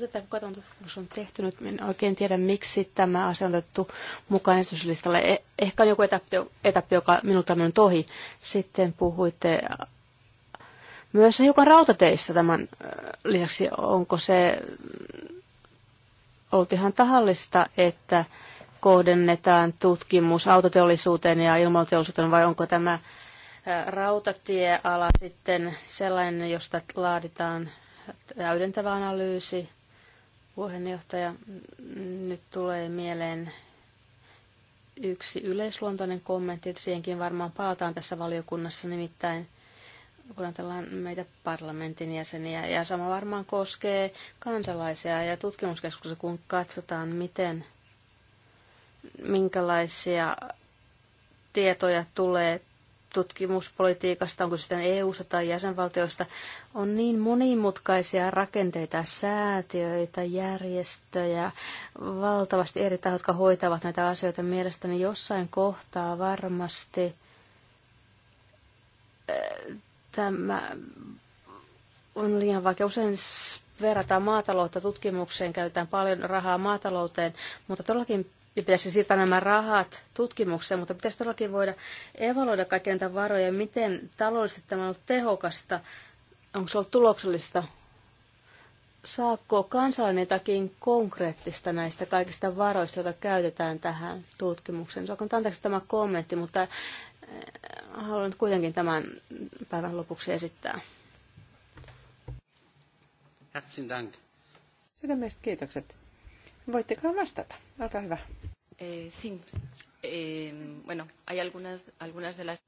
Tätä katantotutkimus on tehty nyt. En oikein tiedä, miksi tämä asia on otettu mukaan esityslistalle. E, ehkä on joku etappi, etappi joka minulta on mennyt ohi. Sitten puhuitte myös hiukan rautateistä tämän lisäksi. Onko se ollut ihan tahallista, että kohdennetaan tutkimus autoteollisuuteen ja ilmailuteollisuuteen vai onko tämä rautatieala sitten sellainen, josta laaditaan täydentävä analyysi. Puheenjohtaja, nyt tulee mieleen yksi yleisluontoinen kommentti, että siihenkin varmaan palataan tässä valiokunnassa, nimittäin kun ajatellaan meitä parlamentin jäseniä, ja sama varmaan koskee kansalaisia ja tutkimuskeskuksia, kun katsotaan, miten, minkälaisia tietoja tulee tutkimuspolitiikasta, onko sitten EU-sta tai jäsenvaltioista, on niin monimutkaisia rakenteita, säätiöitä, järjestöjä, valtavasti eri tahot, jotka hoitavat näitä asioita. Mielestäni jossain kohtaa varmasti eh, tämä on liian vaikea. Usein verrataan maataloutta tutkimukseen, käytetään paljon rahaa maatalouteen, mutta todellakin ja pitäisi siirtää nämä rahat tutkimukseen, mutta pitäisi todellakin voida evaluoida kaikkia näitä varoja, miten taloudellisesti tämä on ollut tehokasta, onko se ollut tuloksellista, saako kansalainen jotakin konkreettista näistä kaikista varoista, joita käytetään tähän tutkimukseen. Saako nyt anteeksi tämä kommentti, mutta äh, haluan kuitenkin tämän päivän lopuksi esittää. Herzlichen Dank. Sydämestä kiitokset. Voitteko vastata? Olkaa hyvä. Eh, sí. Eh, bueno, hay algunas, algunas de las...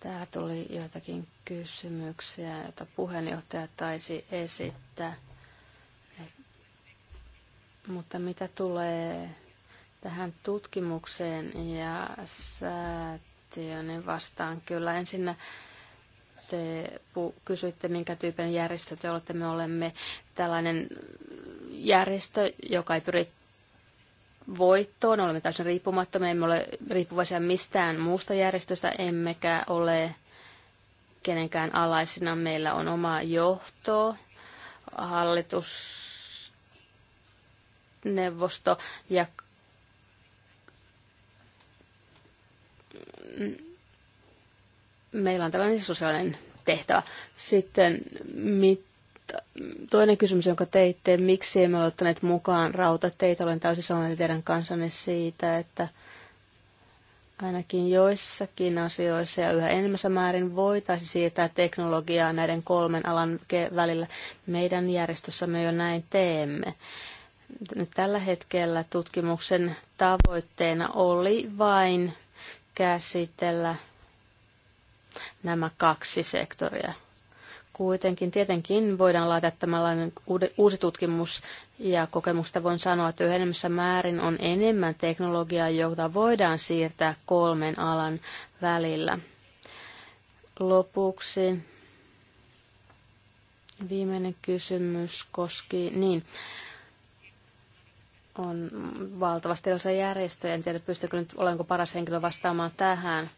Täällä tuli joitakin kysymyksiä, joita puheenjohtaja taisi esittää. Mutta mitä tulee tähän tutkimukseen ja säätiöön, niin vastaan kyllä ensinnä te kysyitte, minkä tyypin järjestö te olette. Me olemme tällainen järjestö, joka ei pyri voittoon. Olemme täysin riippumattomia, emme ole riippuvaisia mistään muusta järjestöstä, emmekä ole kenenkään alaisina. Meillä on oma johto, hallitus, neuvosto ja meillä on tällainen sosiaalinen tehtävä. Sitten mit, toinen kysymys, jonka teitte, miksi emme ole ottaneet mukaan rautateitä, olen täysin samaa mieltä teidän kanssanne siitä, että ainakin joissakin asioissa ja yhä enemmässä määrin voitaisiin siirtää teknologiaa näiden kolmen alan välillä. Meidän järjestössämme jo näin teemme. Nyt tällä hetkellä tutkimuksen tavoitteena oli vain käsitellä nämä kaksi sektoria Kuitenkin tietenkin voidaan laittaa tämänlainen uusi tutkimus ja kokemusta voin sanoa, että yhä määrin on enemmän teknologiaa, jota voidaan siirtää kolmen alan välillä. Lopuksi viimeinen kysymys koski, niin on valtavasti osa järjestöjä, en tiedä pystykö nyt, olenko paras henkilö vastaamaan tähän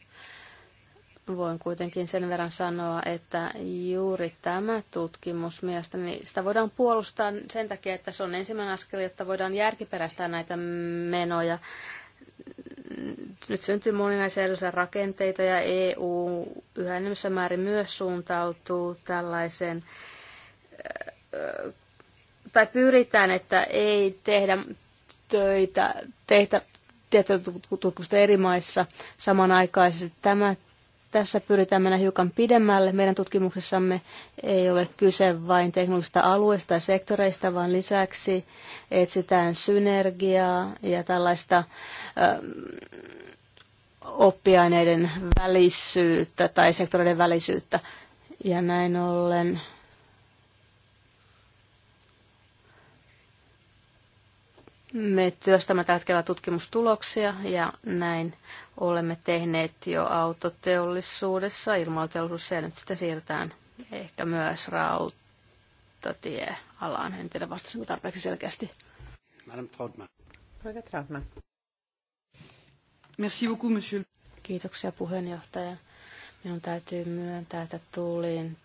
Voin kuitenkin sen verran sanoa, että juuri tämä tutkimus mielestäni, niin sitä voidaan puolustaa sen takia, että se on ensimmäinen askel, jotta voidaan järkiperäistää näitä menoja. Nyt syntyy moninaisia erilaisia rakenteita ja EU yhä enemmän määrin myös suuntautuu tällaiseen tai pyritään, että ei tehdä töitä, tehdä tietotutkimusta eri maissa samanaikaisesti. Tämä tässä pyritään mennä hiukan pidemmälle. Meidän tutkimuksessamme ei ole kyse vain teknologisista alueista tai sektoreista, vaan lisäksi etsitään synergiaa ja tällaista oppiaineiden välisyyttä tai sektoreiden välisyyttä. Ja näin ollen Me työstämme tällä hetkellä tutkimustuloksia ja näin olemme tehneet jo autoteollisuudessa, ilmailuteollisuudessa ja nyt sitten siirrytään ehkä myös rautatiealaan. En tiedä vastasinko tarpeeksi selkeästi. Madame Trautmann. Trautmann. Merci beaucoup, monsieur. Kiitoksia puheenjohtaja. Minun täytyy myöntää, että tulin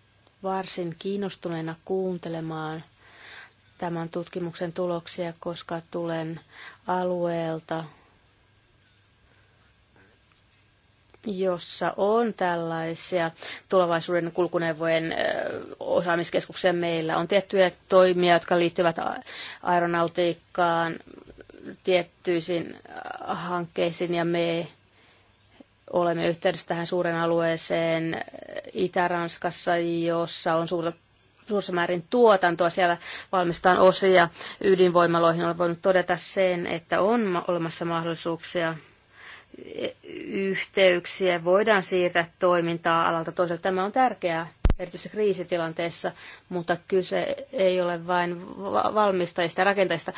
varsin kiinnostuneena kuuntelemaan – tämän tutkimuksen tuloksia, koska tulen alueelta, jossa on tällaisia tulevaisuuden kulkuneuvojen osaamiskeskuksia. Meillä on tiettyjä toimia, jotka liittyvät aeronautiikkaan, tiettyisiin hankkeisiin ja me olemme yhteydessä tähän suuren alueeseen Itä-Ranskassa, jossa on suurta suurissa määrin tuotantoa. Siellä valmistetaan osia ydinvoimaloihin. Olen voinut todeta sen, että on olemassa mahdollisuuksia e, yhteyksiä, voidaan siirtää toimintaa alalta toiselle. Tämä on tärkeää erityisesti kriisitilanteessa, mutta kyse ei ole vain valmistajista ja rakentajista,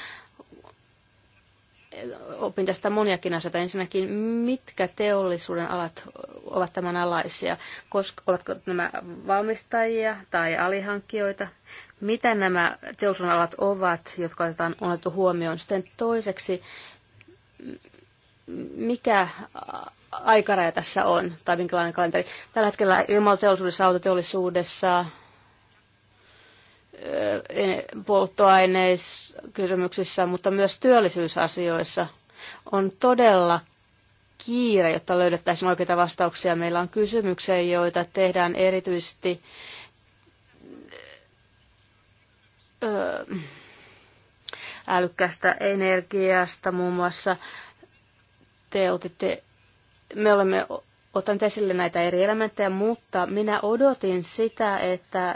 opin tästä moniakin asioita. Ensinnäkin, mitkä teollisuuden alat ovat tämän alaisia? Koska, ovatko nämä valmistajia tai alihankkijoita? Mitä nämä teollisuuden alat ovat, jotka otetaan otettu huomioon? Sitten toiseksi, mikä aikaraja tässä on, tai minkälainen kalenteri. Tällä hetkellä ilmailteollisuudessa, autoteollisuudessa, E, polttoaineiskysymyksissä, mutta myös työllisyysasioissa on todella kiire, jotta löydettäisiin oikeita vastauksia. Meillä on kysymyksiä, joita tehdään erityisesti älykkästä energiasta muun muassa. Te otitte, me olemme ottaneet esille näitä eri elementtejä, mutta minä odotin sitä, että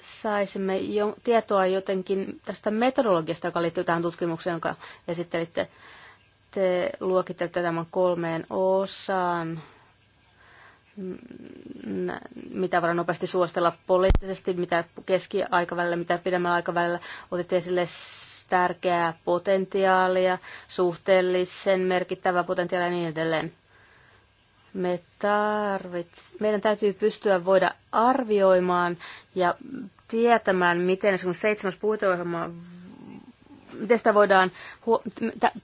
saisimme jo tietoa jotenkin tästä metodologiasta, joka liittyy tähän tutkimukseen, jonka esittelitte. Te luokittelette tämän kolmeen osaan mitä voidaan nopeasti suostella poliittisesti, mitä keskiaikavälillä, mitä pidemmällä aikavälillä. Otitte esille tärkeää potentiaalia, suhteellisen merkittävää potentiaalia ja niin edelleen. Me tarvits- meidän täytyy pystyä voida arvioimaan ja tietämään, miten esimerkiksi seitsemäs puuteohjelma, miten sitä voidaan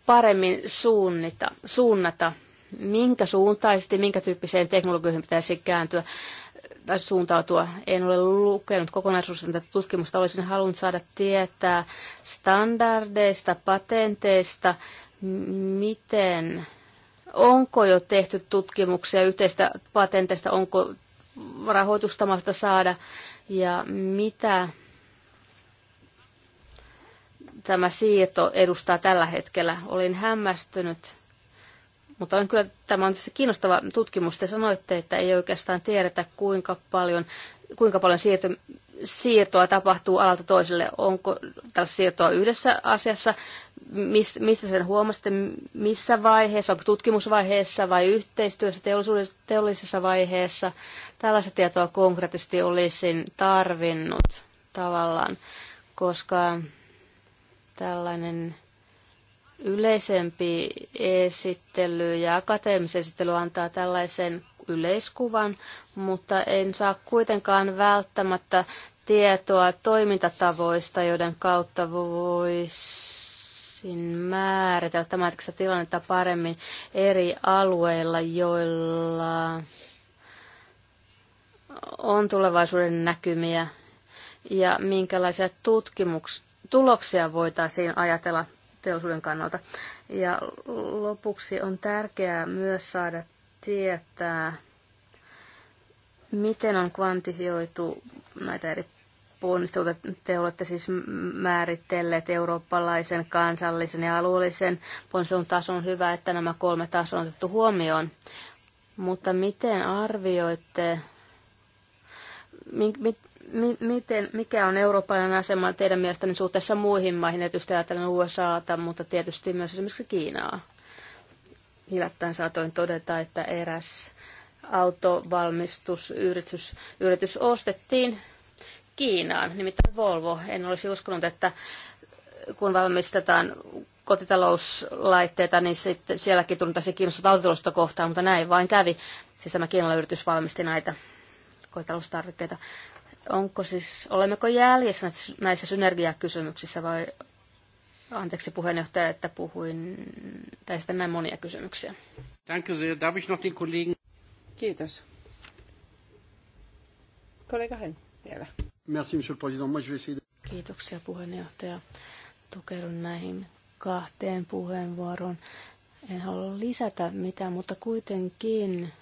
paremmin suunnita, suunnata, minkä suuntaisesti, minkä tyyppiseen teknologioihin pitäisi kääntyä tai äh, suuntautua. En ole lukenut kokonaisuudessa tätä tutkimusta. Olisin halunnut saada tietää standardeista, patenteista, miten Onko jo tehty tutkimuksia yhteistä patentista, onko rahoitusta mahdollista saada ja mitä tämä siirto edustaa tällä hetkellä. Olin hämmästynyt, mutta on kyllä, tämä on tietysti kiinnostava tutkimus. Te sanoitte, että ei oikeastaan tiedetä, kuinka paljon kuinka paljon siirto, siirtoa tapahtuu alalta toiselle, onko tällaista siirtoa yhdessä asiassa, Mis, mistä sen huomasitte, missä vaiheessa, onko tutkimusvaiheessa vai yhteistyössä, teollisessa vaiheessa. Tällaista tietoa konkreettisesti olisin tarvinnut tavallaan, koska tällainen yleisempi esittely ja akateemisen esittely antaa tällaisen yleiskuvan, mutta en saa kuitenkaan välttämättä tietoa toimintatavoista, joiden kautta voisin määritellä tämä tilannetta paremmin eri alueilla, joilla on tulevaisuuden näkymiä ja minkälaisia tutkimuks- tuloksia voitaisiin ajatella teollisuuden kannalta. Ja lopuksi on tärkeää myös saada tietää, miten on kvantifioitu näitä eri ponnisteluita. Te olette siis määritelleet eurooppalaisen, kansallisen ja alueellisen ponnistelun tason. Hyvä, että nämä kolme tasoa on otettu huomioon. Mutta miten arvioitte, mi, mit, miten, mikä on eurooppalainen asema teidän mielestänne suhteessa muihin maihin, tietysti ajatellen USAta, mutta tietysti myös esimerkiksi Kiinaa? Hiljattain saatoin todeta, että eräs autovalmistusyritys yritys ostettiin Kiinaan, nimittäin Volvo. En olisi uskonut, että kun valmistetaan kotitalouslaitteita, niin sitten sielläkin tuntaisi kiinnostaa autotalousta kohtaan, mutta näin vain kävi. Siis tämä Kiinalla yritys valmisti näitä kotitaloustarvikkeita. Onko siis, olemmeko jäljessä näissä synergiakysymyksissä vai Anteeksi puheenjohtaja, että puhuin tästä näin monia kysymyksiä. Danke sehr. Darf ich noch den Kollegen... Kiitos. Kollega Hen vielä. Merci, monsieur le président. Moi, je vais essayer... Kiitoksia puheenjohtaja. Tukeudun näihin kahteen puheenvuoroon. En halua lisätä mitään, mutta kuitenkin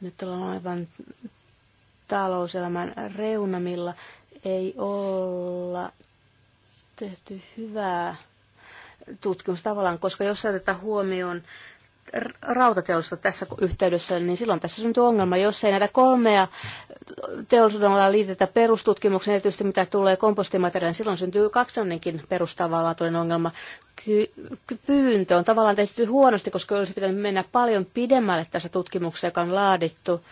nyt ollaan aivan talouselämän reunamilla. Ei olla tehty hyvää tutkimusta tavallaan, koska jos otetaan huomioon rautateollisuutta tässä yhteydessä, niin silloin tässä syntyy ongelma, jos ei näitä kolmea teollisuudella liitetä perustutkimukseen, erityisesti mitä tulee kompostimateriaaliin, silloin syntyy kaksanenkin perustavanlaatuinen ongelma. pyyntö on tavallaan tehty huonosti, koska olisi pitänyt mennä paljon pidemmälle tässä tutkimuksessa, joka on laadittu,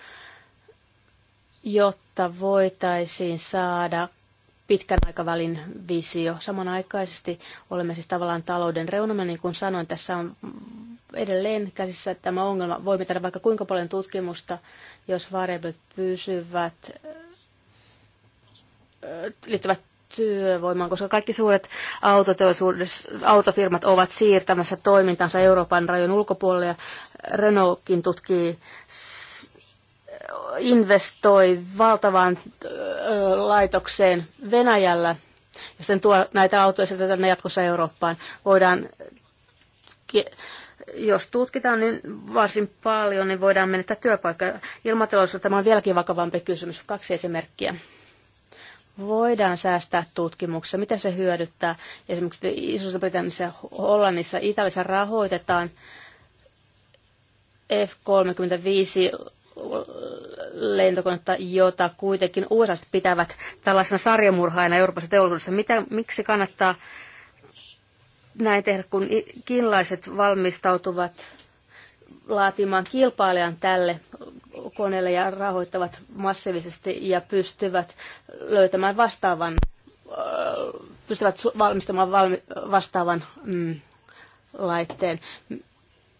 jotta voitaisiin saada pitkän aikavälin visio. Samanaikaisesti olemme siis tavallaan talouden reunalla, niin kuin sanoin, tässä on edelleen käsissä tämä ongelma. Voimme tehdä vaikka kuinka paljon tutkimusta, jos variablet pysyvät, liittyvät työvoimaan, koska kaikki suuret autofirmat ovat siirtämässä toimintansa Euroopan rajojen ulkopuolelle ja Renaultkin tutkii investoi valtavaan laitokseen Venäjällä ja sen tuo näitä autoja sieltä tänne jatkossa Eurooppaan. Voidaan, jos tutkitaan niin varsin paljon, niin voidaan menettää työpaikka. Ilmatilaisuus tämä on vieläkin vakavampi kysymys. Kaksi esimerkkiä voidaan säästää tutkimuksessa, mitä se hyödyttää. Esimerkiksi Isossa Britanniassa, Hollannissa, Italiassa rahoitetaan F-35 lentokonetta, jota kuitenkin USA pitävät tällaisena sarjamurhaina Euroopassa teollisuudessa. Mitä, miksi kannattaa näin tehdä, kun kiinalaiset valmistautuvat laatimaan kilpailijan tälle koneelle ja rahoittavat massiivisesti ja pystyvät löytämään vastaavan, äh, pystyvät valmistamaan valmi, vastaavan mm, laitteen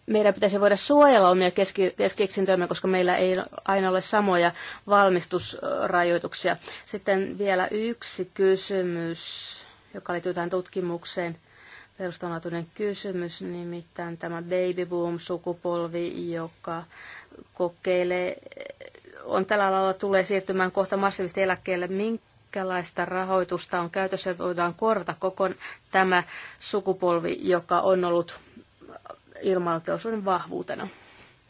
meidän pitäisi voida suojella omia keski, keskeksintöjämme, koska meillä ei aina ole samoja valmistusrajoituksia. Sitten vielä yksi kysymys, joka liittyy tähän tutkimukseen. Perustanlaatuinen kysymys, nimittäin tämä baby boom sukupolvi, joka kokeilee, on tällä alalla tulee siirtymään kohta massiivisesti eläkkeelle. Minkälaista rahoitusta on käytössä, että voidaan korvata koko tämä sukupolvi, joka on ollut ilmailuteollisuuden vahvuutena,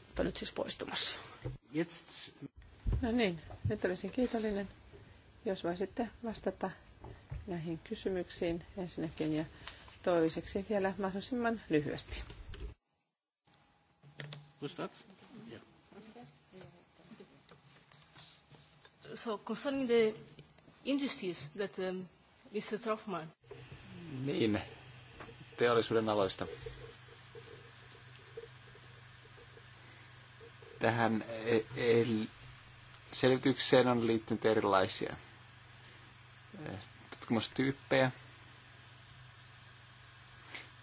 mutta nyt siis poistumassa. No niin, nyt olisin kiitollinen, jos voisitte vastata näihin kysymyksiin ensinnäkin ja toiseksi vielä mahdollisimman lyhyesti. So concerning the industries that um, Mr. Trofman. Niin, teollisuuden aloista. tähän e- selvitykseen on liittynyt erilaisia e, tutkimustyyppejä.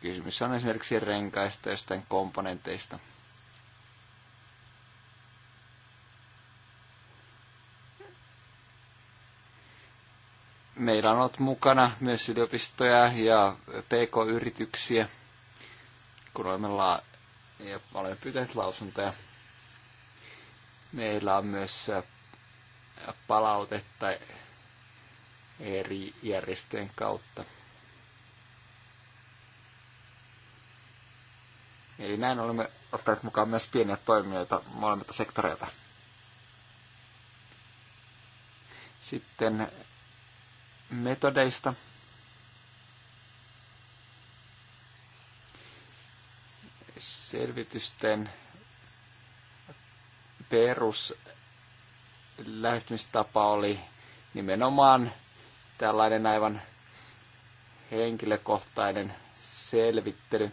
Kysymys on esimerkiksi renkaista jostain komponenteista. Meillä on ollut mukana myös yliopistoja ja pk-yrityksiä, kun olemme, la- ja olemme pyytäneet lausuntoja Meillä on myös äh, palautetta eri järjestöjen kautta. Eli näin olemme ottaneet mukaan myös pieniä toimijoita molemmilta sektoreilta. Sitten metodeista. Selvitysten perus lähestymistapa oli nimenomaan tällainen aivan henkilökohtainen selvittely.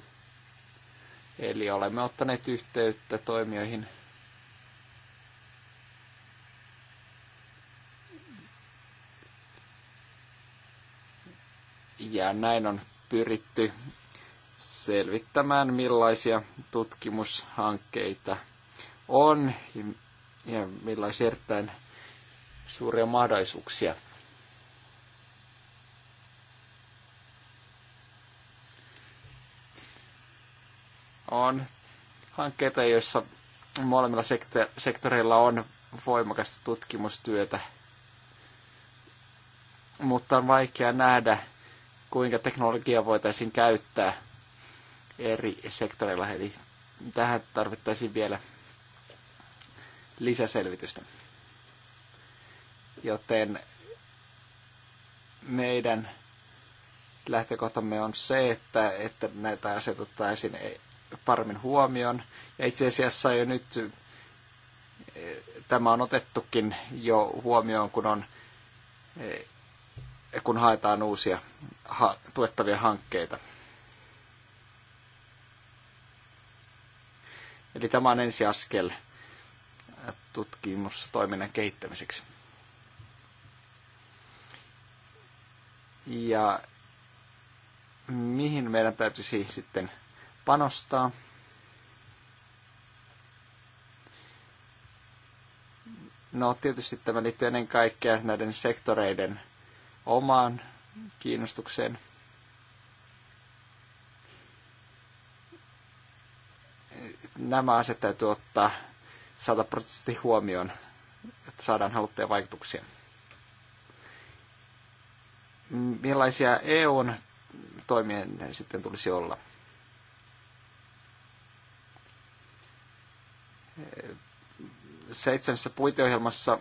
Eli olemme ottaneet yhteyttä toimijoihin ja näin on pyritty selvittämään, millaisia tutkimushankkeita on ja millaisia erittäin suuria mahdollisuuksia. On hankkeita, joissa molemmilla sektoreilla on voimakasta tutkimustyötä, mutta on vaikea nähdä, kuinka teknologiaa voitaisiin käyttää eri sektoreilla. Eli tähän tarvittaisiin vielä lisäselvitystä. Joten meidän lähtökohtamme on se, että, että näitä asetettaisiin e- paremmin huomioon. Ja itse asiassa jo nyt e, tämä on otettukin jo huomioon, kun, on, e, kun haetaan uusia ha, tuettavia hankkeita. Eli tämä on ensiaskel tutkimustoiminnan kehittämiseksi. Ja mihin meidän täytyisi sitten panostaa? No tietysti tämä liittyy ennen kaikkea näiden sektoreiden omaan kiinnostukseen. Nämä asiat täytyy ottaa sataprosenttisesti huomioon, että saadaan haluttuja vaikutuksia. Millaisia EUn toimien sitten tulisi olla? Seitsemässä puiteohjelmassa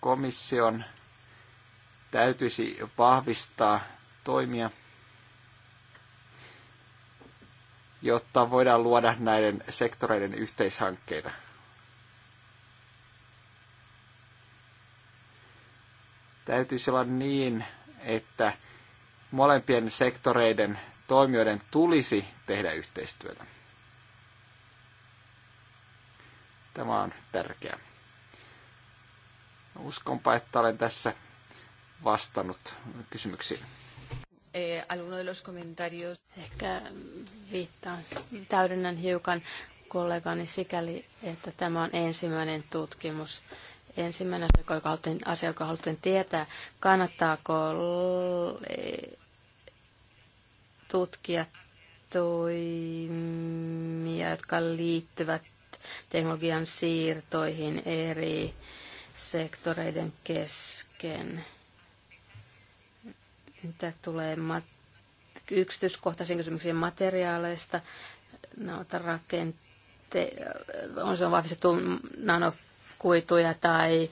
komission täytyisi vahvistaa toimia, jotta voidaan luoda näiden sektoreiden yhteishankkeita – täytyisi olla niin, että molempien sektoreiden toimijoiden tulisi tehdä yhteistyötä. Tämä on tärkeää. Uskonpa, että olen tässä vastannut kysymyksiin. Eh, Ehkä viittaan, täydennän hiukan kollegani sikäli, että tämä on ensimmäinen tutkimus, Ensimmäinen asia, joka haluttiin, asia, joka haluttiin tietää, kannattaako e- tutkia toimia, jotka liittyvät teknologian siirtoihin eri sektoreiden kesken. Mitä tulee mat- yksityiskohtaisiin kysymyksiin materiaaleista, no, rakente- on se on vahvistettu nanof- kuituja tai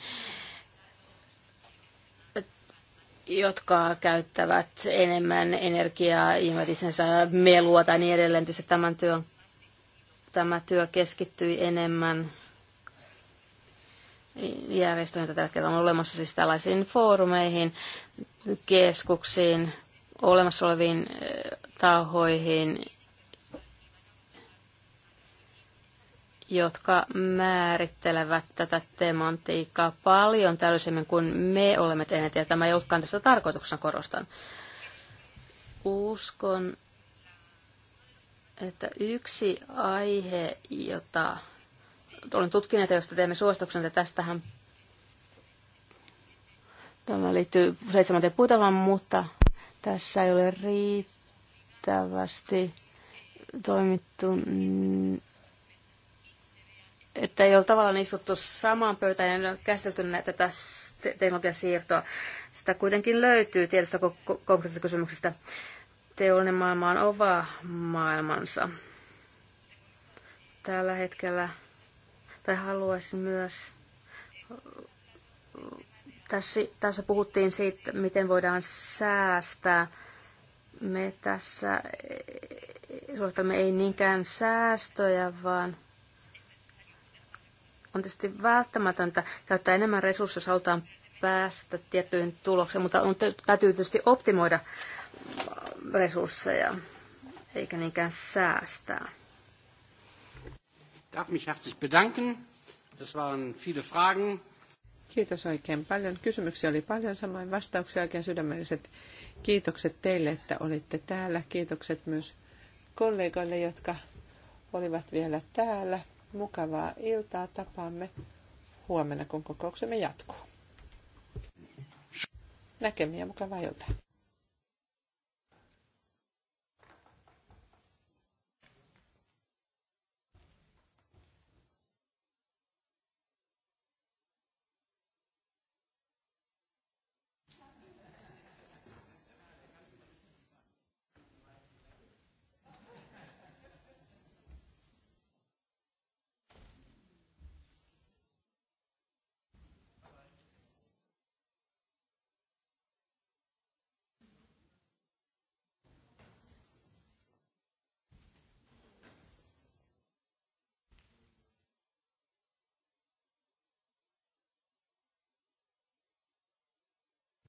jotka käyttävät enemmän energiaa, ihmetisensä melua tai niin edelleen. Tietysti tämän työn, tämä työ keskittyi enemmän järjestöihin, joita tällä on olemassa, siis tällaisiin foorumeihin, keskuksiin, olemassa oleviin eh, tahoihin, jotka määrittelevät tätä temantiikkaa paljon täydellisemmin kuin me olemme tehneet, ja tämä ei olekaan tässä tarkoituksena korostan. Uskon, että yksi aihe, jota olen tutkinut, josta teemme suosituksen, että tästähän tämä liittyy seitsemänteen puitelman, mutta tässä ei ole riittävästi toimittu että ei ole tavallaan istuttu samaan pöytään ja käsitelty näitä tätä teknologian siirtoa. Sitä kuitenkin löytyy tietystä konkreettisesta kysymyksestä. Teollinen maailma on ova maailmansa. Tällä hetkellä, tai haluaisin myös, tässä, tässä puhuttiin siitä, miten voidaan säästää. Me tässä e-, e-, e-, suositamme ei niinkään säästöjä, vaan on tietysti välttämätöntä käyttää enemmän resursseja, jos halutaan päästä tiettyyn tulokseen, mutta on, täytyy tietysti optimoida resursseja, eikä niinkään säästää. Darf mich herzlich bedanken. Das waren viele Fragen. Kiitos oikein paljon. Kysymyksiä oli paljon, samoin vastauksia oikein sydämelliset kiitokset teille, että olitte täällä. Kiitokset myös kollegoille, jotka olivat vielä täällä mukavaa iltaa. Tapaamme huomenna, kun kokouksemme jatkuu. Näkemiä mukavaa iltaa.